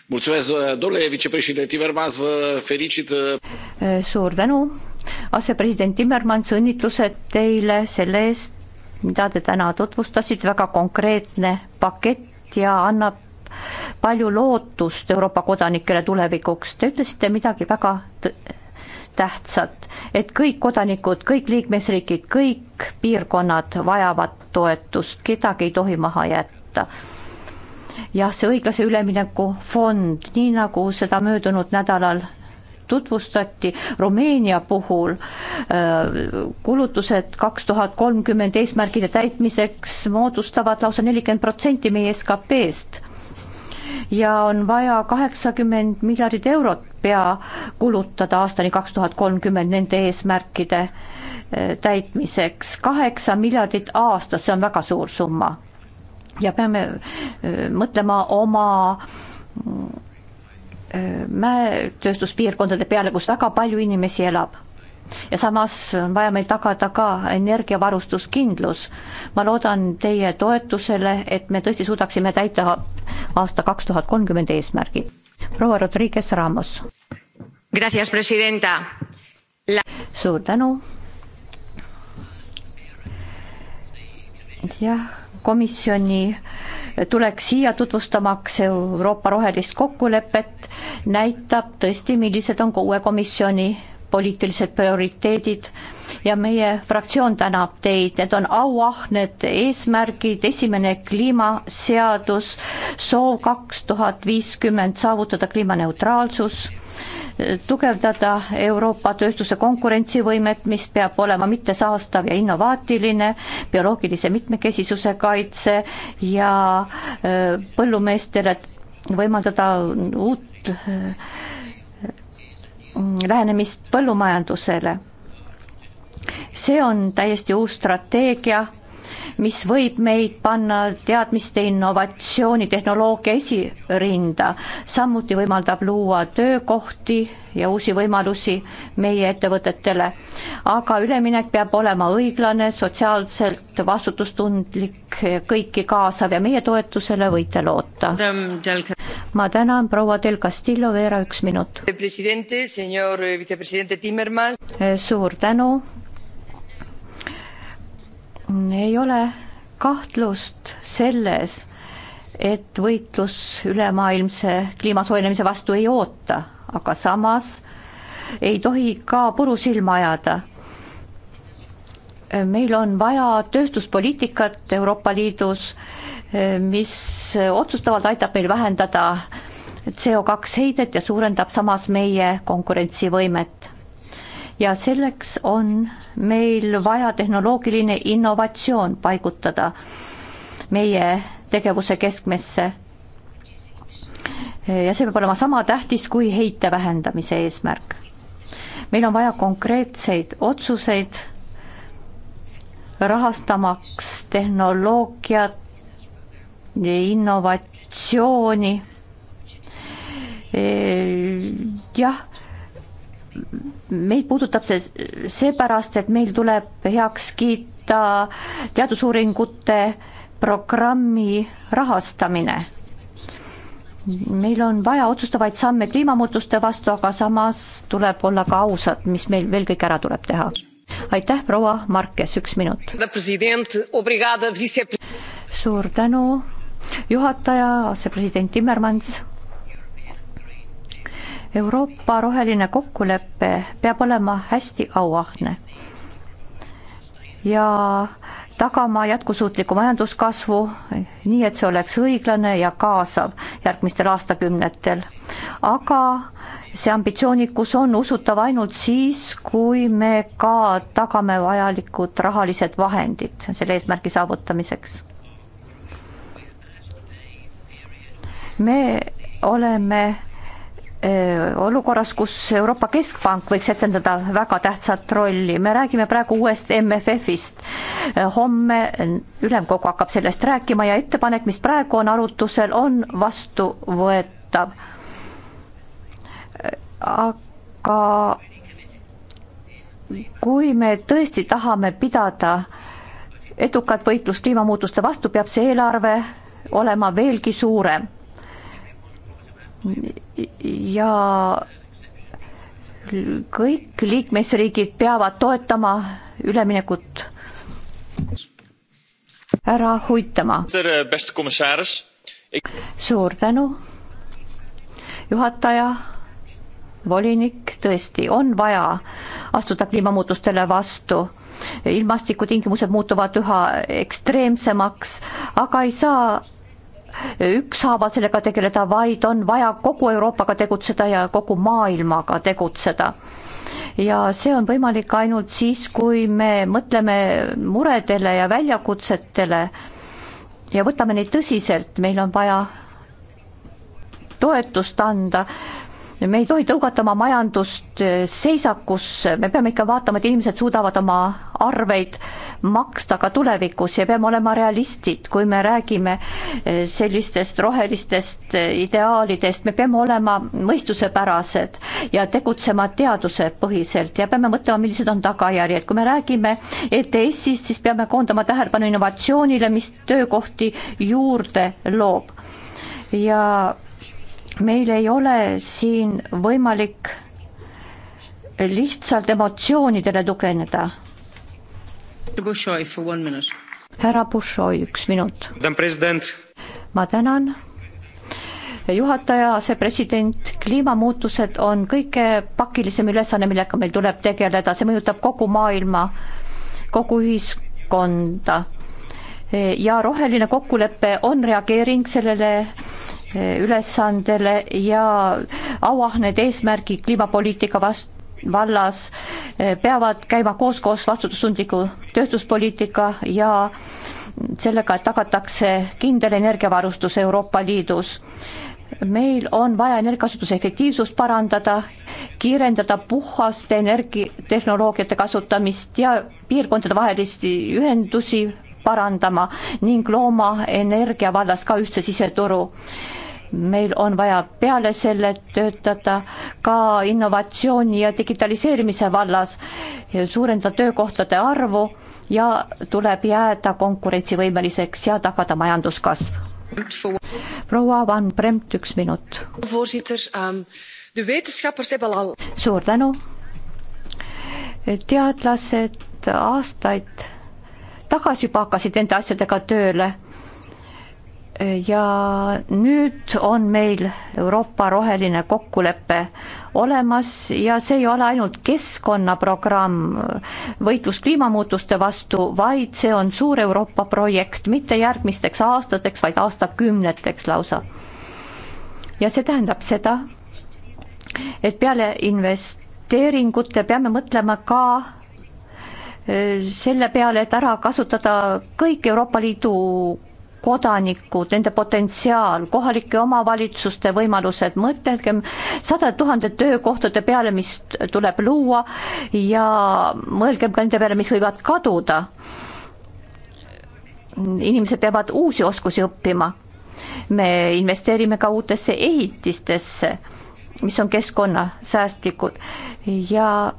Eh, domnule vicepreședinte Timmermans, vă felicit. Eh. Eh, suur tänu, asepresident Timmermans, õnnitlused teile selle eest, mida te täna tutvustasite, väga konkreetne pakett ja annab palju lootust Euroopa kodanikele tulevikuks. Te ütlesite midagi väga tähtsat, et kõik kodanikud, kõik liikmesriigid, kõik piirkonnad vajavad toetust, kedagi ei tohi maha jätta jah, see õiglase ülemineku fond, nii nagu seda möödunud nädalal tutvustati Rumeenia puhul äh, kulutused kaks tuhat kolmkümmend eesmärgide täitmiseks moodustavad lausa nelikümmend protsenti meie SKP-st ja on vaja kaheksakümmend miljardit eurot pea kulutada aastani kaks tuhat kolmkümmend nende eesmärkide äh, täitmiseks, kaheksa miljardit aastas, see on väga suur summa ja peame mõtlema oma mäetööstuspiirkondade peale, kus väga palju inimesi elab ja samas on vaja meil tagada ka energiavarustuskindlus. ma loodan teie toetusele, et me tõesti suudaksime täita aasta kaks tuhat kolmkümmend eesmärgid. proua Rodriguez Ramos. La... suur tänu. jah komisjoni tuleks siia tutvustamaks Euroopa rohelist kokkulepet, näitab tõesti, millised on ka uue komisjoni poliitilised prioriteedid ja meie fraktsioon tänab teid, need on auahned eesmärgid, esimene kliimaseadus, soov kaks tuhat viiskümmend saavutada kliimaneutraalsus tugevdada Euroopa tööstuse konkurentsivõimet, mis peab olema mittesaastav ja innovaatiline, bioloogilise mitmekesisuse kaitse ja äh, põllumeestele võimaldada uut äh, lähenemist põllumajandusele. see on täiesti uus strateegia mis võib meid panna teadmiste innovatsiooni tehnoloogia esirinda. samuti võimaldab luua töökohti ja uusi võimalusi meie ettevõtetele. aga üleminek peab olema õiglane, sotsiaalselt vastutustundlik, kõiki kaasav ja meie toetusele võite loota. ma tänan, proua Del Castillo, Veera, üks minut. suur tänu ei ole kahtlust selles, et võitlus ülemaailmse kliima soojenemise vastu ei oota, aga samas ei tohi ka puru silma ajada. meil on vaja tööstuspoliitikat Euroopa Liidus, mis otsustavalt aitab meil vähendada CO2 heidet ja suurendab samas meie konkurentsivõimet ja selleks on meil vaja tehnoloogiline innovatsioon paigutada meie tegevuse keskmesse. ja see peab olema sama tähtis kui heite vähendamise eesmärk. meil on vaja konkreetseid otsuseid rahastamaks tehnoloogiat, innovatsiooni. jah meid puudutab see seepärast, et meil tuleb heaks kiita teadusuuringute programmi rahastamine. meil on vaja otsustavaid samme kliimamuutuste vastu, aga samas tuleb olla ka ausad, mis meil veel kõik ära tuleb teha. aitäh, proua Markes, üks minut. suur tänu, juhataja, asepresident Timmermans Euroopa roheline kokkulepe peab olema hästi auahne ja tagama jätkusuutliku majanduskasvu, nii et see oleks õiglane ja kaasav järgmistel aastakümnetel. aga see ambitsioonikus on usutav ainult siis, kui me ka tagame vajalikud rahalised vahendid selle eesmärgi saavutamiseks. me oleme Äh, olukorras, kus Euroopa Keskpank võiks etendada väga tähtsat rolli, me räägime praegu uuest MFF-ist. Äh, homme ülemkogu hakkab sellest rääkima ja ettepanek, mis praegu on arutusel, on vastuvõetav. Äh, aga kui me tõesti tahame pidada edukat võitlust kliimamuutuste vastu, peab see eelarve olema veelgi suurem ja kõik liikmesriigid peavad toetama üleminekut ära huvitama. Eh, suur tänu, juhataja, volinik, tõesti on vaja astuda kliimamuutustele vastu ilmastikutingimused muutuvad üha ekstreemsemaks, aga ei saa ükshaaval sellega tegeleda, vaid on vaja kogu Euroopaga tegutseda ja kogu maailmaga tegutseda. ja see on võimalik ainult siis, kui me mõtleme muredele ja väljakutsetele ja võtame neid tõsiselt, meil on vaja toetust anda me ei tohi tõugata oma majandust eh, seisakusse, me peame ikka vaatama, et inimesed suudavad oma arveid maksta ka tulevikus ja peame olema realistid, kui me räägime eh, sellistest rohelistest eh, ideaalidest, me peame olema mõistusepärased ja tegutsema teadusepõhiselt ja peame mõtlema, millised on tagajärjed, kui me räägime ETS-ist, siis peame koondama tähelepanu innovatsioonile, mis töökohti juurde loob ja meil ei ole siin võimalik lihtsalt emotsioonidele tugineda. härra Bushoi, üks minut. ma tänan. juhataja, asepresident, kliimamuutused on kõige pakilisem ülesanne, millega meil tuleb tegeleda, see mõjutab kogu maailma, kogu ühiskonda. ja roheline kokkulepe on reageering sellele ülesandele ja auahned eesmärgid kliimapoliitika vastu vallas eh, peavad käima koos-koos vastutustundliku tööstuspoliitika ja sellega, et tagatakse kindel energiavarustus Euroopa Liidus meil on vaja energiakasutuse efektiivsust parandada, kiirendada puhaste energiatehnoloogiate kasutamist ja piirkondade vahelisi ühendusi parandama ning looma energia vallas ka ühtse siseturu meil on vaja peale selle töötada ka innovatsiooni ja digitaliseerimise vallas, suurendada töökohtade arvu ja tuleb jääda konkurentsivõimeliseks ja tagada majanduskasv. proua Van Bremt, üks minut. Ehm, suur tänu. teadlased aastaid tagasi juba hakkasid nende asjadega tööle ja nüüd on meil Euroopa roheline kokkulepe olemas ja see ei ole ainult keskkonnaprogramm, võitlus kliimamuutuste vastu, vaid see on suur Euroopa projekt, mitte järgmisteks aastateks, vaid aastakümneteks lausa. ja see tähendab seda, et peale investeeringute peame mõtlema ka eh, selle peale, et ära kasutada kõik Euroopa Liidu kodanikud, nende potentsiaal, kohalike omavalitsuste võimalused, mõtelgem sadade tuhandete töökohtade peale, mis tuleb luua ja mõelgem ka nende peale, mis võivad kaduda. inimesed peavad uusi oskusi õppima. me investeerime ka uutesse ehitistesse, mis on keskkonnasäästlikud ja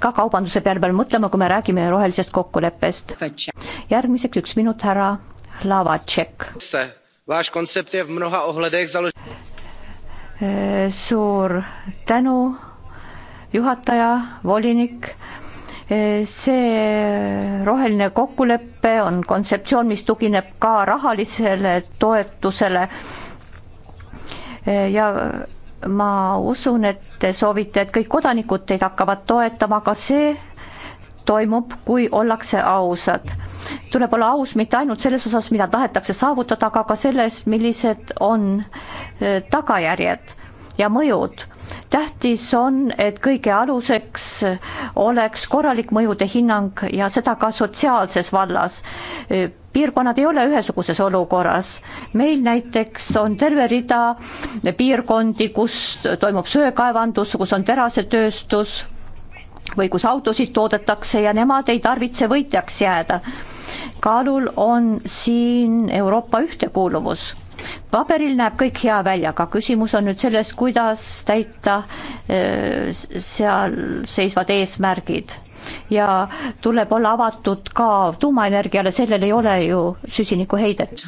ka kaubanduse peale peame mõtlema, kui me räägime rohelisest kokkuleppest. järgmiseks üks minut, härra Lavacek. Váš kontsept je v mnoha ohledech založen. Eh, suur tänu, juhataja, volinik eh, see roheline kokkulepe on kontseptsioon, mis tugineb ka rahalisele toetusele. Eh, ja ma usun, et te soovite, et kõik kodanikud teid hakkavad toetama, aga see toimub, kui ollakse ausad. tuleb olla aus mitte ainult selles osas, mida tahetakse saavutada, aga ka selles, millised on eh, tagajärjed ja mõjud. tähtis on, et kõige aluseks oleks korralik mõjude hinnang ja seda ka sotsiaalses vallas. Eh, piirkonnad ei ole ühesuguses olukorras. meil näiteks on terve rida piirkondi, kus toimub söekaevandus, kus on terasetööstus või kus autosid toodetakse ja nemad ei tarvitse võitjaks jääda. kaalul on siin Euroopa ühtekuuluvus. paberil näeb kõik hea välja, aga küsimus on nüüd selles, kuidas täita seal seisvad eesmärgid ja tuleb olla avatud ka tuumaenergiale, sellel ei ole ju süsinikuheidet.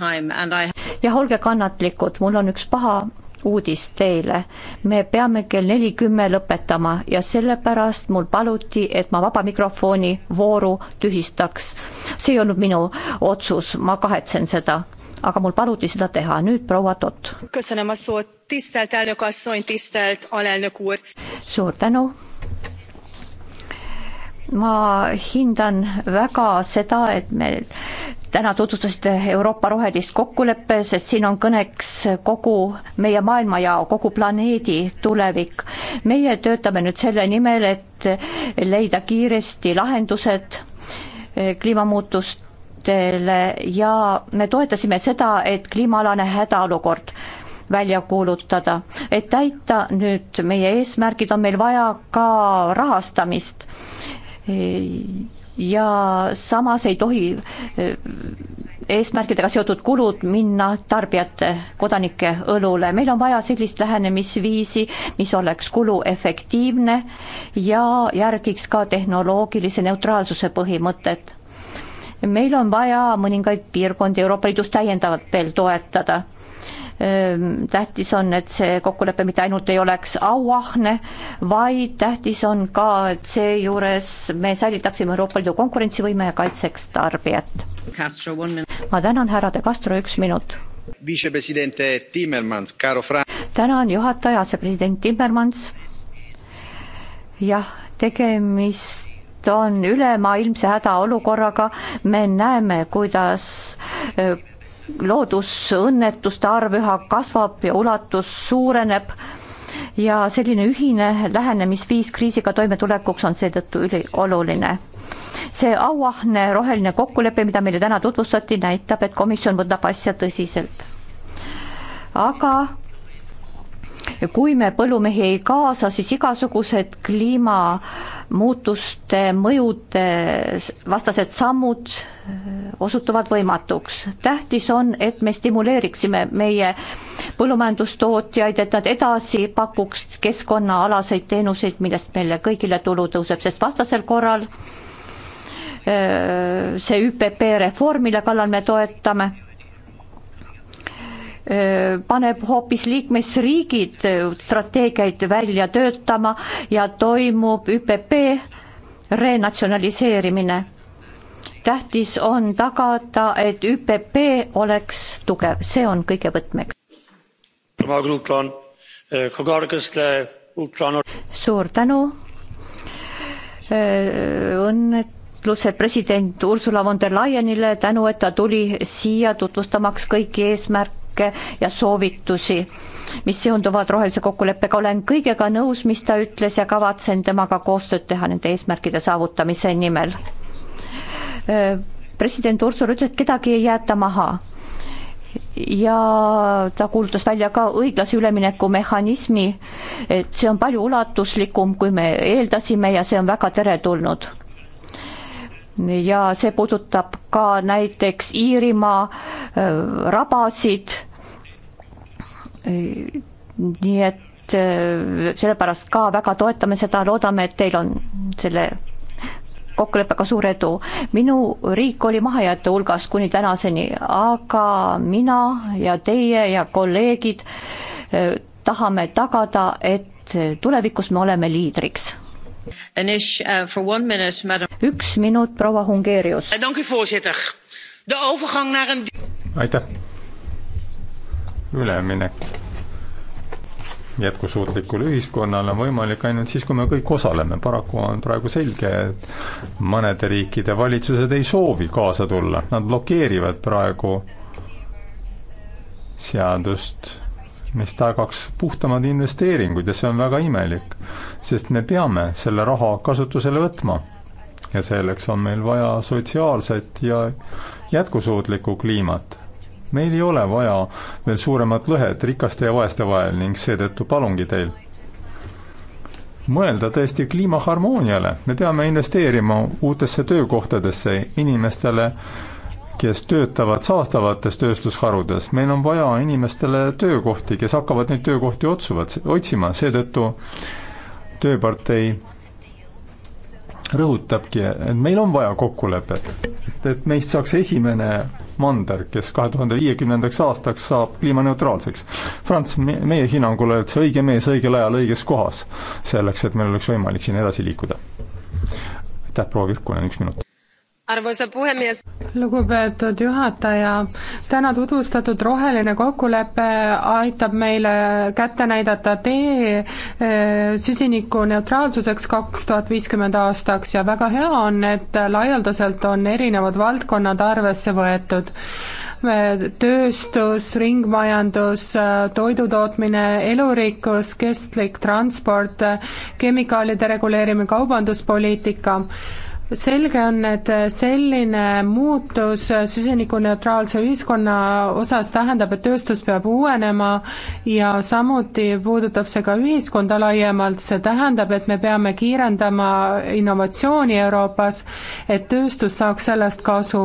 jah, olge kannatlikud, mul on üks paha uudis teile. me peame kell neli kümme lõpetama ja sellepärast mul paluti, et ma vaba mikrofoni vooru tühistaks. see ei olnud minu otsus, ma kahetsen seda, aga mul paluti seda teha. nüüd proua Tott. suur tänu ma hindan väga seda, et me täna tutvustasite Euroopa rohelist kokkuleppe, sest siin on kõneks kogu meie maailmajao, kogu planeedi tulevik. meie töötame nüüd selle nimel, et leida kiiresti lahendused kliimamuutustele ja me toetasime seda, et kliimaalane hädaolukord välja kuulutada. et täita nüüd meie eesmärgid, on meil vaja ka rahastamist ja samas ei tohi eh, eesmärkidega seotud kulud minna tarbijate, kodanike õlule. meil on vaja sellist lähenemisviisi, mis oleks kuluefektiivne ja järgiks ka tehnoloogilise neutraalsuse põhimõtet. meil on vaja mõningaid piirkondi Euroopa Liidus täiendavalt veel toetada Ehm, tähtis on, et see kokkulepe mitte ainult ei oleks auahne, vaid tähtis on ka, et seejuures me säilitaksime Euroopa Liidu konkurentsivõime ja kaitseks tarbijat. ma tänan, härra De Castro, üks minut. tänan juhataja, asepresident Timmermans. jah, tegemist on ülemaailmse hädaolukorraga, me näeme, kuidas eh, loodusõnnetuste arv üha kasvab ja ulatus suureneb ja selline ühine lähenemisviis kriisiga toimetulekuks on seetõttu ülioluline. see auahne roheline kokkulepe, mida meile täna tutvustati, näitab, et komisjon võtab asja tõsiselt. aga kui me põllumehi ei kaasa, siis igasugused kliimamuutuste mõjude vastased sammud äh, osutuvad võimatuks. tähtis on, et me stimuleeriksime meie põllumajandustootjaid, et nad edasi pakuks keskkonnaalaseid teenuseid, millest meile kõigile tulu tõuseb, sest vastasel korral äh, see ÜPP reform, mille kallal me toetame paneb hoopis liikmesriigid strateegiaid välja töötama ja toimub ÜPP renatsionaliseerimine. tähtis on tagada, et ÜPP oleks tugev, see on kõige võtmeks. suur tänu. õnnetlused president Ursula von der Leyenile, tänu, et ta tuli siia tutvustamaks kõiki eesmärke märke ja soovitusi, mis seonduvad rohelise kokkuleppega, olen kõigega nõus, mis ta ütles ja kavatsen temaga koostööd teha nende eesmärkide saavutamise nimel. president Ursula ütles, et kedagi ei jäeta maha ja ta kuulutas välja ka õiglase ülemineku mehhanismi, et see on palju ulatuslikum, kui me eeldasime ja see on väga teretulnud ja see puudutab ka näiteks Iirimaa äh, rabasid. nii et äh, sellepärast ka väga toetame seda, loodame, et teil on selle kokkuleppega suur edu. minu riik oli mahajäetu hulgas kuni tänaseni, aga mina ja teie ja kolleegid äh, tahame tagada, et tulevikus me oleme liidriks Eh, üks minut, proua Hungeerius. Eh, aitäh. üleminek jätkusuutlikule ühiskonnale on võimalik ainult siis, kui me kõik osaleme, paraku on praegu selge, et mõnede riikide valitsused ei soovi kaasa tulla, nad blokeerivad praegu seadust mis tagaks puhtamad investeeringud ja see on väga imelik, sest me peame selle raha kasutusele võtma. ja selleks on meil vaja sotsiaalset ja jätkusuutlikku kliimat. meil ei ole vaja veel suuremat lõhet rikaste ja vaeste vahel ning seetõttu palungi teil mõelda tõesti kliimaharmooniale, me peame investeerima uutesse töökohtadesse, inimestele äh, kes töötavad saastavates tööstusharudes. meil on vaja inimestele töökohti, kes hakkavad neid töökohti otsuvad, otsima, seetõttu tööpartei rõhutabki, et meil on vaja kokkulepet, et meist saaks esimene mander, kes kahe tuhande viiekümnendaks aastaks saab kliimaneutraalseks. Franz, meie hinnangul oled sa õige mees õigel ajal õiges kohas, selleks et meil oleks võimalik siin edasi liikuda. aitäh, proua Virkunen, üks minut arvoisa puhemies. lugupeetud juhataja, täna tutvustatud roheline kokkulepe aitab meile kätte näidata tee eh, süsinikuneutraalsuseks kaks tuhat viiskümmend aastaks ja väga hea on, et laialdaselt on erinevad valdkonnad arvesse võetud tööstus, ringmajandus, eh, toidutootmine, elurikkus, kestlik transport, eh, kemikaalide reguleerimine, kaubanduspoliitika selge on, et selline muutus süsinikuneutraalse ühiskonna osas tähendab, et tööstus peab uuenema ja samuti puudutab see ka ühiskonda laiemalt, see tähendab, et me peame kiirendama innovatsiooni Euroopas, et tööstus saaks sellest kasu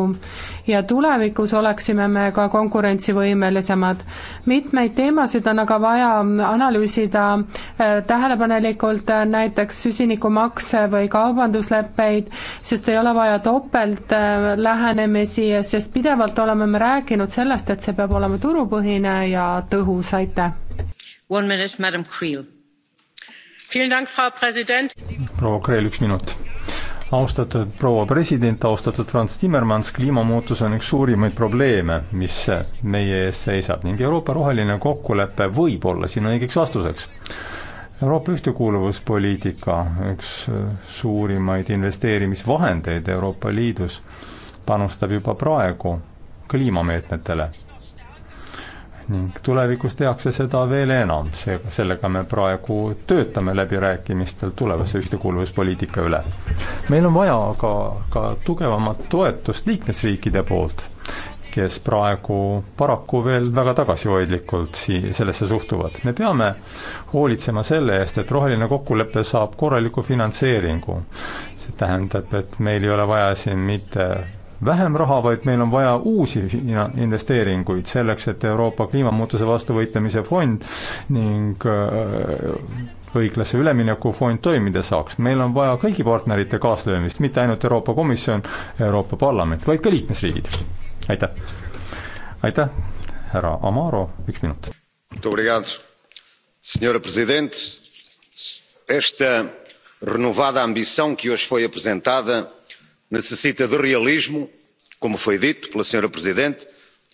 ja tulevikus oleksime me ka konkurentsivõimelisemad. mitmeid teemasid on aga vaja analüüsida äh, tähelepanelikult, äh, näiteks süsinikumakse või kaubandusleppeid, sest ei ole vaja topeltlähenemisi, äh, sest pidevalt oleme me rääkinud sellest, et see peab olema turupõhine ja tõhus, aitäh! proua Kreel, üks minut austatud proua president, austatud Franz Timmermans, kliimamuutus on üks suurimaid probleeme, mis meie ees seisab ning Euroopa roheline kokkulepe võib olla siin õigeks vastuseks. Euroopa ühtekuuluvuspoliitika, üks suurimaid investeerimisvahendeid Euroopa Liidus, panustab juba praegu kliimameetmetele ning tulevikus tehakse seda veel enam, seega sellega me praegu töötame läbirääkimistel tulevase ühtekuuluvuspoliitika üle. meil on vaja ka, ka tugevamat toetust liikmesriikide poolt, kes praegu paraku veel väga tagasihoidlikult sii-, sellesse suhtuvad. me peame hoolitsema selle eest, et roheline kokkulepe saab korraliku finantseeringu. see tähendab, et meil ei ole vaja siin mitte vähem raha, vaid meil on vaja uusi investeeringuid selleks, et Euroopa kliimamuutuse vastu võitlemise fond ning äh, õiglase ülemineku fond toimida saaks. meil on vaja kõigi partnerite kaaslöömist, mitte ainult Euroopa Komisjon, Euroopa Parlament, vaid ka liikmesriigid. aitäh. aitäh, härra Amaro, üks minut. Esta renovada ambição que hoje foi apresentada necessita de realismo como foi dito pela senhora presidente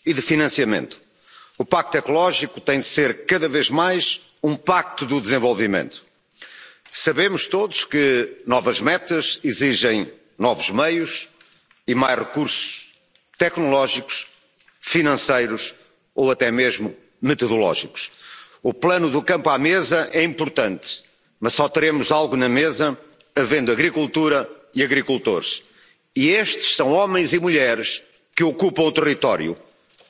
e de financiamento. o pacto ecológico tem de ser cada vez mais um pacto do desenvolvimento. sabemos todos que novas metas exigem novos meios e mais recursos tecnológicos financeiros ou até mesmo metodológicos. o plano do campo à mesa é importante mas só teremos algo na mesa havendo agricultura e agricultores e estes são homens e mulheres que ocupam o território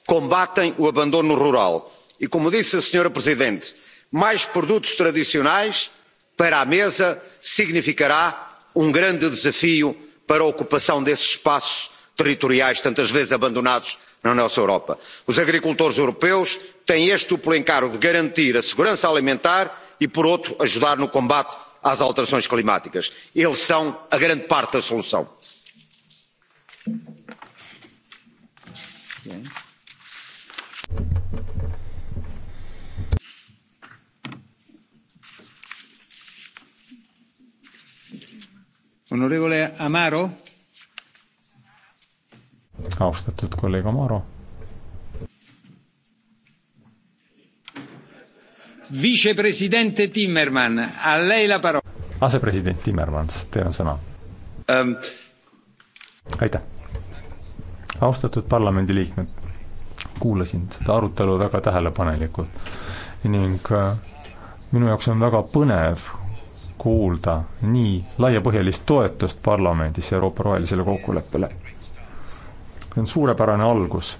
combatem o abandono rural e como disse a senhora presidente mais produtos tradicionais para a mesa significará um grande desafio para a ocupação desses espaços territoriais tantas vezes abandonados na nossa europa. os agricultores europeus têm este duplo encargo de garantir a segurança alimentar e por outro ajudar no combate às alterações climáticas. eles são a grande parte da solução. Okay. Honorevole Amaro. austatud kolleeg Amaro. Vicepresidente Timmermann, a lei la parola. asepresident Timmermans, teil on sõna um.... aitäh austatud parlamendiliikmed, kuulasin seda arutelu väga tähelepanelikult ning äh, minu jaoks on väga põnev kuulda nii laiapõhjalist toetust parlamendis Euroopa rohelisele kokkuleppele. see on suurepärane algus.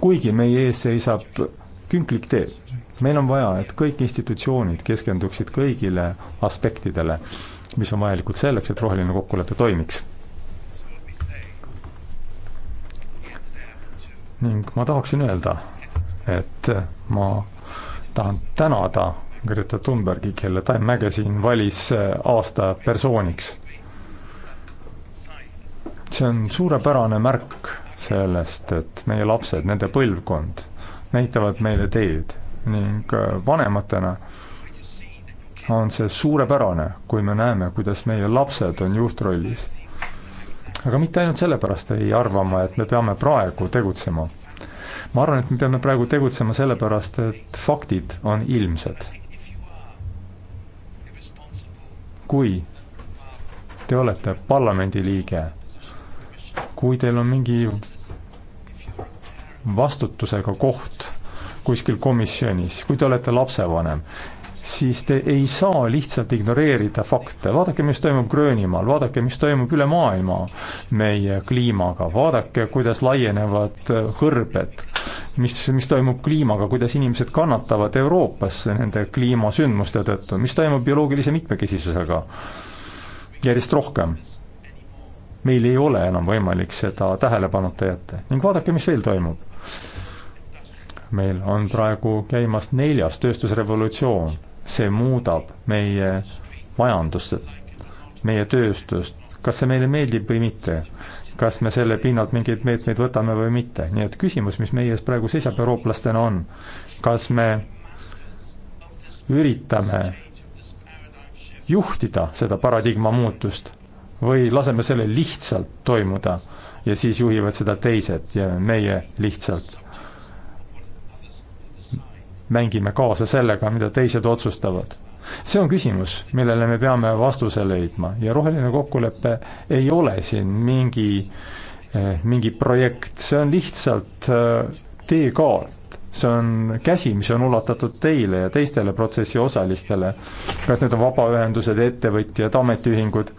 kuigi meie ees seisab künklik tee, meil on vaja, et kõik institutsioonid keskenduksid kõigile aspektidele, mis on vajalikud selleks, et roheline kokkulepe toimiks ning ma tahaksin öelda, et ma tahan tänada Greta Thunbergi, kelle Time Magazine valis eh, aasta persooniks. see on suurepärane märk sellest, et meie lapsed, nende põlvkond näitavad meile teed ning eh, vanematena on see suurepärane, kui me näeme, kuidas meie lapsed on juhtrollis aga mitte ainult sellepärast ei arva ma, et me peame praegu tegutsema. ma arvan, et me peame praegu tegutsema sellepärast, et faktid on ilmsed. kui te olete parlamendiliige, kui teil on mingi vastutusega koht kuskil komisjonis, kui te olete lapsevanem, siis te ei saa lihtsalt ignoreerida fakte, vaadake, mis toimub Gröönimaal, vaadake, mis toimub üle maailma meie kliimaga, vaadake, kuidas laienevad äh, hõrbed, mis, mis toimub kliimaga, kuidas inimesed kannatavad Euroopas nende kliimasündmuste tõttu, mis toimub bioloogilise mitmekesisusega järjest rohkem. meil ei ole enam võimalik seda tähelepanuta jätta ning vaadake, mis veel toimub meil on praegu käimas neljas tööstusrevolutsioon see muudab meie majandust, meie tööstust, kas see meile meeldib või mitte, kas me selle pinnalt mingeid meetmeid võtame või mitte, nii et küsimus, mis meie ees praegu seisab eurooplastena, on kas me üritame juhtida seda paradigma muutust või laseme sellel lihtsalt toimuda ja siis juhivad seda teised ja meie lihtsalt mängime kaasa sellega, mida teised otsustavad? see on küsimus, millele me peame vastuse leidma ja roheline kokkulepe ei ole siin mingi, eh, mingi projekt, see on lihtsalt eh, teekaart. see on käsi, mis on ulatatud teile ja teistele protsessi osalistele. kas need on vabaühendused, ettevõtjad, ametiühingud,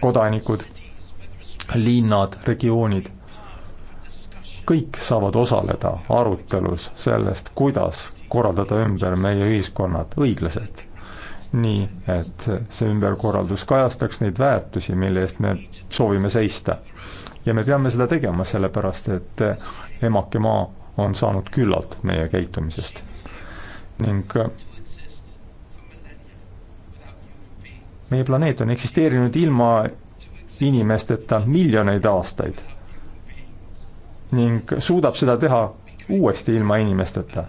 kodanikud, linnad, regioonid kõik saavad osaleda arutelus sellest, kuidas korraldada ümber meie ühiskonnad õiglaselt. nii, et see ümberkorraldus kajastaks neid väärtusi, mille eest me soovime seista. ja me peame seda tegema, sellepärast et emake maa on saanud küllalt meie käitumisest. ning meie planeet on eksisteerinud ilma inimesteta miljoneid aastaid ning suudab seda teha uuesti ilma inimesteta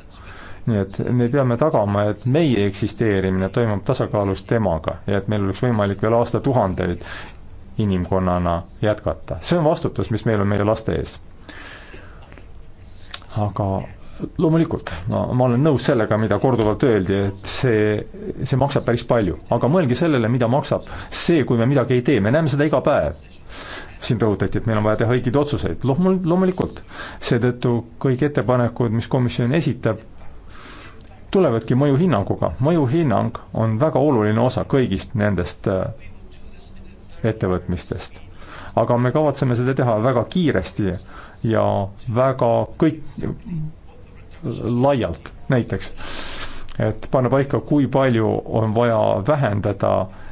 nii et me peame tagama, et meie eksisteerimine toimub tasakaalus temaga ja et meil oleks võimalik veel aastatuhandeid inimkonnana jätkata. see on vastutus, mis meil on meie laste ees. aga loomulikult, no ma olen nõus sellega, mida korduvalt öeldi, et see, see maksab päris palju, aga mõelge sellele, mida maksab see, kui me midagi ei tee, me näeme seda iga päev. siin rõhutati, et meil on vaja teha õigeid otsuseid, loomulikult. seetõttu kõik ettepanekud, mis komisjon esitab, tulevadki mõjuhinnanguga. mõjuhinnang on väga oluline osa kõigist nendest äh, ettevõtmistest. aga me kavatseme seda teha väga kiiresti ja väga kõik laialt, näiteks et panna paika, kui palju on vaja vähendada äh,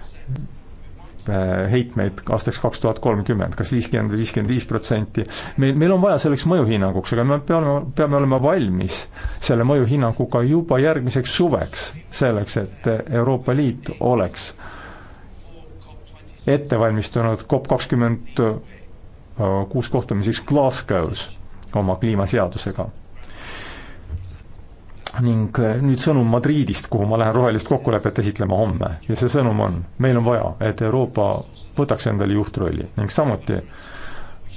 heitmeid aastaks kaks tuhat kolmkümmend, kas viiskümmend või viiskümmend viis protsenti. meil, meil on vaja selleks mõjuhinnanguks, aga me peame, peame olema valmis selle mõjuhinnanguga juba järgmiseks suveks, selleks et Euroopa Liit oleks ettevalmistunud COP kakskümmend kuus kohtumiseks Glasgow's oma kliimaseadusega ning eh, nüüd sõnum Madridist, kuhu ma lähen rohelist kokkulepet esitlema homme ja see sõnum on, meil on vaja, et Euroopa võtaks endale juhtrolli ning samuti äh,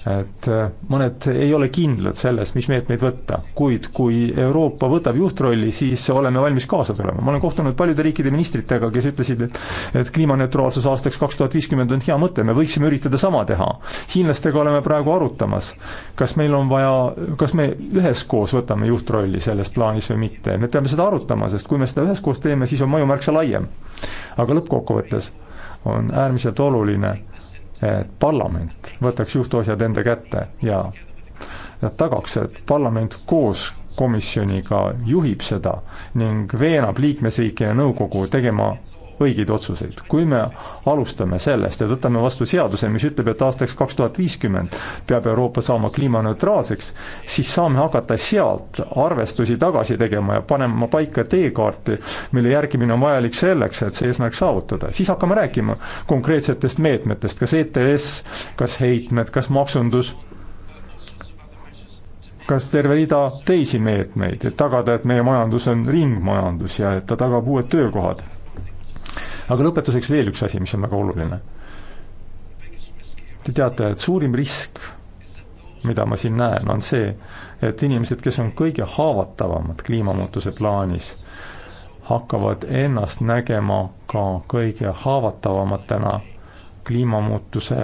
et äh, mõned ei ole kindlad selles, mis meetmeid võtta, kuid kui Euroopa võtab juhtrolli, siis oleme valmis kaasa tulema. ma olen kohtunud paljude riikide ministritega, kes ütlesid, et et kliimaneutraalsus aastaks kaks tuhat viiskümmend on hea mõte, me võiksime üritada sama teha. hiinlastega oleme praegu arutamas, kas meil on vaja, kas me üheskoos võtame juhtrolli selles plaanis või mitte, me peame seda arutama, sest kui me seda üheskoos teeme, siis on mõju märksa laiem. aga lõppkokkuvõttes on äärmiselt oluline see, et parlament võtaks juhtuasjad enda kätte ja, ja tagaks, et parlament koos komisjoniga juhib seda ning veenab liikmesriike ja nõukogu tegema õigeid otsuseid. kui me alustame sellest ja võtame vastu seaduse, mis ütleb, et aastaks kaks tuhat viiskümmend peab Euroopa saama kliimaneutraalseks, siis saame hakata sealt arvestusi tagasi tegema ja panema paika teekaarti, mille järgimine on vajalik selleks, et see eesmärk saavutada. siis hakkame rääkima konkreetsetest meetmetest, kas ETS, kas heitmed, kas maksundus kas terve rida teisi meetmeid, et tagada, et meie majandus on ringmajandus ja et ta tagab uued töökohad aga lõpetuseks veel üks asi, mis on väga oluline. Te teate, et suurim risk, mida ma siin näen, on see, et inimesed, kes on kõige haavatavamad kliimamuutuse plaanis, hakkavad ennast nägema ka kõige haavatavamatena kliimamuutuse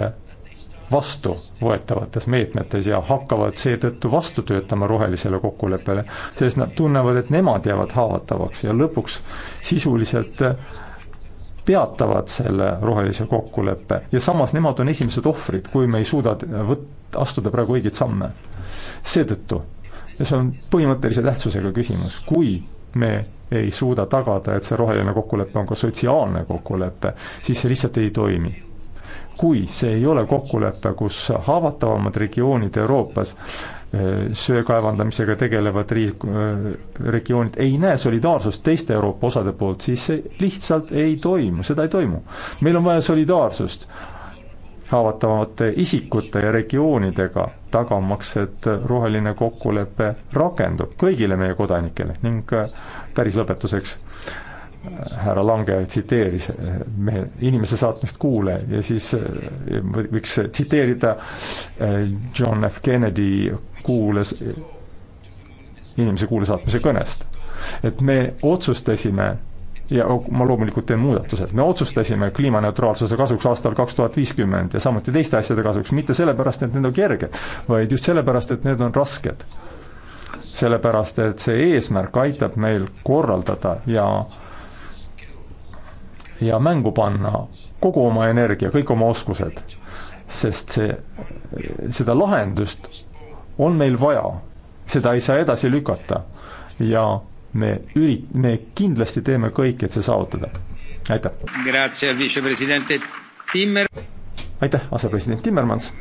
vastu võetavates meetmetes ja hakkavad seetõttu vastu töötama rohelisele kokkuleppele, sest nad tunnevad, et nemad jäävad haavatavaks ja lõpuks sisuliselt peatavad selle rohelise kokkuleppe ja samas nemad on esimesed ohvrid, kui me ei suuda võt-, astuda praegu õigeid samme. seetõttu, ja see on põhimõttelise tähtsusega küsimus, kui me ei suuda tagada, et see roheline kokkulepe on ka sotsiaalne kokkulepe, siis see lihtsalt ei toimi. kui see ei ole kokkulepe, kus haavatavamad regioonid Euroopas söe kaevandamisega tegelevad riik, äh, regioonid ei näe solidaarsust teiste Euroopa osade poolt, siis see lihtsalt ei toimu, seda ei toimu. meil on vaja solidaarsust haavatavate isikute ja regioonidega, tagamaks, et roheline kokkulepe rakendub kõigile meie kodanikele ning äh, päris lõpetuseks härra Lange tsiteeris me inimese saatmist kuule ja siis eh, võiks tsiteerida eh, John F Kennedy kuules, eh, inimese kuule saatmise kõnest. et me otsustasime ja ma loomulikult teen muudatused, me otsustasime kliimaneutraalsuse kasuks aastal kaks tuhat viiskümmend ja samuti teiste asjade kasuks, mitte sellepärast, et need on kerged, vaid just sellepärast, et need on rasked. sellepärast, et see eesmärk aitab meil korraldada ja äh, ja mängu panna kogu oma energia, kõik oma oskused. sest see, seda lahendust on meil vaja, seda ei saa edasi lükata ja me ürit-, me kindlasti teeme kõik, et see saavutada. aitäh. aitäh, asepresident Timmermans.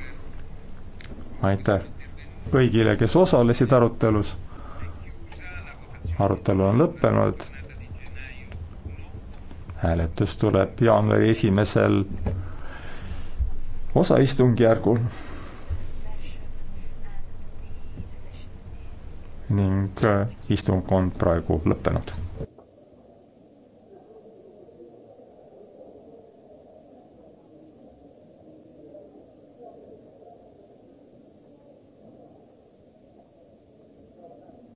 aitäh kõigile, kes osalesid arutelus. arutelu on lõppenud hääletus tuleb jaanuari esimesel osaistungjärgul. ning äh, istung on praegu lõppenud